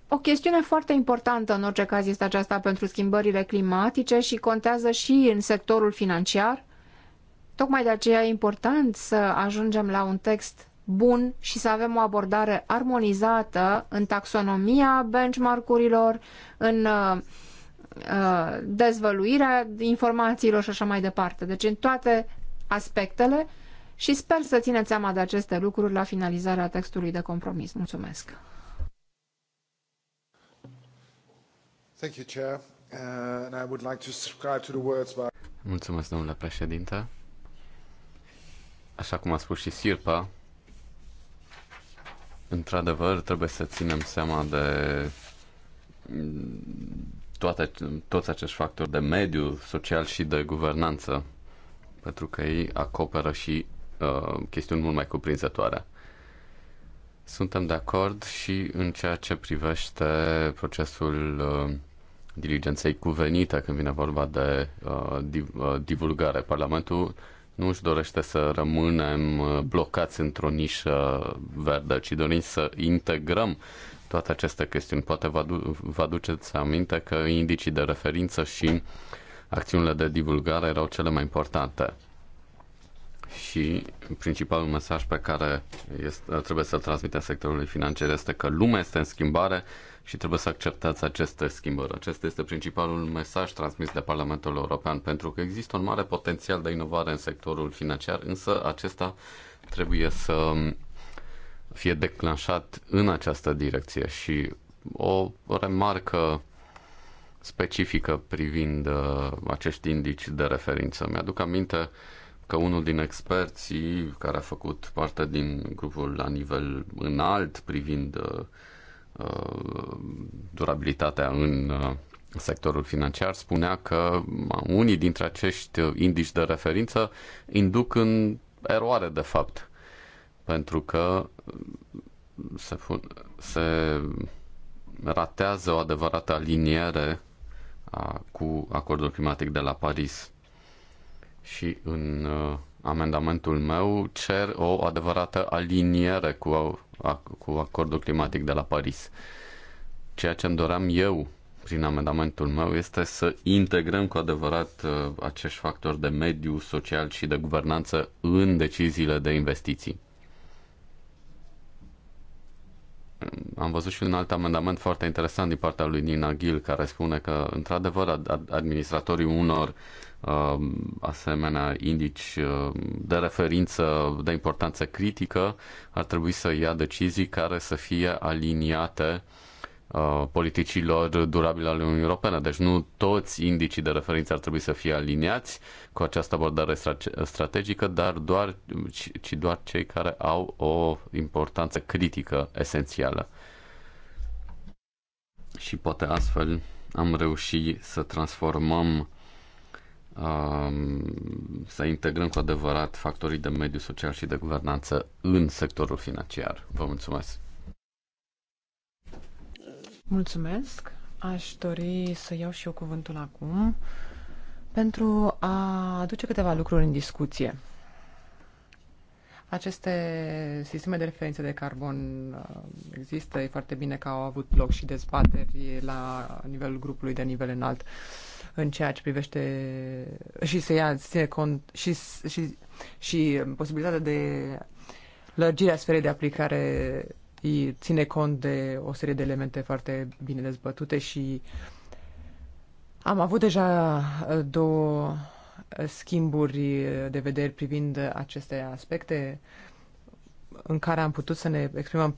O chestiune foarte importantă în orice caz este aceasta pentru schimbările climatice și contează și în sectorul financiar. Tocmai de aceea e important să ajungem la un text bun și să avem o abordare armonizată în taxonomia benchmark-urilor, în uh, uh, dezvăluirea informațiilor și așa mai departe. Deci în toate aspectele și sper să țineți seama de aceste lucruri la finalizarea textului de compromis. Mulțumesc! Thank you, Chair. Uh, and I would like to subscribe to the words by... Mulțumesc, domnule președinte. Așa cum a spus și Sirpa, Într-adevăr, trebuie să ținem seama de toate, toți acești factori de mediu social și de guvernanță, pentru că ei acoperă și uh, chestiuni mult mai cuprinzătoare. Suntem de acord și în ceea ce privește procesul uh, diligenței cuvenite când vine vorba de uh, div, uh, divulgare. Parlamentul nu își dorește să rămânem uh, blocați într-o nișă verde, ci dorim să integrăm toate aceste chestiuni. Poate vă, adu- vă aduceți aminte că indicii de referință și acțiunile de divulgare erau cele mai importante. Și principalul mesaj pe care este, trebuie să-l transmitem sectorului financiar este că lumea este în schimbare, și trebuie să acceptați aceste schimbări. Acesta este principalul mesaj transmis de Parlamentul European, pentru că există un mare potențial de inovare în sectorul financiar, însă acesta trebuie să fie declanșat în această direcție și o remarcă specifică privind uh, acești indici de referință. Mi-aduc aminte că unul din experții care a făcut parte din grupul la nivel înalt privind uh, Uh, durabilitatea în uh, sectorul financiar spunea că uh, unii dintre acești indici de referință induc în eroare, de fapt, pentru că se, se ratează o adevărată aliniere a, cu acordul climatic de la Paris. Și în amendamentul meu cer o adevărată aliniere cu, cu acordul climatic de la Paris. Ceea ce îmi doream eu prin amendamentul meu este să integrăm cu adevărat uh, acești factori de mediu, social și de guvernanță în deciziile de investiții. am văzut și un alt amendament foarte interesant din partea lui Nina Gil care spune că, într-adevăr, administratorii unor uh, asemenea indici um, de referință de importanță critică ar trebui să ia decizii care să fie aliniate Uh, politicilor durabile ale Uniunii Europene. Deci nu toți indicii de referință ar trebui să fie aliniați cu această abordare strategică, dar doar, ci doar cei care au o importanță critică esențială. Și poate astfel am reușit să transformăm um, să integrăm cu adevărat factorii de mediu social și de guvernanță în sectorul financiar. Vă mulțumesc! Mulțumesc. Aș dori să iau și eu cuvântul acum pentru a aduce câteva lucruri în discuție. Aceste sisteme de referință de carbon uh, există, e foarte bine că au avut loc și dezbateri la nivelul grupului de nivel înalt în ceea ce privește și se ia ține cont și, și, și posibilitatea de lărgirea sferei de aplicare ține cont de o serie de elemente foarte bine dezbătute și am avut deja uh, două uh, schimburi de vedere privind aceste aspecte în care am putut să ne exprimăm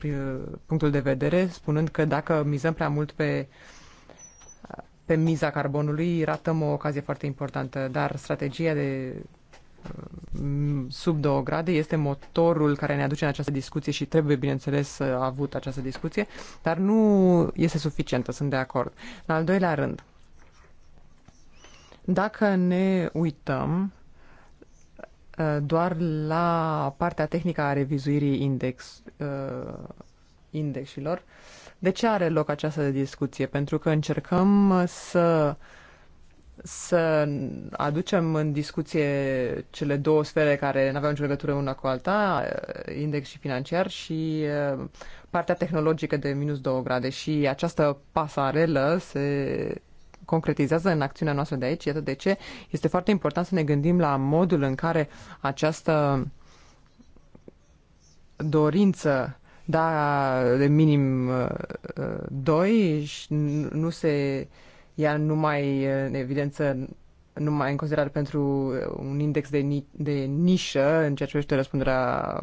punctul de vedere, spunând că dacă mizăm prea mult pe, uh, pe miza carbonului, ratăm o ocazie foarte importantă, dar strategia de sub 2 grade este motorul care ne aduce în această discuție și trebuie, bineînțeles, avut această discuție, dar nu este suficientă, sunt de acord. În al doilea rând, dacă ne uităm uh, doar la partea tehnică a revizuirii index, uh, indexilor, de ce are loc această discuție? Pentru că încercăm să uh, să aducem în discuție cele două sfere care nu aveau nicio legătură una cu alta, uh, index și financiar și uh, partea tehnologică de minus 2 grade și această pasarelă se concretizează în acțiunea noastră de aici. Iată de ce este foarte important să ne gândim la modul în care această dorință da, de minim 2 uh, nu se uh, ea nu mai în evidență, nu mai în considerare pentru uh, un index de, ni- de nișă în ceea ce privește răspunderea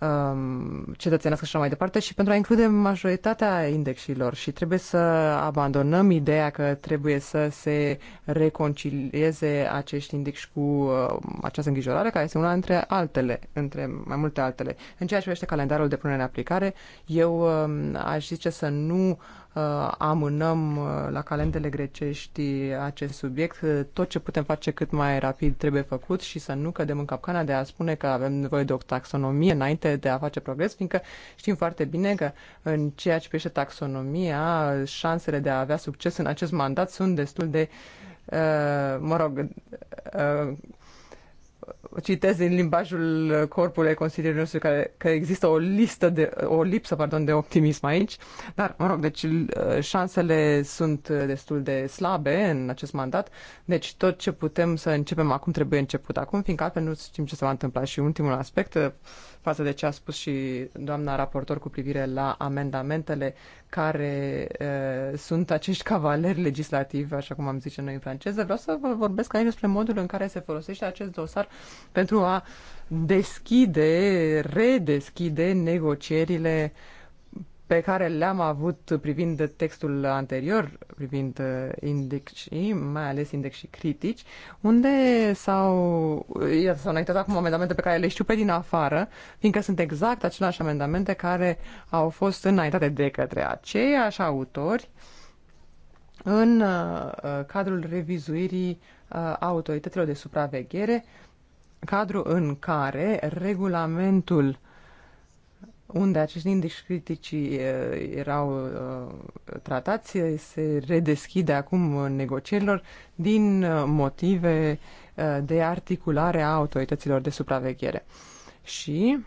um, cetățenească și așa mai departe și pentru a include majoritatea indexilor și trebuie să abandonăm ideea că trebuie să se reconcilieze acești indexi cu uh, această îngrijorare care este una dintre altele, între mai multe altele. În ceea ce privește calendarul de punere în aplicare, eu uh, aș zice să nu Uh, amânăm uh, la calendele grecești acest subiect. Uh, tot ce putem face cât mai rapid trebuie făcut și să nu cădem în capcana de a spune că avem nevoie de o taxonomie înainte de a face progres, fiindcă știm foarte bine că în ceea ce privește taxonomia, șansele de a avea succes în acest mandat sunt destul de mă rog, citez din limbajul uh, corpului consilierului nostru care, că există o listă de, uh, o lipsă, pardon, de optimism aici, dar, mă rog, deci uh, șansele sunt destul de slabe în acest mandat, deci tot ce putem să începem acum trebuie început acum, fiindcă altfel nu știm ce se va întâmpla. Și ultimul aspect, față de ce a spus și doamna raportor cu privire la amendamentele care uh, sunt acești cavaleri legislativi, așa cum am zice noi în franceză, vreau să vă vorbesc aici despre modul în care se folosește acest dosar pentru a deschide, redeschide negocierile pe care le-am avut privind textul anterior, privind uh, indexii, mai ales indexii critici, unde s-au, iată, s-au înaintat acum amendamente pe care le știu pe din afară, fiindcă sunt exact aceleași amendamente care au fost înaintate de către aceiași autori în uh, cadrul revizuirii uh, autorităților de supraveghere, cadru în care regulamentul unde acești indici critici uh, erau uh, tratați, uh, se redeschide acum negocierilor din motive de articulare a autorităților de supraveghere. Și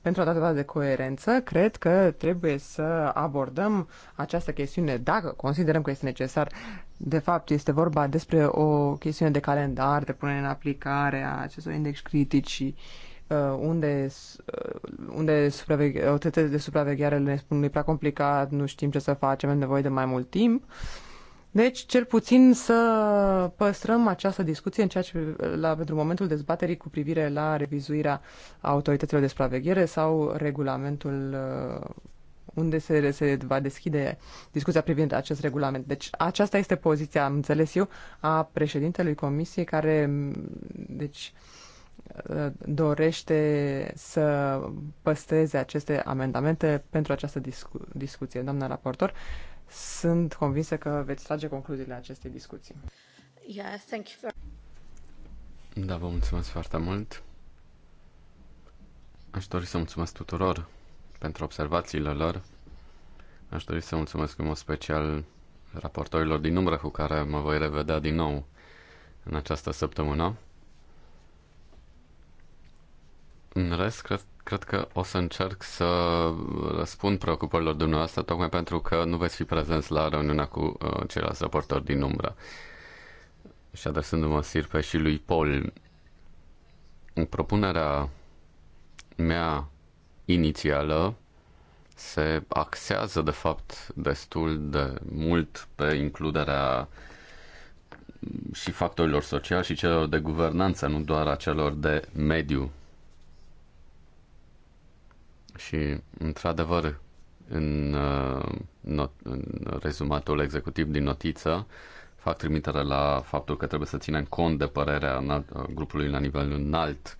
pentru a da de coerență, cred că trebuie să abordăm această chestiune, dacă considerăm că este necesar. De fapt, este vorba despre o chestiune de calendar, de punere în aplicare a acestor index critici și uh, Uh, unde, uh, unde supraveghe- tete de supraveghere ne spun e prea complicat, nu știm ce să facem, avem nevoie de mai mult timp. Deci, cel puțin să păstrăm această discuție în ceea ce, la, pentru momentul dezbaterii cu privire la revizuirea autorităților de supraveghere sau regulamentul uh, unde se, se va deschide discuția privind acest regulament. Deci aceasta este poziția, am înțeles eu, a președintelui Comisiei care, deci, uh, dorește să păstreze aceste amendamente pentru această discu- discuție. Doamna raportor, sunt convinsă că veți trage concluziile acestei discuții. Yeah, thank you for... Da, vă mulțumesc foarte mult. Aș dori să mulțumesc tuturor pentru observațiile lor. Aș dori să mulțumesc în mod special raportorilor din umbră cu care mă voi revedea din nou în această săptămână. În rest, cred, cred că o să încerc să răspund preocupărilor dumneavoastră, tocmai pentru că nu veți fi prezenți la reuniunea cu uh, ceilalți raportori din umbră. Și adresându-mă Sirpe și lui Paul, propunerea mea inițială se axează, de fapt, destul de mult pe includerea și factorilor sociali și celor de guvernanță, nu doar a celor de mediu și, într-adevăr, în, uh, not, în rezumatul executiv din notiță, fac trimitere la faptul că trebuie să ținem cont de părerea uh, grupului la nivel înalt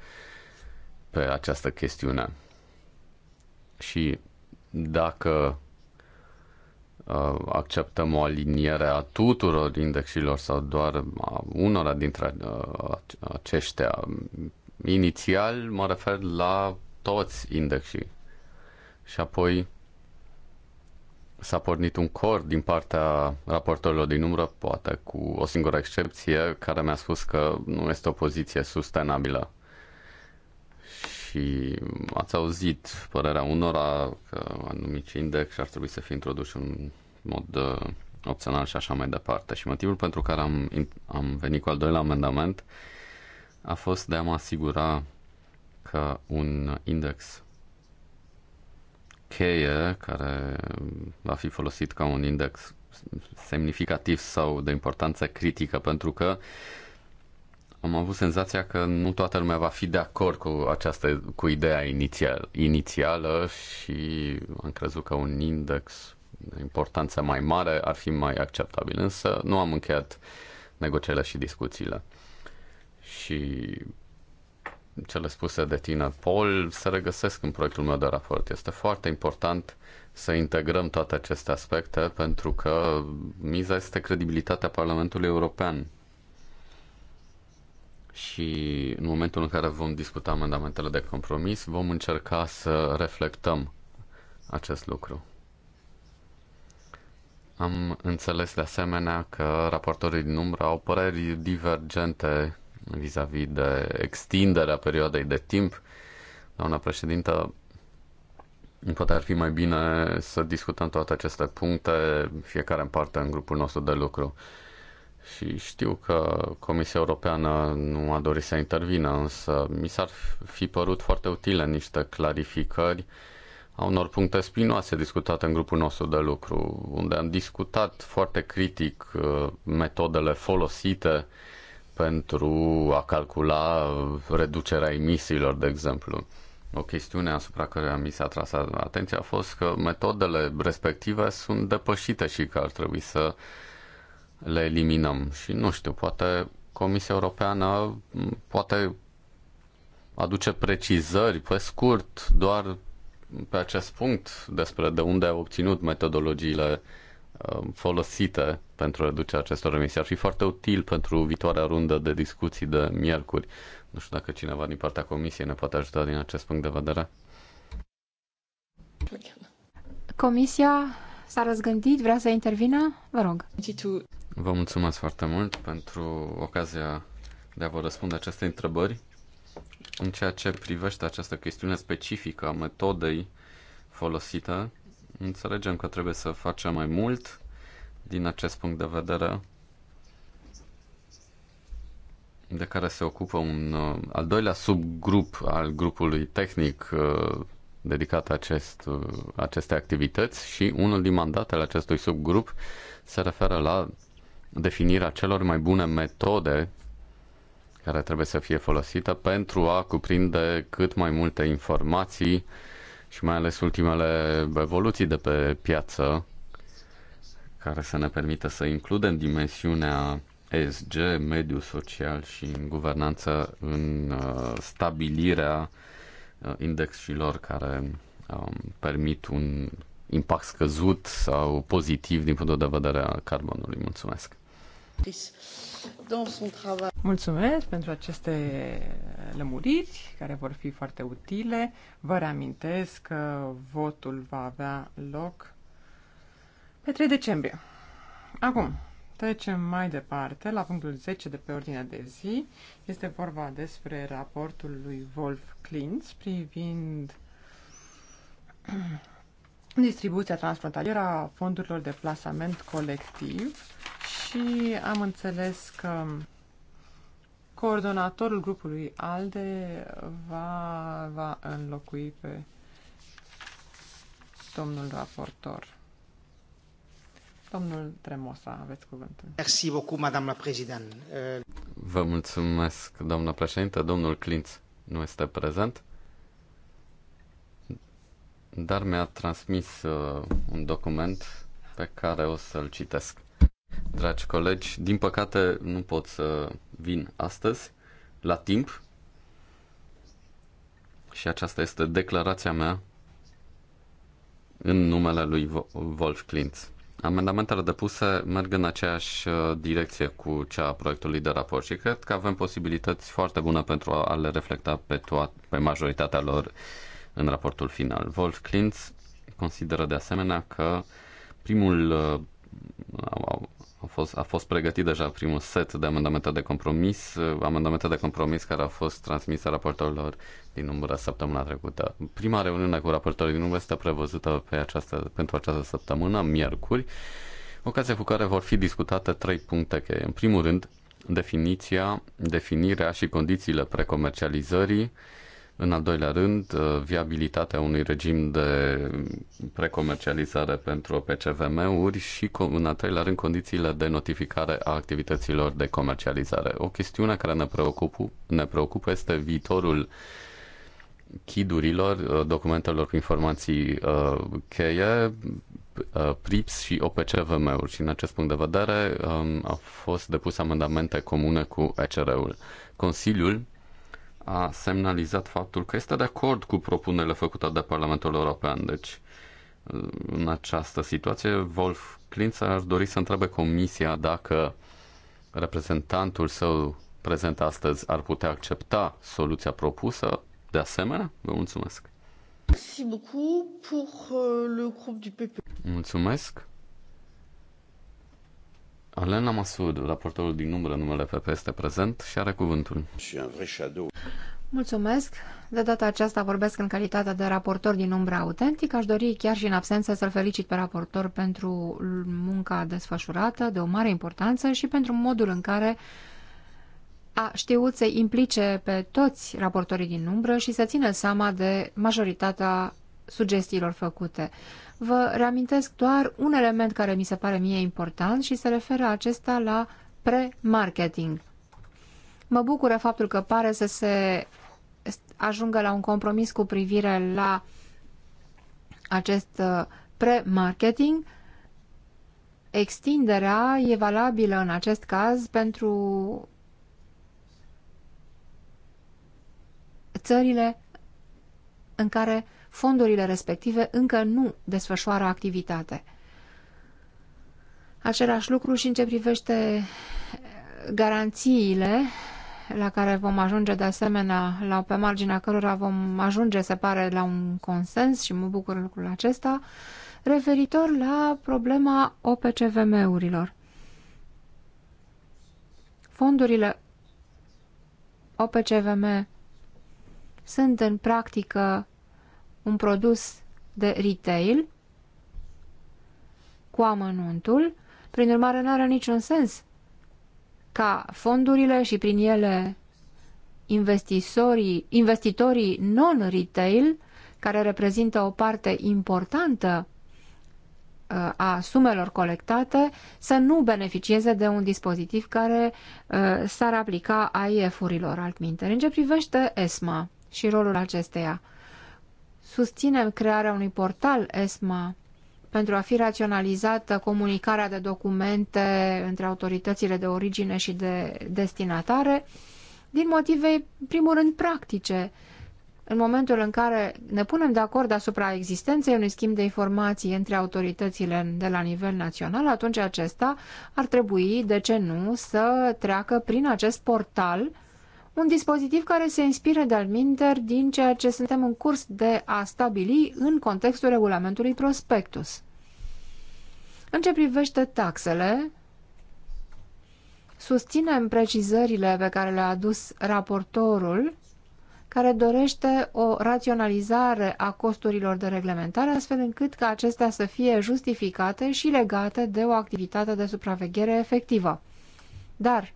pe această chestiune. Și dacă uh, acceptăm o aliniere a tuturor indexilor sau doar a unora dintre aceștia, inițial mă refer la toți indexii și apoi s-a pornit un cor din partea raportorilor din umbră, poate cu o singură excepție, care mi-a spus că nu este o poziție sustenabilă. Și ați auzit părerea unora că anumici index ar trebui să fie introduși în mod uh, opțional și așa mai departe. Și motivul pentru care am, am venit cu al doilea amendament a fost de a mă asigura că un index cheie care va fi folosit ca un index semnificativ sau de importanță critică, pentru că am avut senzația că nu toată lumea va fi de acord cu această cu ideea inițial, inițială și am crezut că un index de importanță mai mare ar fi mai acceptabil, însă nu am încheiat negocierile și discuțiile. Și cele spuse de tine, Paul, se regăsesc în proiectul meu de raport. Este foarte important să integrăm toate aceste aspecte pentru că miza este credibilitatea Parlamentului European. Și în momentul în care vom discuta amendamentele de compromis, vom încerca să reflectăm acest lucru. Am înțeles de asemenea că raportorii din umbră au păreri divergente vis-a-vis -vis de extinderea perioadei de timp. Doamna președintă, poate ar fi mai bine să discutăm toate aceste puncte, fiecare în parte în grupul nostru de lucru. Și știu că Comisia Europeană nu a dorit să intervină, însă mi s-ar fi părut foarte utile niște clarificări a unor puncte spinoase discutate în grupul nostru de lucru, unde am discutat foarte critic uh, metodele folosite pentru a calcula reducerea emisiilor, de exemplu. O chestiune asupra care mi s-a tras atenția a fost că metodele respective sunt depășite și că ar trebui să le eliminăm. Și nu știu, poate Comisia Europeană poate aduce precizări pe scurt doar pe acest punct despre de unde au obținut metodologiile uh, Um, folosite pentru reducerea acestor emisii. Ar fi foarte util pentru viitoarea rundă de discuții de miercuri. Nu știu dacă cineva din partea comisiei ne poate ajuta din acest punct de vedere. Comisia s-a răzgândit, vrea să intervină? Vă rog. Vă mulțumesc foarte mult pentru ocazia de a vă răspunde aceste întrebări. În ceea ce privește această chestiune specifică a metodei folosită, Înțelegem că trebuie să facem mai mult din acest punct de vedere de care se ocupă un uh, al doilea subgrup al grupului tehnic uh, dedicat acest, uh, aceste activități și unul din mandatele acestui subgrup se referă la definirea celor mai bune metode care trebuie să fie folosită pentru a cuprinde cât mai multe informații și mai ales ultimele evoluții de pe piață care să ne permită să includem dimensiunea ESG, mediu social și în guvernanță în uh, stabilirea uh, indexilor care um, permit un impact scăzut sau pozitiv din punct de vedere al carbonului. Mulțumesc! Mulțumesc pentru aceste lămuriri care vor fi foarte utile. Vă reamintesc că votul va avea loc pe 3 decembrie. Acum, trecem mai departe la punctul 10 de pe ordinea de zi. Este vorba despre raportul lui Wolf Klintz privind distribuția transfrontalieră a fondurilor de plasament colectiv și am înțeles că coordonatorul grupului ALDE va, va înlocui pe domnul raportor. Domnul Tremosa, aveți cuvântul. Merci beaucoup, madame la présidente. Vă mulțumesc, doamna președinte. Domnul Clinț nu este prezent dar mi-a transmis uh, un document pe care o să-l citesc. Dragi colegi, din păcate nu pot să vin astăzi la timp și aceasta este declarația mea în numele lui Wolf Klintz. Amendamentele depuse merg în aceeași uh, direcție cu cea a proiectului de raport și cred că avem posibilități foarte bune pentru a le reflecta pe, toat, pe majoritatea lor în raportul final. Wolf Klintz consideră de asemenea că primul uh, a fost, a fost pregătit deja primul set de amendamente de compromis, uh, amendamente de compromis care au fost transmise raportorilor din umbră săptămâna trecută. Prima reuniune cu raportorii din umbră este prevăzută pe această, pentru această săptămână, miercuri, ocazia cu care vor fi discutate trei puncte cheie. În primul rând, definiția, definirea și condițiile precomercializării, în al doilea rând, uh, viabilitatea unui regim de precomercializare pentru PCVM-uri și, în al treilea rând, condițiile de notificare a activităților de comercializare. O chestiune care ne preocupă, ne preocupă este viitorul chidurilor, uh, documentelor cu informații uh, cheie, PRIPS și OPCVM-uri și în acest punct de vedere um, au fost depuse amendamente comune cu ECR-ul. Consiliul a semnalizat faptul că este de acord cu propunerile făcute de Parlamentul European. Deci, în această situație, Wolf Klintz ar dori să întrebe Comisia dacă reprezentantul său prezent astăzi ar putea accepta soluția propusă. De asemenea, vă mulțumesc. Euh, mulțumesc. Alena Masud, raportorul din numără numele PP, este prezent și are cuvântul. Mulțumesc. De data aceasta vorbesc în calitatea de raportor din umbra autentic. Aș dori chiar și în absență să-l felicit pe raportor pentru munca desfășurată, de o mare importanță și pentru modul în care a știut să implice pe toți raportorii din umbră și să țină seama de majoritatea sugestiilor făcute. Vă reamintesc doar un element care mi se pare mie important și se referă acesta la pre-marketing. Mă bucură faptul că pare să se ajungă la un compromis cu privire la acest uh, pre-marketing, extinderea e valabilă în acest caz pentru țările în care fondurile respective încă nu desfășoară activitate. Același lucru și în ce privește garanțiile la care vom ajunge de asemenea, la, pe marginea cărora vom ajunge, se pare, la un consens și mă bucur lucrul acesta, referitor la problema OPCVM-urilor. Fondurile OPCVM sunt în practică un produs de retail cu amănuntul, prin urmare nu are niciun sens ca fondurile și prin ele investitorii, investitorii non-retail, care reprezintă o parte importantă uh, a sumelor colectate, să nu beneficieze de un dispozitiv care uh, s-ar aplica AIF-urilor altminte. În ce privește ESMA și rolul acesteia, Susținem crearea unui portal ESMA pentru a fi raționalizată comunicarea de documente între autoritățile de origine și de destinatare, din motive, primul rând, practice. În momentul în care ne punem de acord asupra existenței unui schimb de informații între autoritățile de la nivel național, atunci acesta ar trebui, de ce nu, să treacă prin acest portal un dispozitiv care se inspiră de-al din ceea ce suntem în curs de a stabili în contextul regulamentului prospectus. În ce privește taxele, susținem precizările pe care le-a adus raportorul, care dorește o raționalizare a costurilor de reglementare, astfel încât ca acestea să fie justificate și legate de o activitate de supraveghere efectivă. Dar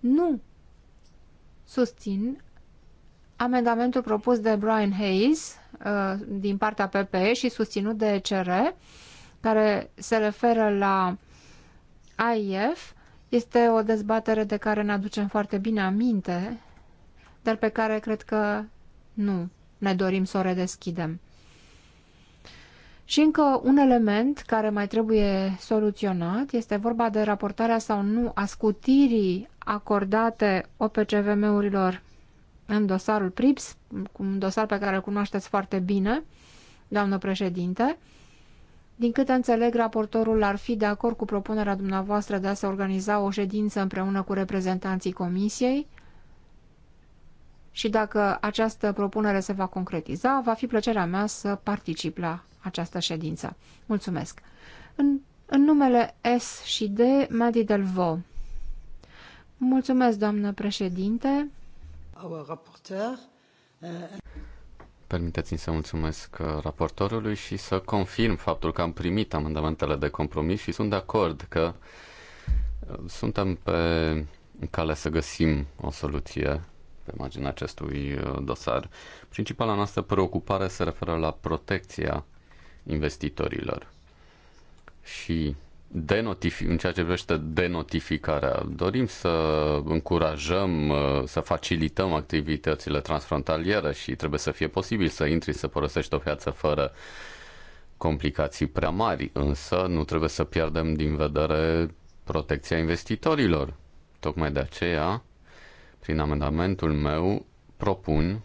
nu susțin amendamentul propus de Brian Hayes uh, din partea PPE și susținut de ECR, care se referă la AIF. Este o dezbatere de care ne aducem foarte bine aminte, dar pe care cred că nu ne dorim să o redeschidem. Și încă un element care mai trebuie soluționat este vorba de raportarea sau nu a scutirii acordate OPCVM-urilor în dosarul PRIPS, un dosar pe care îl cunoașteți foarte bine, doamnă președinte. Din câte înțeleg, raportorul ar fi de acord cu propunerea dumneavoastră de a se organiza o ședință împreună cu reprezentanții comisiei, și dacă această propunere se va concretiza, va fi plăcerea mea să particip la această ședință. Mulțumesc! În, în numele S și D, Madi Delvo. Mulțumesc, doamnă președinte. Uh, Permiteți-mi să mulțumesc uh, raportorului și să confirm faptul că am primit amendamentele de compromis și sunt de acord că uh, suntem pe cale să găsim o soluție pe marginea acestui uh, dosar. Principala noastră preocupare se referă la protecția investitorilor și denotifi- în ceea ce privește denotificarea. Dorim să încurajăm, uh, să facilităm activitățile transfrontaliere și trebuie să fie posibil să intri, să părăsești o viață fără complicații prea mari, însă nu trebuie să pierdem din vedere protecția investitorilor. Tocmai de aceea prin amendamentul meu propun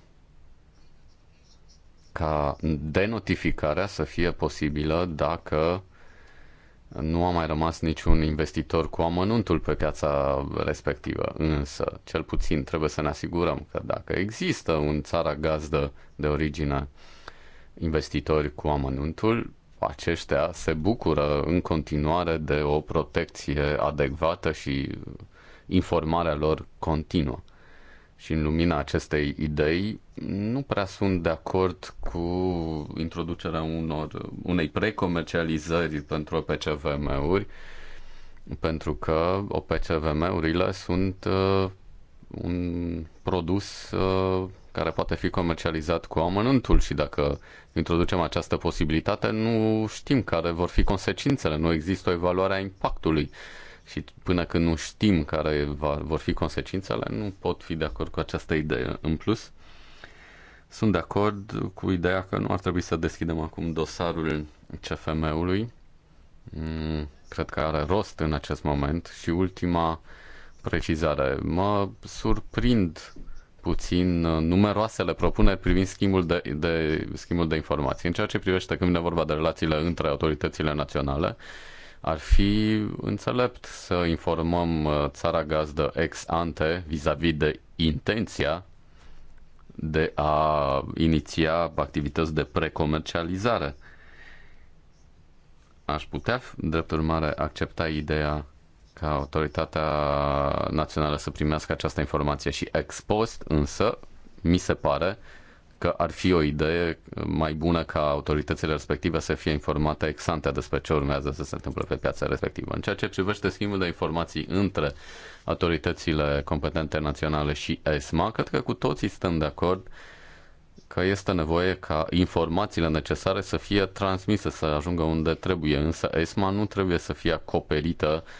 ca denotificarea să fie posibilă dacă nu a mai rămas niciun investitor cu amănuntul pe piața respectivă. Însă, cel puțin trebuie să ne asigurăm că dacă există în țara gazdă de origine investitori cu amănuntul, aceștia se bucură în continuare de o protecție adecvată și informarea lor continuă. Și în lumina acestei idei, nu prea sunt de acord cu introducerea unor, unei precomercializări pentru OPCVM-uri, pentru că OPCVM-urile sunt uh, un produs uh, care poate fi comercializat cu amănântul și dacă introducem această posibilitate, nu știm care vor fi consecințele, nu există o evaluare a impactului uh, și până când nu știm care va, vor fi consecințele, nu pot fi de acord cu această idee. În plus, sunt de acord cu ideea că nu ar trebui să deschidem acum dosarul CFM-ului. Mm, cred că are rost în acest moment. Și ultima precizare. Mă surprind puțin uh, numeroasele propuneri privind schimbul de, de, schimbul de informații. În ceea ce privește când vine vorba de relațiile între autoritățile naționale, ar fi înțelept să informăm uh, țara gazdă ex ante vis-a-vis -vis de intenția de a iniția activități de precomercializare. Aș putea, drept urmare, accepta ideea ca autoritatea națională să primească această informație și ex post, însă mi se pare că ar fi o idee mai bună ca autoritățile respective să fie informate exante despre ce urmează să se întâmple pe piața respectivă. În ceea ce privește schimbul de informații între autoritățile competente naționale și ESMA, cred că cu toții stăm de acord că este nevoie ca informațiile necesare să fie transmise, să ajungă unde trebuie, însă ESMA nu trebuie să fie acoperită uh,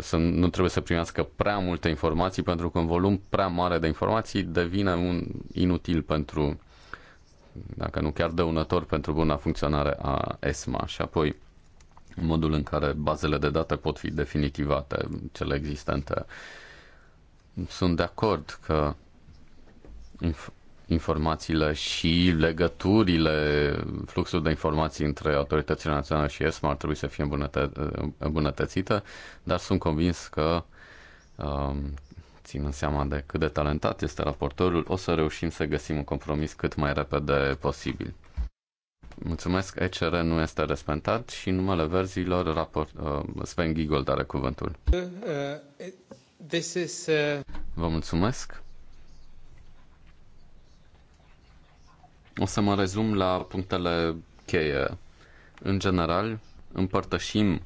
să nu trebuie să primească prea multe informații, pentru că un volum prea mare de informații devine un inutil pentru, dacă nu chiar dăunător pentru buna funcționare a ESMA. Și apoi, modul în care bazele de date pot fi definitivate, cele existente. Sunt de acord că informațiile și legăturile, fluxul de informații între autoritățile naționale și ESMA ar trebui să fie îmbunătă- îmbunătățită, dar sunt convins că um, ținând seama de cât de talentat este raportorul, o să reușim să găsim un compromis cât mai repede posibil. Mulțumesc, ECR nu este respectat și numele verzilor raport, uh, Sven Giegold are cuvântul. Uh, uh, this is, uh... Vă mulțumesc. O să mă rezum la punctele cheie. În general, împărtășim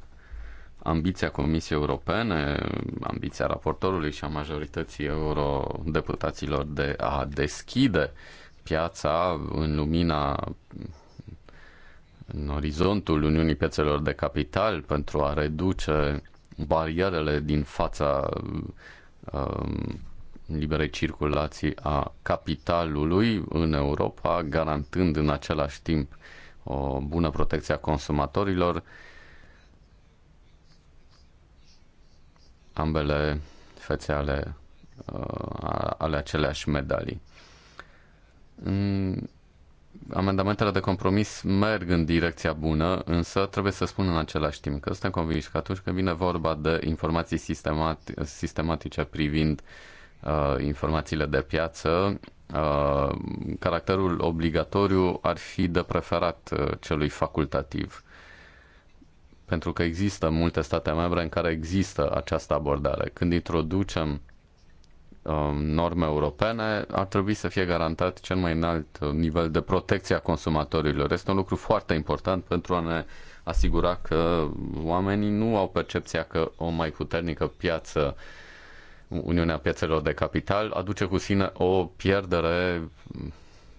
ambiția Comisiei Europene, ambiția raportorului și a majorității eurodeputaților de a deschide piața în lumina în orizontul Uniunii Piețelor de Capital pentru a reduce barierele din fața um, liberei circulații a capitalului în Europa, garantând în același timp o bună protecție a consumatorilor. Ambele fețe ale, uh, ale aceleași medalii. Amendamentele de compromis merg în direcția bună, însă trebuie să spun în același timp că suntem convinși că atunci când vine vorba de informații sistemat- sistematice privind uh, Uh, informațiile de piață, uh, caracterul obligatoriu ar fi de preferat uh, celui facultativ. Pentru că există multe state membre în care există această abordare. Când introducem norme europene, ar trebui să fie garantat cel mai înalt nivel de protecție a consumatorilor. Este un lucru foarte important pentru a ne asigura că oamenii nu au percepția că o mai puternică piață uh, Uniunea Piețelor de Capital aduce cu sine o pierdere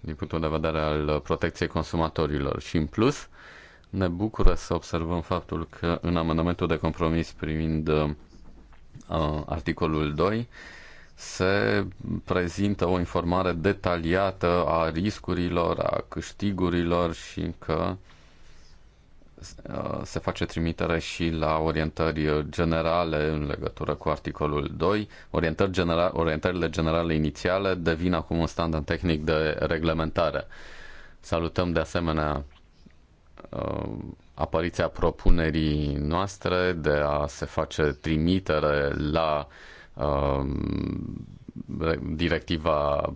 din punctul de vedere al protecției consumatorilor și în plus ne bucură să observăm faptul că în amendamentul de compromis privind uh, articolul 2 se prezintă o informare detaliată a riscurilor, a câștigurilor și că uh, Uh, se face trimitere și la orientări generale în legătură cu articolul 2. Orientări genera- orientările generale inițiale devin acum un standard tehnic de reglementare. Salutăm de asemenea uh, apariția propunerii noastre de a se face trimitere la uh, directiva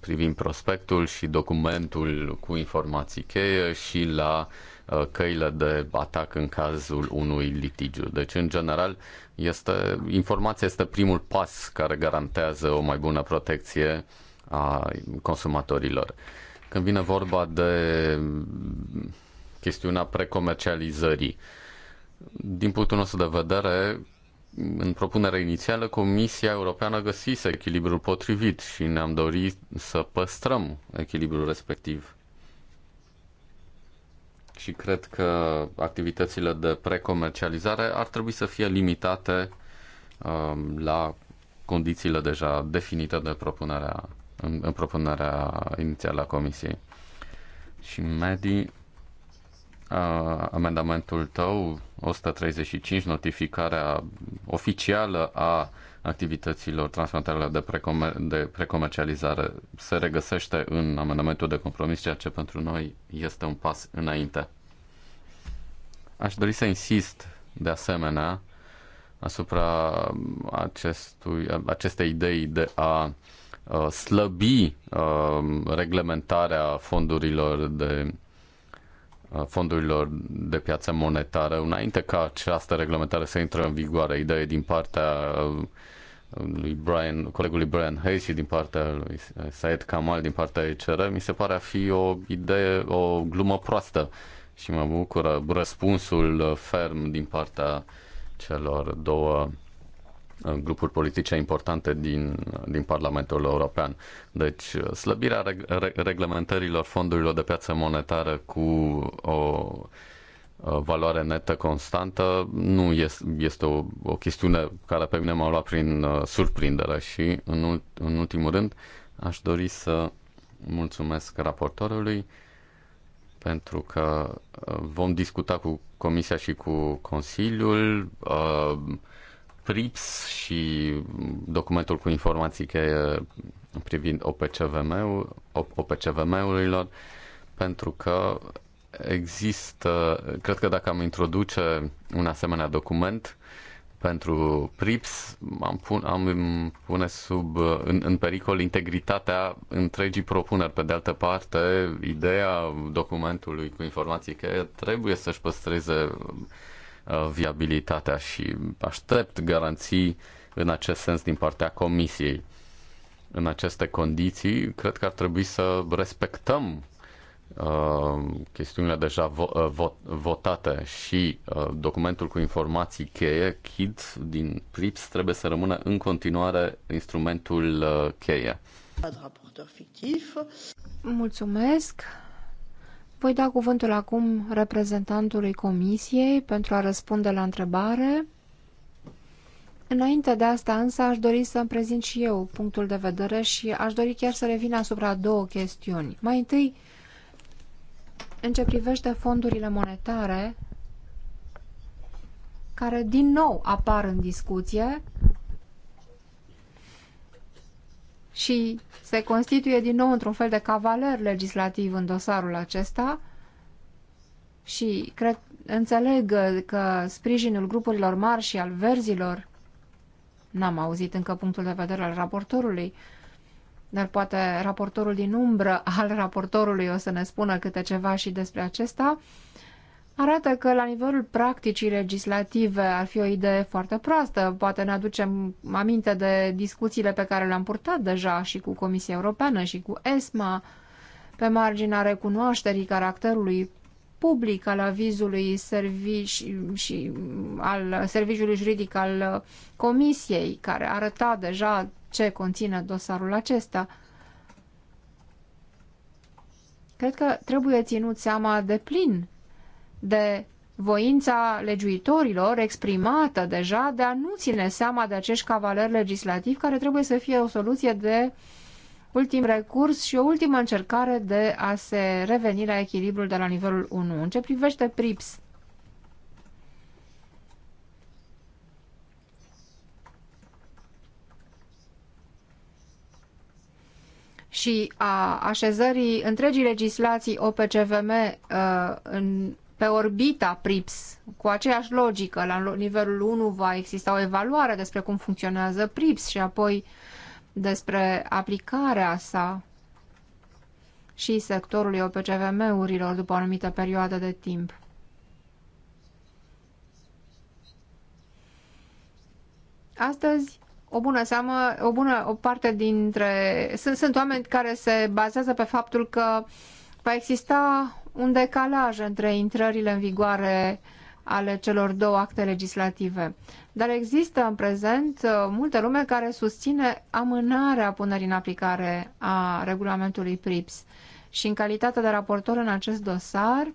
privind prospectul și documentul cu informații cheie și la uh, Uh, căile de atac în cazul unui litigiu. Deci, în general, este, informația este primul pas care garantează o mai bună protecție a consumatorilor. Când vine vorba de chestiunea precomercializării, din punctul nostru de vedere, în propunerea inițială, Comisia Europeană găsise echilibrul potrivit și ne-am dorit să păstrăm echilibrul respectiv și cred că activitățile de precomercializare ar trebui să fie limitate um, la condițiile deja definite de propunerea, în, în propunerea inițială a Comisiei. Și Medi, amendamentul tău 135, notificarea oficială a activităților transfrontaliere de, precomer- de precomercializare se regăsește în amendamentul de compromis, ceea ce pentru noi este un pas înainte. Aș dori să insist de asemenea asupra acestui, acestei idei de a uh, slăbi uh, reglementarea fondurilor de uh, fondurilor de piață monetară înainte ca această reglementare să intre în vigoare. Ideea din partea lui Brian, colegului Brian Hayes din partea lui Saed Kamal din partea ECR, mi se pare a fi o idee, o glumă proastă și mă bucură răspunsul ferm din partea celor două uh, grupuri politice importante din, din Parlamentul European. Deci uh, slăbirea reg- reglementărilor fondurilor de piață monetară cu o Uh, valoare netă constantă nu este, este o, o chestiune care pe mine m-a luat prin uh, surprindere și în, în ultimul rând aș dori să mulțumesc raportorului pentru că uh, vom discuta cu Comisia și cu Consiliul uh, PRIPS și documentul cu informații cheie privind OPCVM-ul, OPCVM-urilor, pentru că există, cred că dacă am introduce un asemenea document pentru PRIPS, am, pun, am pune sub, în, în pericol integritatea întregii propuneri. Pe de altă parte, ideea documentului cu informații că trebuie să-și păstreze uh, viabilitatea și aștept garanții în acest sens din partea Comisiei. În aceste condiții, cred că ar trebui să respectăm Uh, chestiunile deja vo- uh, votate și uh, documentul cu informații cheie, KID din PRIPS trebuie să rămână în continuare instrumentul cheie. Mulțumesc. Voi da cuvântul acum reprezentantului Comisiei pentru a răspunde la întrebare. Înainte de asta însă aș dori să îmi prezint și eu punctul de vedere și aș dori chiar să revin asupra două chestiuni. Mai întâi, în ce privește fondurile monetare, care din nou apar în discuție și se constituie din nou într-un fel de cavaler legislativ în dosarul acesta și cred, înțeleg că sprijinul grupurilor mari și al verzilor, n-am auzit încă punctul de vedere al raportorului, dar poate raportorul din umbră al raportorului o să ne spună câte ceva și despre acesta, arată că la nivelul practicii legislative ar fi o idee foarte proastă. Poate ne aducem aminte de discuțiile pe care le-am purtat deja și cu Comisia Europeană și cu ESMA pe marginea recunoașterii caracterului public al avizului servici și al serviciului juridic al comisiei, care arăta deja ce conține dosarul acesta. Cred că trebuie ținut seama de plin de voința legiuitorilor exprimată deja de a nu ține seama de acești cavaleri legislativi care trebuie să fie o soluție de uh, ultim recurs și o ultimă încercare de a se reveni la echilibrul de la nivelul 1. În ce privește PRIPS, și a așezării întregii legislații OPCVM uh, în, pe orbita PRIPS, cu aceeași logică, la nivelul 1 va exista o evaluare despre cum funcționează PRIPS și apoi uh, despre aplicarea sa și sectorului OPCVM-urilor după o anumită perioadă de timp. Astăzi, o bună seamă, o bună o parte dintre... Sunt, sunt oameni care se bazează pe faptul că va exista un decalaj între intrările în vigoare ale celor două acte legislative dar există în prezent uh, multă lume care susține amânarea punerii în aplicare a regulamentului PRIPS. Și în calitate de raportor în acest dosar,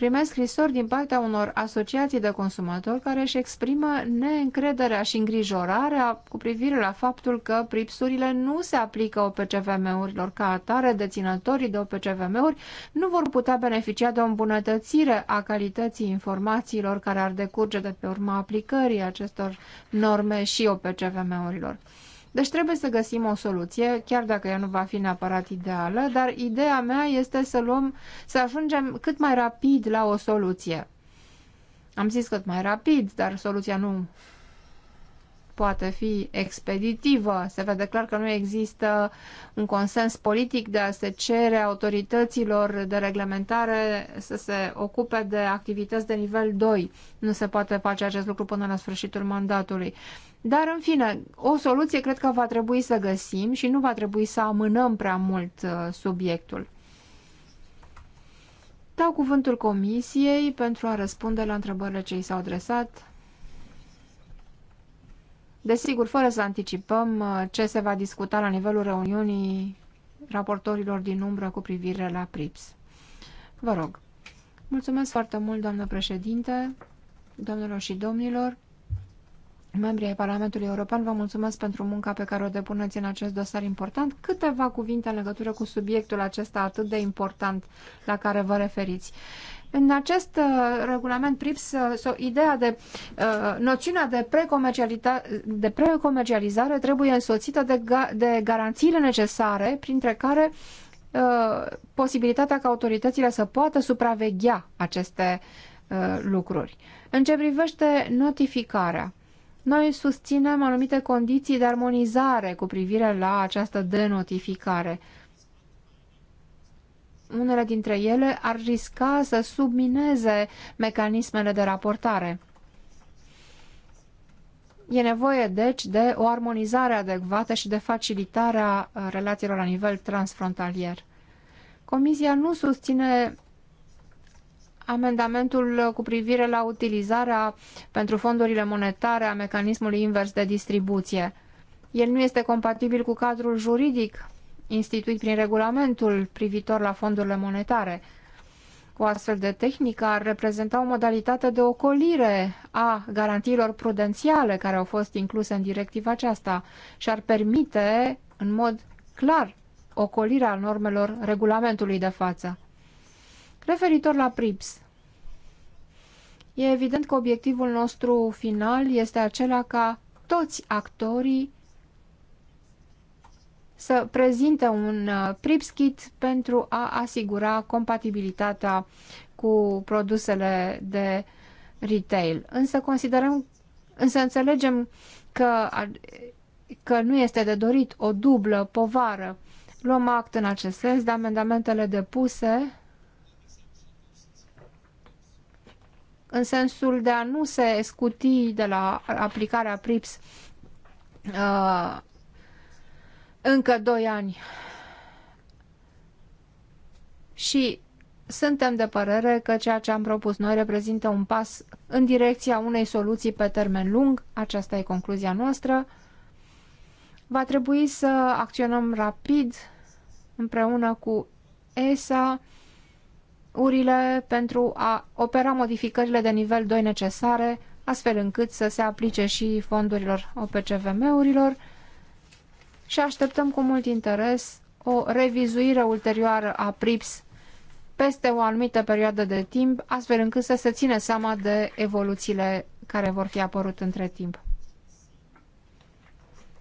primesc scrisori din partea unor asociații de consumatori care își exprimă neîncrederea și îngrijorarea cu privire la faptul că pripsurile nu se aplică OPCVM-urilor ca atare, deținătorii de OPCVM-uri nu vor putea beneficia de o îmbunătățire a calității informațiilor care ar decurge de pe urma aplicării acestor norme și OPCVM-urilor. Deci trebuie să găsim o soluție, chiar dacă ea nu va fi neapărat ideală, dar ideea mea este să luăm, să ajungem cât mai rapid la o soluție. Am zis cât mai rapid, dar soluția nu poate fi expeditivă. Se vede clar că nu există un consens politic de a se cere autorităților de reglementare să se ocupe de activități de nivel 2. Nu se poate face acest lucru până la sfârșitul mandatului. Dar, în fine, o soluție cred că va trebui să găsim și nu va trebui să amânăm prea mult uh, subiectul. Dau cuvântul comisiei pentru a răspunde la întrebările ce i s-au adresat. Desigur, fără să anticipăm uh, ce se va discuta la nivelul reuniunii raportorilor din umbră cu privire la PRIPS. Vă rog. Mulțumesc foarte mult, doamnă președinte, domnilor și domnilor. Membrii ai Parlamentului European, vă mulțumesc pentru munca pe care o depuneți în acest dosar important. Câteva cuvinte în legătură cu subiectul acesta atât de important la care vă referiți. În acest uh, regulament PRIPS, uh, ideea de uh, noțiunea de, de precomercializare trebuie însoțită de, ga de garanțiile necesare, printre care uh, posibilitatea ca autoritățile să poată supraveghea aceste uh, lucruri. În ce privește notificarea, noi susținem anumite condiții de armonizare cu privire la această denotificare. Uh, unele dintre ele ar risca să submineze mecanismele de raportare. E nevoie, deci, de o armonizare adecvată și de facilitarea uh, relațiilor la nivel transfrontalier. Comisia nu susține amendamentul cu privire la utilizarea pentru fondurile monetare a mecanismului invers de distribuție. El nu este compatibil cu cadrul juridic instituit prin regulamentul privitor la fondurile monetare. O astfel de tehnică ar reprezenta o modalitate de ocolire a garantiilor prudențiale care au fost incluse în directiva aceasta și ar permite, în mod clar, ocolirea normelor regulamentului de față. Referitor la PRIPS, e evident că obiectivul nostru final este acela ca toți actorii să prezinte un uh, PRIPS kit pentru a asigura compatibilitatea cu produsele de retail. Însă considerăm, însă înțelegem că, că nu este de dorit o dublă povară. Luăm act în acest sens de amendamentele depuse în sensul de a nu se scuti de la aplicarea PRIPS uh, încă doi ani. Și suntem de părere că ceea ce am propus noi reprezintă un pas în direcția unei soluții pe termen lung, aceasta e concluzia noastră. Va trebui să acționăm rapid împreună cu ESA urile pentru a opera modificările de nivel 2 necesare, astfel încât să se aplice și fondurilor OPCVM-urilor și așteptăm cu mult interes o revizuire ulterioară a PRIPS peste o anumită perioadă de timp, astfel încât să se ține seama de evoluțiile care vor fi apărut între timp.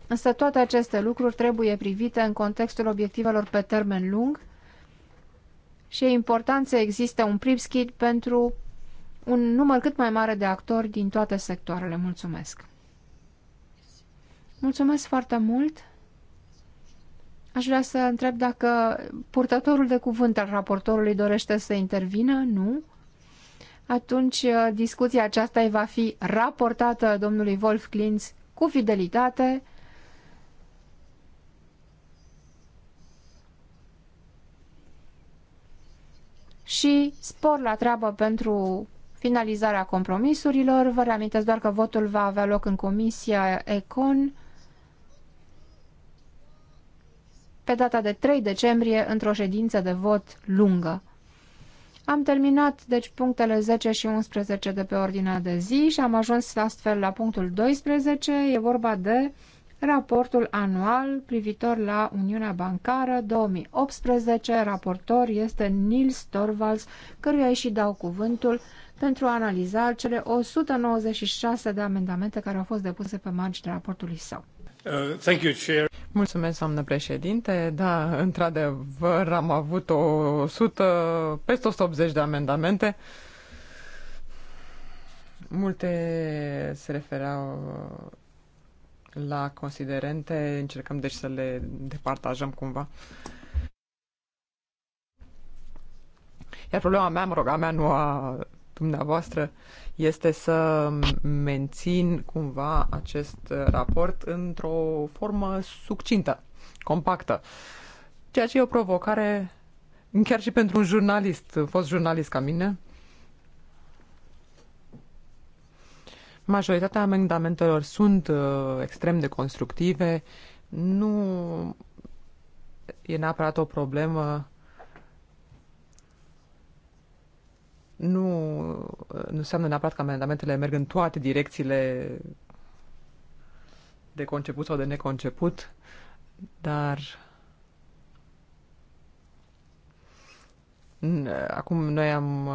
Însă toate aceste lucruri trebuie privite în contextul obiectivelor pe termen lung și e important să existe un PRIPS kit pentru un număr cât mai mare de actori din toate sectoarele. Mulțumesc! Mulțumesc foarte mult! Aș vrea să întreb dacă purtătorul de cuvânt al raportorului dorește să intervină, nu? Atunci uh, discuția aceasta va fi raportată domnului Wolf Klintz cu fidelitate. Și spor la treabă pentru finalizarea compromisurilor. Vă reamintesc doar că votul va avea loc în comisia ECON pe data de 3 decembrie, într-o ședință de vot lungă. Am terminat, deci, punctele 10 și 11 de pe ordinea de zi și am ajuns astfel la punctul 12. E vorba de raportul anual privitor la Uniunea Bancară 2018. Raportor este Nils Torvalds, căruia îi și dau cuvântul pentru a analiza cele 196 de amendamente care au fost depuse pe marginea raportului său. Uh, Mulțumesc, doamnă președinte. Da, într-adevăr, am avut o 100, peste 180 de amendamente. Multe se refereau la considerente, încercăm deci să le departajăm cumva. Iar problema mea, mă rog, a mea, nu a dumneavoastră, este să mențin cumva acest raport într-o formă succintă, compactă, ceea ce e o provocare chiar și pentru un jurnalist, fost jurnalist ca mine. Majoritatea amendamentelor sunt uh, extrem de constructive, nu e neapărat o problemă nu, nu înseamnă neapărat că amendamentele merg în toate direcțiile de conceput sau de neconceput, dar acum noi am,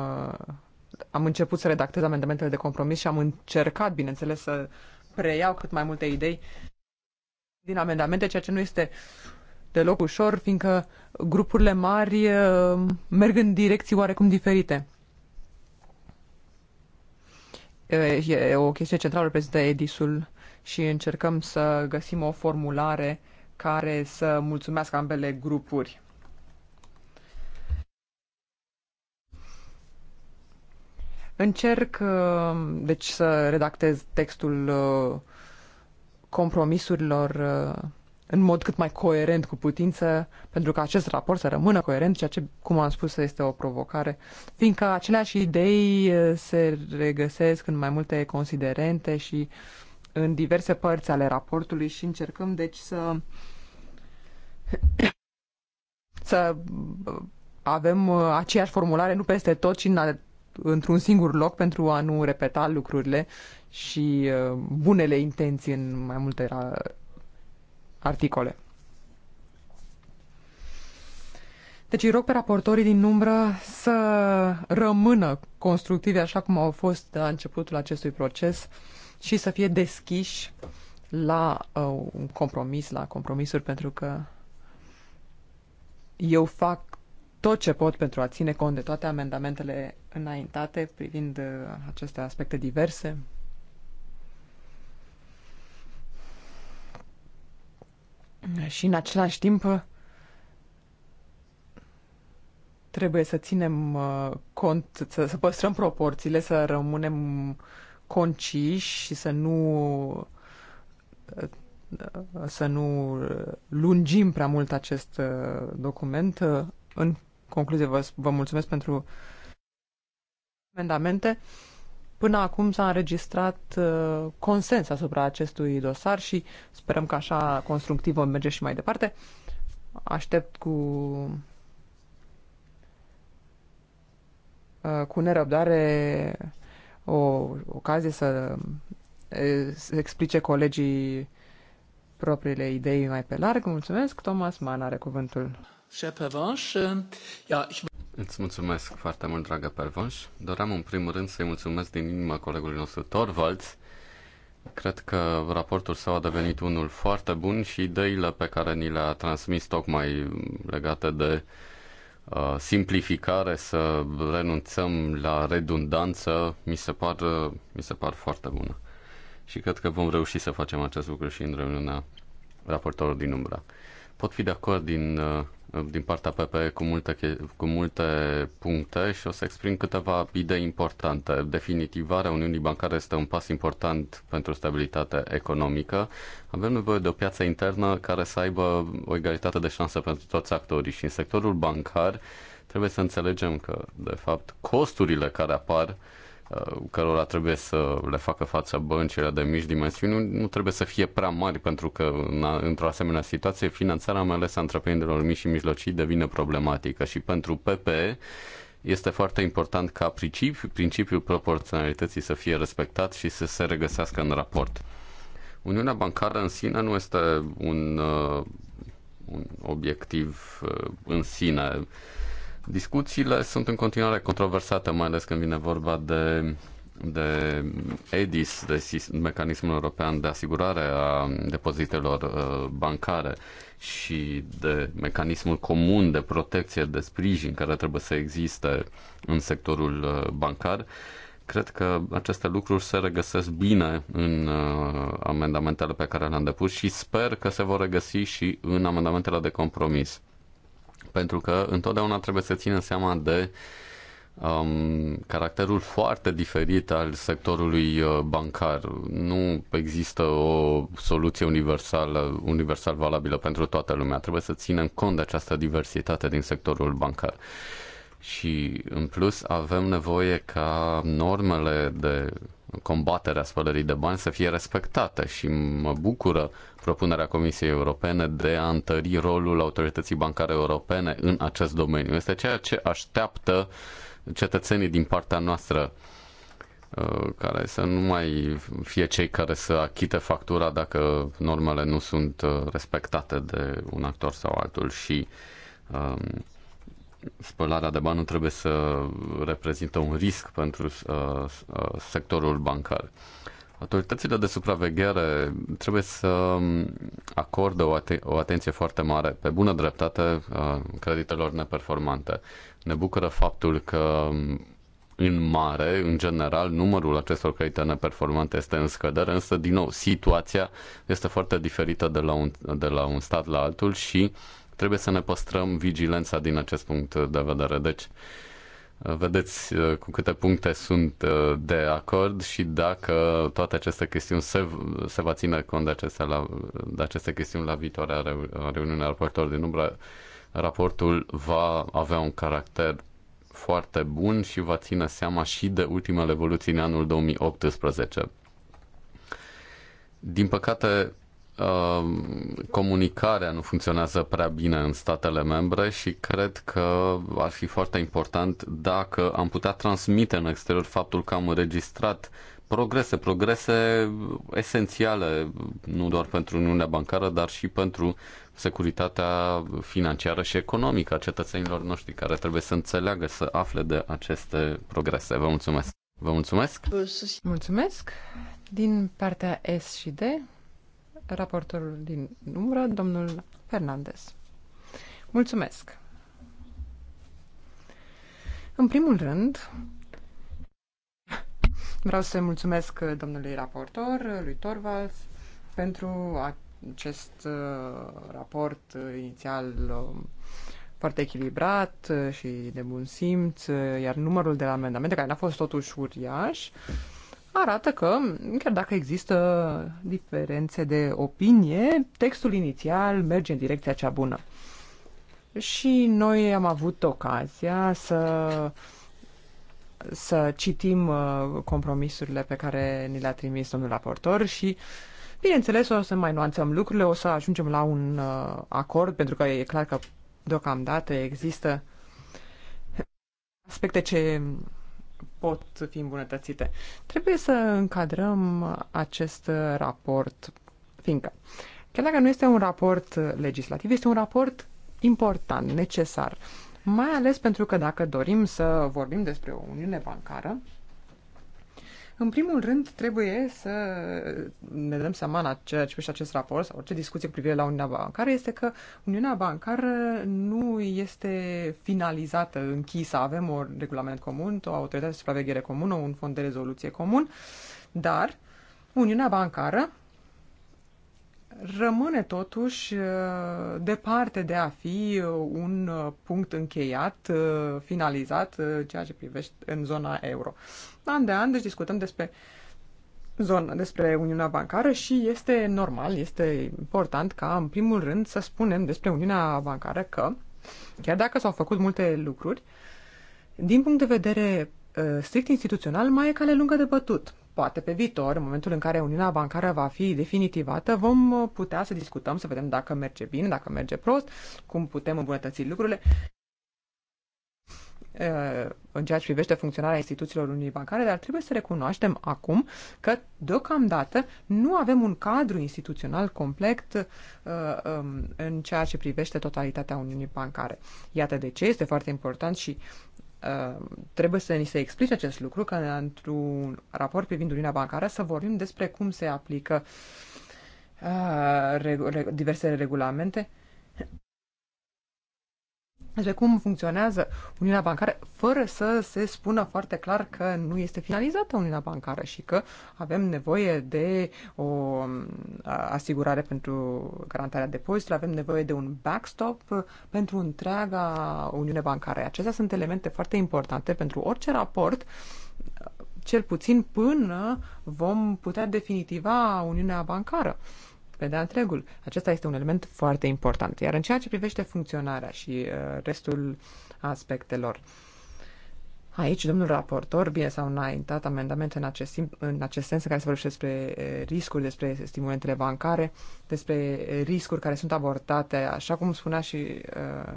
am început să redactez amendamentele de compromis și am încercat, bineînțeles, să preiau cât mai multe idei din amendamente, ceea ce nu este deloc ușor, fiindcă grupurile mari eh, merg în direcții oarecum diferite e o chestie centrală reprezintă Edisul și încercăm să găsim o formulare care să mulțumească ambele grupuri. Încerc, uh, deci, să redactez textul uh, compromisurilor uh, în mod cât mai coerent cu putință, pentru că acest raport să rămână coerent, ceea ce, cum am spus, este o provocare, fiindcă aceleași idei se regăsesc în mai multe considerente și în diverse părți ale raportului și încercăm, deci, să să avem uh, aceeași formulare, nu peste tot, ci în într-un singur loc pentru a nu repeta lucrurile și uh, bunele intenții în mai multe articole. Deci îi rog pe raportorii din umbră să rămână constructivi așa cum au fost la începutul acestui proces și să fie deschiși la uh, un compromis, la compromisuri, pentru că eu fac tot ce pot pentru a ține cont de toate amendamentele înaintate privind uh, aceste aspecte diverse, Și în același timp trebuie să ținem uh, cont, să, să păstrăm proporțiile, să rămânem conciși și să nu uh, să nu lungim prea mult acest uh, document. În concluzie, vă, vă mulțumesc pentru amendamente. Până acum s-a înregistrat uh, consens asupra acestui dosar și sperăm că așa constructiv vom merge și mai departe. Aștept cu uh, cu nerăbdare o ocazie să, uh, să explice colegii propriile idei mai pe larg. Mulțumesc. Thomas Mann are cuvântul. Îți mulțumesc foarte mult, dragă Pervonș. Doream în primul rând să-i mulțumesc din inimă colegului nostru Torvalds. Cred că raportul său a devenit unul foarte bun și ideile pe care ni le-a transmis tocmai legate de uh, simplificare, să renunțăm la redundanță, mi se, par, mi se par foarte bună. Și cred că vom reuși să facem acest lucru și în reuniunea raportorului din umbra. Pot fi de acord din uh, din partea PPE cu multe, cu multe puncte și o să exprim câteva idei importante. Definitivarea Uniunii Bancare este un pas important pentru stabilitatea economică. Avem nevoie de o piață internă care să aibă o egalitate de șanse pentru toți actorii și în sectorul bancar trebuie să înțelegem că, de fapt, costurile care apar uh, Uh, cărora trebuie să le facă față băncile de mici dimensiuni nu trebuie să fie prea mari pentru că într-o asemenea situație finanțarea mai ales a întreprinderilor mici și mijlocii devine problematică și pentru PPE este foarte important ca principiul, principiul proporționalității să fie respectat și să se regăsească în raport. Uniunea bancară în sine nu este un, uh, un obiectiv uh, în sine Discuțiile sunt în continuare controversate, mai ales când vine vorba de de EDIS, de Mecanismul European de Asigurare a Depozitelor uh, Bancare și de mecanismul comun de protecție, de sprijin care trebuie să existe în sectorul uh, bancar. Cred că aceste lucruri se regăsesc bine în uh, amendamentele pe care le-am depus și sper că se vor regăsi și în amendamentele de compromis pentru că întotdeauna trebuie să ținem seama de um, caracterul foarte diferit al sectorului uh, bancar. Nu există o soluție universală, universal valabilă pentru toată lumea. Trebuie să ținem cont de această diversitate din sectorul bancar și în plus avem nevoie ca normele de combatere a spălării de bani să fie respectate și mă bucură propunerea Comisiei Europene de a întări rolul autorității bancare europene în acest domeniu. Este ceea ce așteaptă cetățenii din partea noastră uh, care să nu mai fie cei care să achite factura dacă normele nu sunt uh, respectate de un actor sau altul și um, spălarea de bani nu trebuie să reprezintă un risc pentru uh, uh, sectorul bancar. Autoritățile de supraveghere trebuie să um, acordă o, o atenție foarte mare, pe bună dreptate, uh, creditelor neperformante. Ne bucură faptul că um, în mare, în general, numărul acestor credite neperformante este în scădere, însă, din nou, situația este foarte diferită de la un, de la un stat la altul și uh, trebuie să ne păstrăm vigilența din acest punct de vedere. Deci, vedeți uh, cu câte puncte sunt uh, de acord și dacă toate aceste chestiuni se, se va ține cont de aceste, la, de aceste chestiuni la viitoarea reuniunea raportorilor din umbră, raportul va avea un caracter foarte bun și va ține seama și de ultimele evoluții în anul 2018. Din păcate, Um, comunicarea nu funcționează prea bine în statele membre și cred că ar fi foarte important dacă am putea transmite în exterior faptul că am înregistrat progrese, progrese esențiale, nu doar pentru Uniunea Bancară, dar și pentru securitatea financiară și economică a cetățenilor noștri care trebuie să înțeleagă, să afle de aceste progrese. Vă mulțumesc! Vă mulțumesc! Mulțumesc! Din partea S și D, raportorul din umbră, domnul Fernandez. Mulțumesc! În primul rând, vreau să mulțumesc domnului raportor, lui Torvalds, pentru acest uh, raport inițial um, foarte echilibrat uh, și de bun simț, uh, iar numărul de amendamente, care n-a fost totuși uriaș, arată că, chiar dacă există diferențe de opinie, textul inițial merge în direcția cea bună. Și noi am avut ocazia să să citim uh, compromisurile pe care ni le-a trimis domnul raportor și bineînțeles o să mai nuanțăm lucrurile, o să ajungem la un uh, acord pentru că e clar că deocamdată există aspecte ce pot fi îmbunătățite. Trebuie să încadrăm acest raport, fiindcă chiar dacă nu este un raport legislativ, este un raport important, necesar. Mai ales pentru că dacă dorim să vorbim despre o uniune bancară, în primul rând, trebuie să ne dăm seama la ceea ce acest raport sau orice discuție cu privire la Uniunea Bancară este că Uniunea Bancară nu este finalizată, închisă. Avem un regulament comun, o autoritate de supraveghere comună, un fond de rezoluție comun, dar Uniunea Bancară rămâne totuși uh, departe de a fi uh, un uh, punct încheiat, finalizat, ceea ce privește în zona euro an de an, deci discutăm despre zonă, despre Uniunea Bancară și este normal, este important ca, în primul rând, să spunem despre Uniunea Bancară că, chiar dacă s-au făcut multe lucruri, din punct de vedere ă, strict instituțional, mai e cale lungă de bătut. Poate pe viitor, în momentul în care Uniunea Bancară va fi definitivată, vom ă, putea să discutăm, să vedem dacă merge bine, dacă merge prost, cum putem îmbunătăți lucrurile. Uh, în ceea ce privește funcționarea instituțiilor Uniunii Bancare, dar trebuie să recunoaștem acum că, deocamdată, nu avem un cadru instituțional complet uh, um, în ceea ce privește totalitatea Uniunii Bancare. Iată de ce este foarte important și uh, trebuie să ni se explice acest lucru, că într-un raport privind Uniunea Bancară să vorbim despre cum se aplică diversele regulamente uh, despre cum funcționează Uniunea Bancară, fără să se spună foarte clar că nu este finalizată Uniunea Bancară și că avem nevoie de o asigurare pentru garantarea depozitelor, avem nevoie de un backstop pentru întreaga Uniune Bancară. Acestea sunt elemente foarte importante pentru orice raport cel puțin până vom putea definitiva Uniunea Bancară pe de întregul. Acesta este un element foarte important. Iar în ceea ce privește funcționarea și uh, restul aspectelor, Aici, domnul raportor, bine s-au înaintat amendamente în acest, în acest sens în care se vorbește despre uh, riscuri, despre stimulentele bancare, despre riscuri care sunt abordate, așa cum spunea și uh,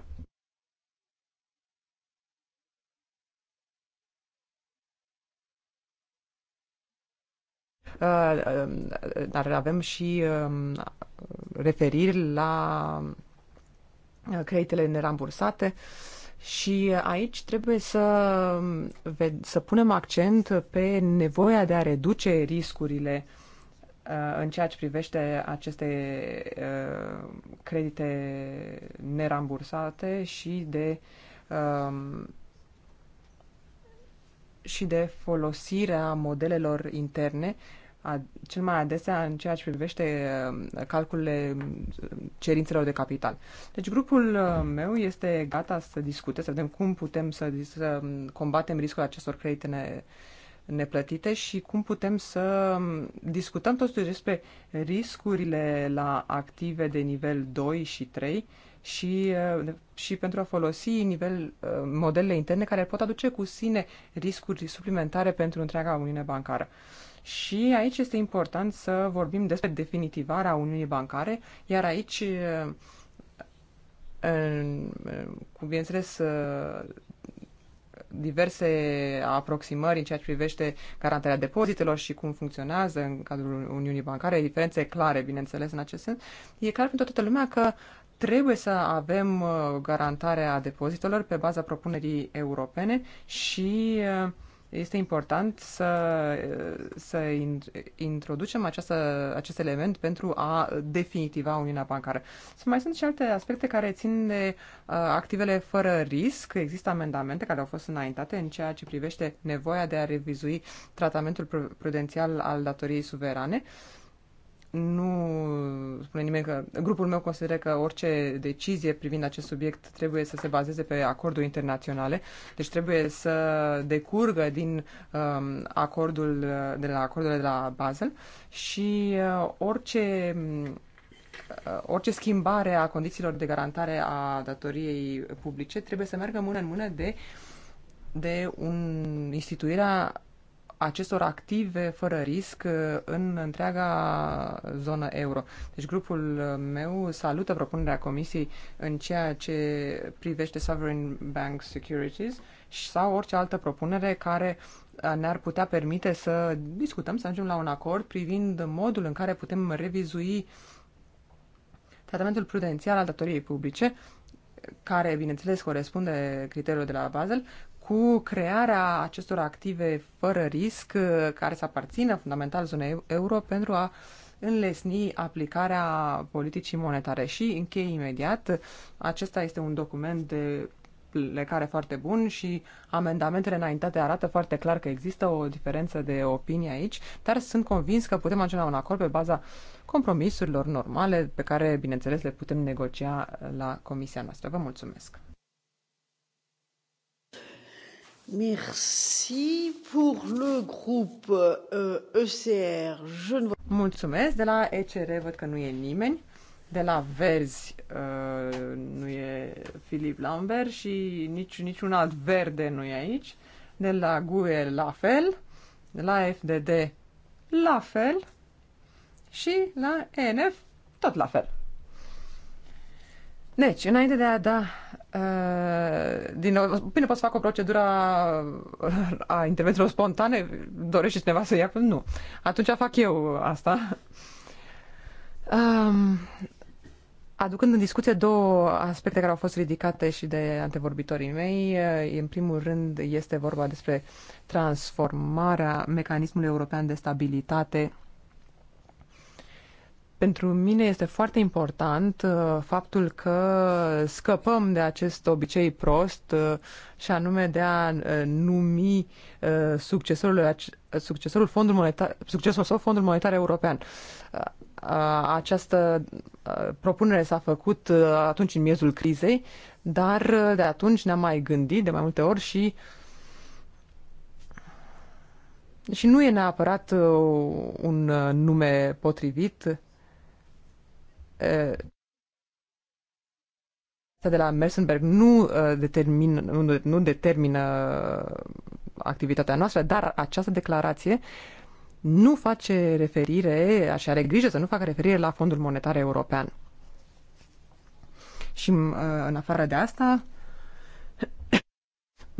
Uh, dar avem și um, referiri la uh, creditele nerambursate și aici trebuie să, um, să punem accent pe nevoia de a reduce riscurile uh, în ceea ce privește aceste credite nerambursate și de um, și de folosirea modelelor interne cel mai adesea în ceea ce privește uh, calculele uh, cerințelor de capital. Deci grupul uh, meu este gata să discute, să vedem cum putem să, să combatem riscul acestor credite ne, neplătite și cum putem să um, discutăm totuși despre riscurile la active de nivel 2 și 3 și, și pentru a folosi nivel, modelele interne care pot aduce cu sine riscuri suplimentare pentru întreaga Uniune Bancară. Și aici este important să vorbim despre definitivarea Uniunii Bancare, iar aici, cu bineînțeles, diverse aproximări în ceea ce privește garantarea depozitelor și cum funcționează în cadrul Uniunii Bancare, diferențe clare, bineînțeles, în acest sens. E clar pentru toată lumea că trebuie să avem uh, garantarea depozitelor pe baza propunerii europene și uh, este important să, să introducem această, acest element pentru a definitiva Uniunea Bancară. Să mai sunt și alte aspecte care țin de uh, activele fără risc. Există amendamente care au fost înaintate în ceea ce privește nevoia de a revizui tratamentul prudențial al datoriei suverane. Uh, nu spune nimeni că grupul meu consideră că orice decizie privind acest subiect trebuie să se bazeze pe acorduri internaționale, deci trebuie să decurgă din um, acordul de la acordurile de la Basel și uh, orice uh, orice schimbare a condițiilor de garantare a datoriei publice trebuie să meargă mână în mână de de un instituirea acestor active fără risc uh, în întreaga zonă euro. Deci grupul uh, meu salută propunerea Comisiei în ceea ce privește Sovereign Bank Securities sau orice altă propunere care uh, ne-ar putea permite să discutăm, să ajungem la un acord privind modul în care putem revizui tratamentul prudențial al datoriei publice, care, bineînțeles, corespunde criteriilor de la Basel, cu crearea acestor active fără risc uh, care să aparțină fundamental zonei euro pentru a înlesni aplicarea politicii monetare. Și închei imediat, acesta este un document de plecare foarte bun și amendamentele înaintate arată foarte clar că există o diferență de opinie aici, dar sunt convins că putem ajunge la un acord pe baza compromisurilor normale pe care, bineînțeles, le putem negocia la comisia noastră. Vă mulțumesc! Euh, Mulțumesc. De la ECR văd că nu e nimeni. De la Verzi uh, nu e Filip Lambert și nici, niciun alt verde nu e aici. De la GUE la fel. De la FDD la fel. Și la ENF tot la fel. Deci, înainte de a da uh, din nou, bine, poți să fac o procedură uh, a intervențiilor spontane, dorește cineva să ia? Nu. Atunci fac eu asta. Um, aducând în discuție două aspecte care au fost ridicate și de antevorbitorii mei, uh, în primul rând este vorba despre transformarea mecanismului european de stabilitate pentru mine este foarte important uh, faptul că scăpăm de acest obicei prost uh, și anume de a uh, numi succesorul, succesorul, fondul monetar, succesorul sau fondul monetar european. Această propunere s-a făcut atunci în miezul crizei, dar de atunci ne-am mai gândit de mai multe ori și și nu e neapărat un nume potrivit, de la Mersenberg nu, ă, determină, nu, nu determină activitatea noastră, dar această declarație nu face referire așa are grijă să nu facă referire la Fondul Monetar European. Și ă, în afară de asta,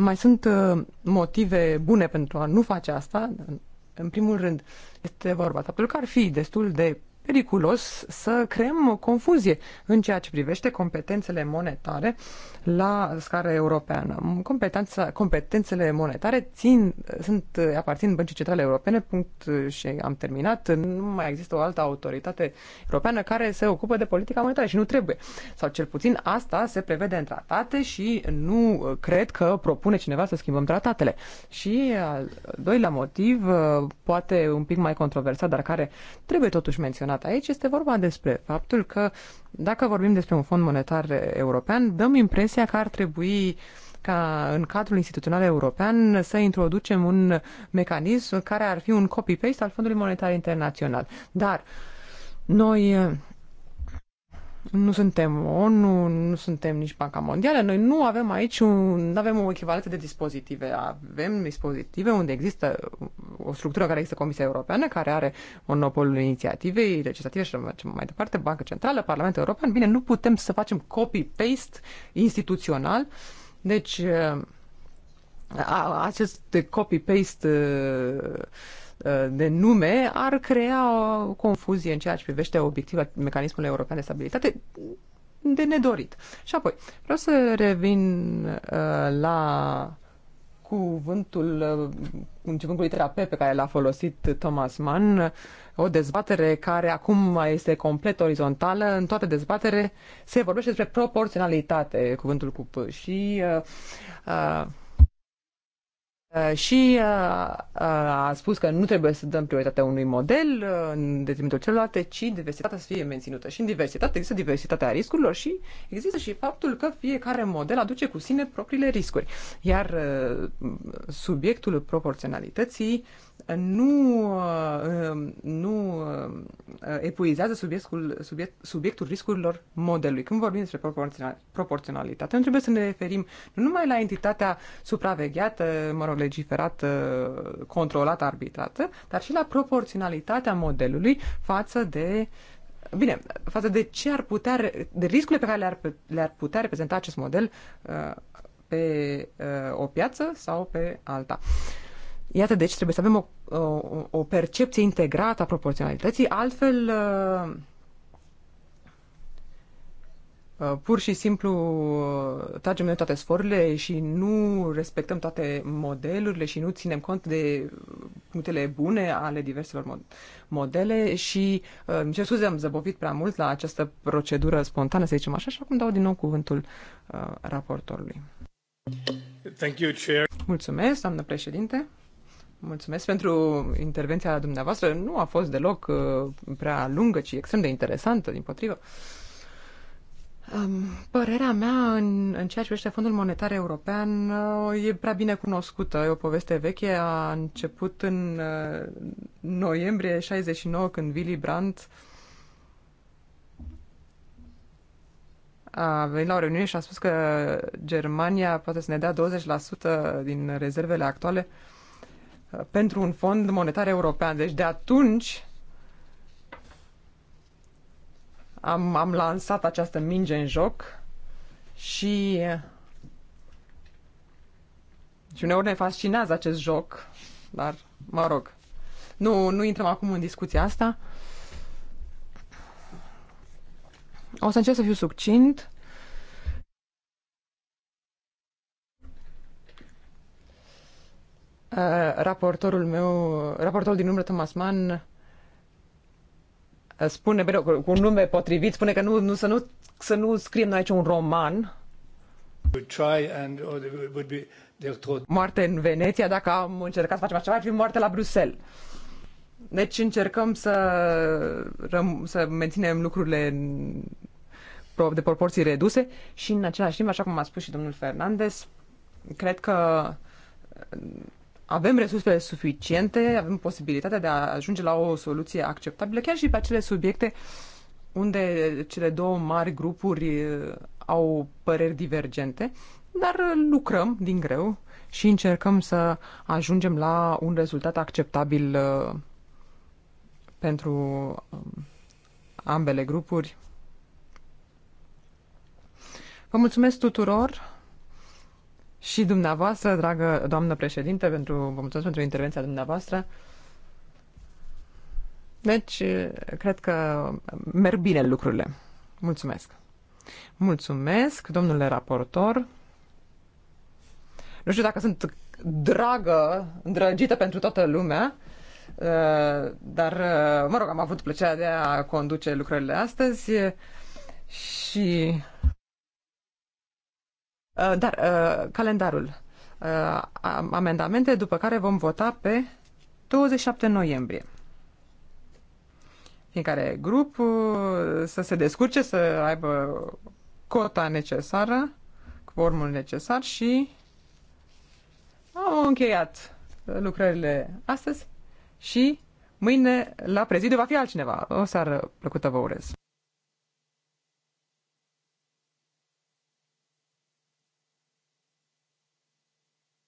mai sunt ă, motive bune pentru a nu face asta. În primul rând, este vorba faptul că ar fi destul de periculos să creăm confuzie în ceea ce privește competențele monetare la scară europeană. Competența, competențele monetare țin, sunt, aparțin Băncii Centrale Europene, punct și am terminat. Nu mai există o altă autoritate europeană care se ocupă de politica monetară și nu trebuie. Sau cel puțin asta se prevede în tratate și nu uh, cred că propune cineva să schimbăm tratatele. Și al doilea motiv, uh, poate un pic mai controversat, dar care trebuie totuși menționat menționat aici, este vorba despre faptul că dacă vorbim despre un fond monetar european, dăm impresia că ar trebui ca în cadrul instituțional european să introducem un mecanism care ar fi un copy-paste al Fondului Monetar Internațional. Dar noi nu suntem ONU, nu suntem nici Banca Mondială, noi nu avem aici un, nu avem o echivalență de dispozitive. Avem dispozitive unde există o structură care există Comisia Europeană, care are monopolul inițiativei legislative și mai departe, Banca Centrală, Parlamentul European. Bine, nu putem să facem copy-paste instituțional, deci aceste copy-paste Uh, de nume ar crea o confuzie în ceea ce privește obiectivul mecanismului european de stabilitate de nedorit. Și apoi, vreau să revin uh, la cuvântul, începând uh, cu litera P pe care l-a folosit Thomas Mann, o dezbatere care acum este complet orizontală. În toată dezbatere se vorbește despre proporționalitate, cuvântul cu P. Și uh, uh, Uh, și uh, uh, a spus că nu trebuie să dăm prioritatea unui model în detrimentul celorlalte, ci diversitatea să fie menținută. Și în diversitate există diversitatea riscurilor și există și faptul că fiecare model aduce cu sine propriile riscuri. Iar subiectul proporționalității uh, nu, uh, nu uh, epuizează subiectul, subiect, subiectul riscurilor modelului. Când vorbim despre proporționalitate, nu trebuie să ne referim nu numai la entitatea supravegheată, mă rog, legiferată, controlată, arbitrată, dar și la proporționalitatea modelului față de Bine, față de ce ar putea, de riscurile pe care le-ar, le-ar putea reprezenta acest model uh, pe o piață sau pe alta. Uh, Iată, deci trebuie să avem o, o, o percepție integrată a proporționalității, altfel uh, uh, pur și simplu uh, tragem noi toate sforurile și nu respectăm toate modelurile și nu ținem cont de punctele bune ale diverselor mod modele și îmi cer scuze, am zăbovit prea mult la această procedură spontană, să zicem așa, și acum dau din nou cuvântul uh, raportorului. Thank you, Chair. Mulțumesc, doamnă președinte. Mulțumesc pentru intervenția dumneavoastră. Nu a fost deloc uh, prea lungă, ci extrem de interesantă, din potrivă. părerea mea în, în ceea ce privește Fondul Monetar European uh, e prea bine cunoscută. E o poveste veche. A început în uh, noiembrie 69 când Willy Brandt a venit la o reuniune și a spus că Germania poate să ne dea 20% din rezervele actuale uh, pentru un fond monetar european. Deci de atunci am, am lansat această minge în joc și și uneori ne fascinează acest joc, dar mă rog. Nu, nu intrăm acum în discuția asta. O să încerc să fiu succint. Uh, raportorul meu, raportorul din umbră, Thomas Mann, uh, spune, bine, cu un nume potrivit, spune că nu, nu, să, nu, să nu scriem aici un roman. Uh, moarte în Veneția, dacă am încercat să facem așa ceva, ar fi moarte la Bruxelles. Deci încercăm să, răm, să menținem lucrurile de proporții reduse și în același timp, așa cum a spus și domnul Fernandez, cred că avem resurse suficiente, avem posibilitatea de a ajunge la o soluție acceptabilă, chiar și pe acele subiecte unde cele două mari grupuri uh, au păreri divergente, dar uh, lucrăm din greu și încercăm să ajungem la un rezultat acceptabil uh, pentru um, ambele grupuri. Vă mulțumesc tuturor! și dumneavoastră, dragă doamnă președinte, pentru, vă mulțumesc pentru intervenția dumneavoastră. Deci, cred că merg bine lucrurile. Mulțumesc. Mulțumesc, domnule raportor. Nu știu dacă sunt dragă, îndrăgită pentru toată lumea, uh, dar, uh, mă rog, am avut plăcerea de a conduce lucrurile astăzi și Uh, dar uh, calendarul. Uh, amendamente după care vom vota pe 27 noiembrie. Fiecare grup să se descurce, să aibă cota necesară, formul necesar și am încheiat lucrările astăzi și mâine la prezidiu va fi altcineva. O seară plăcută vă urez!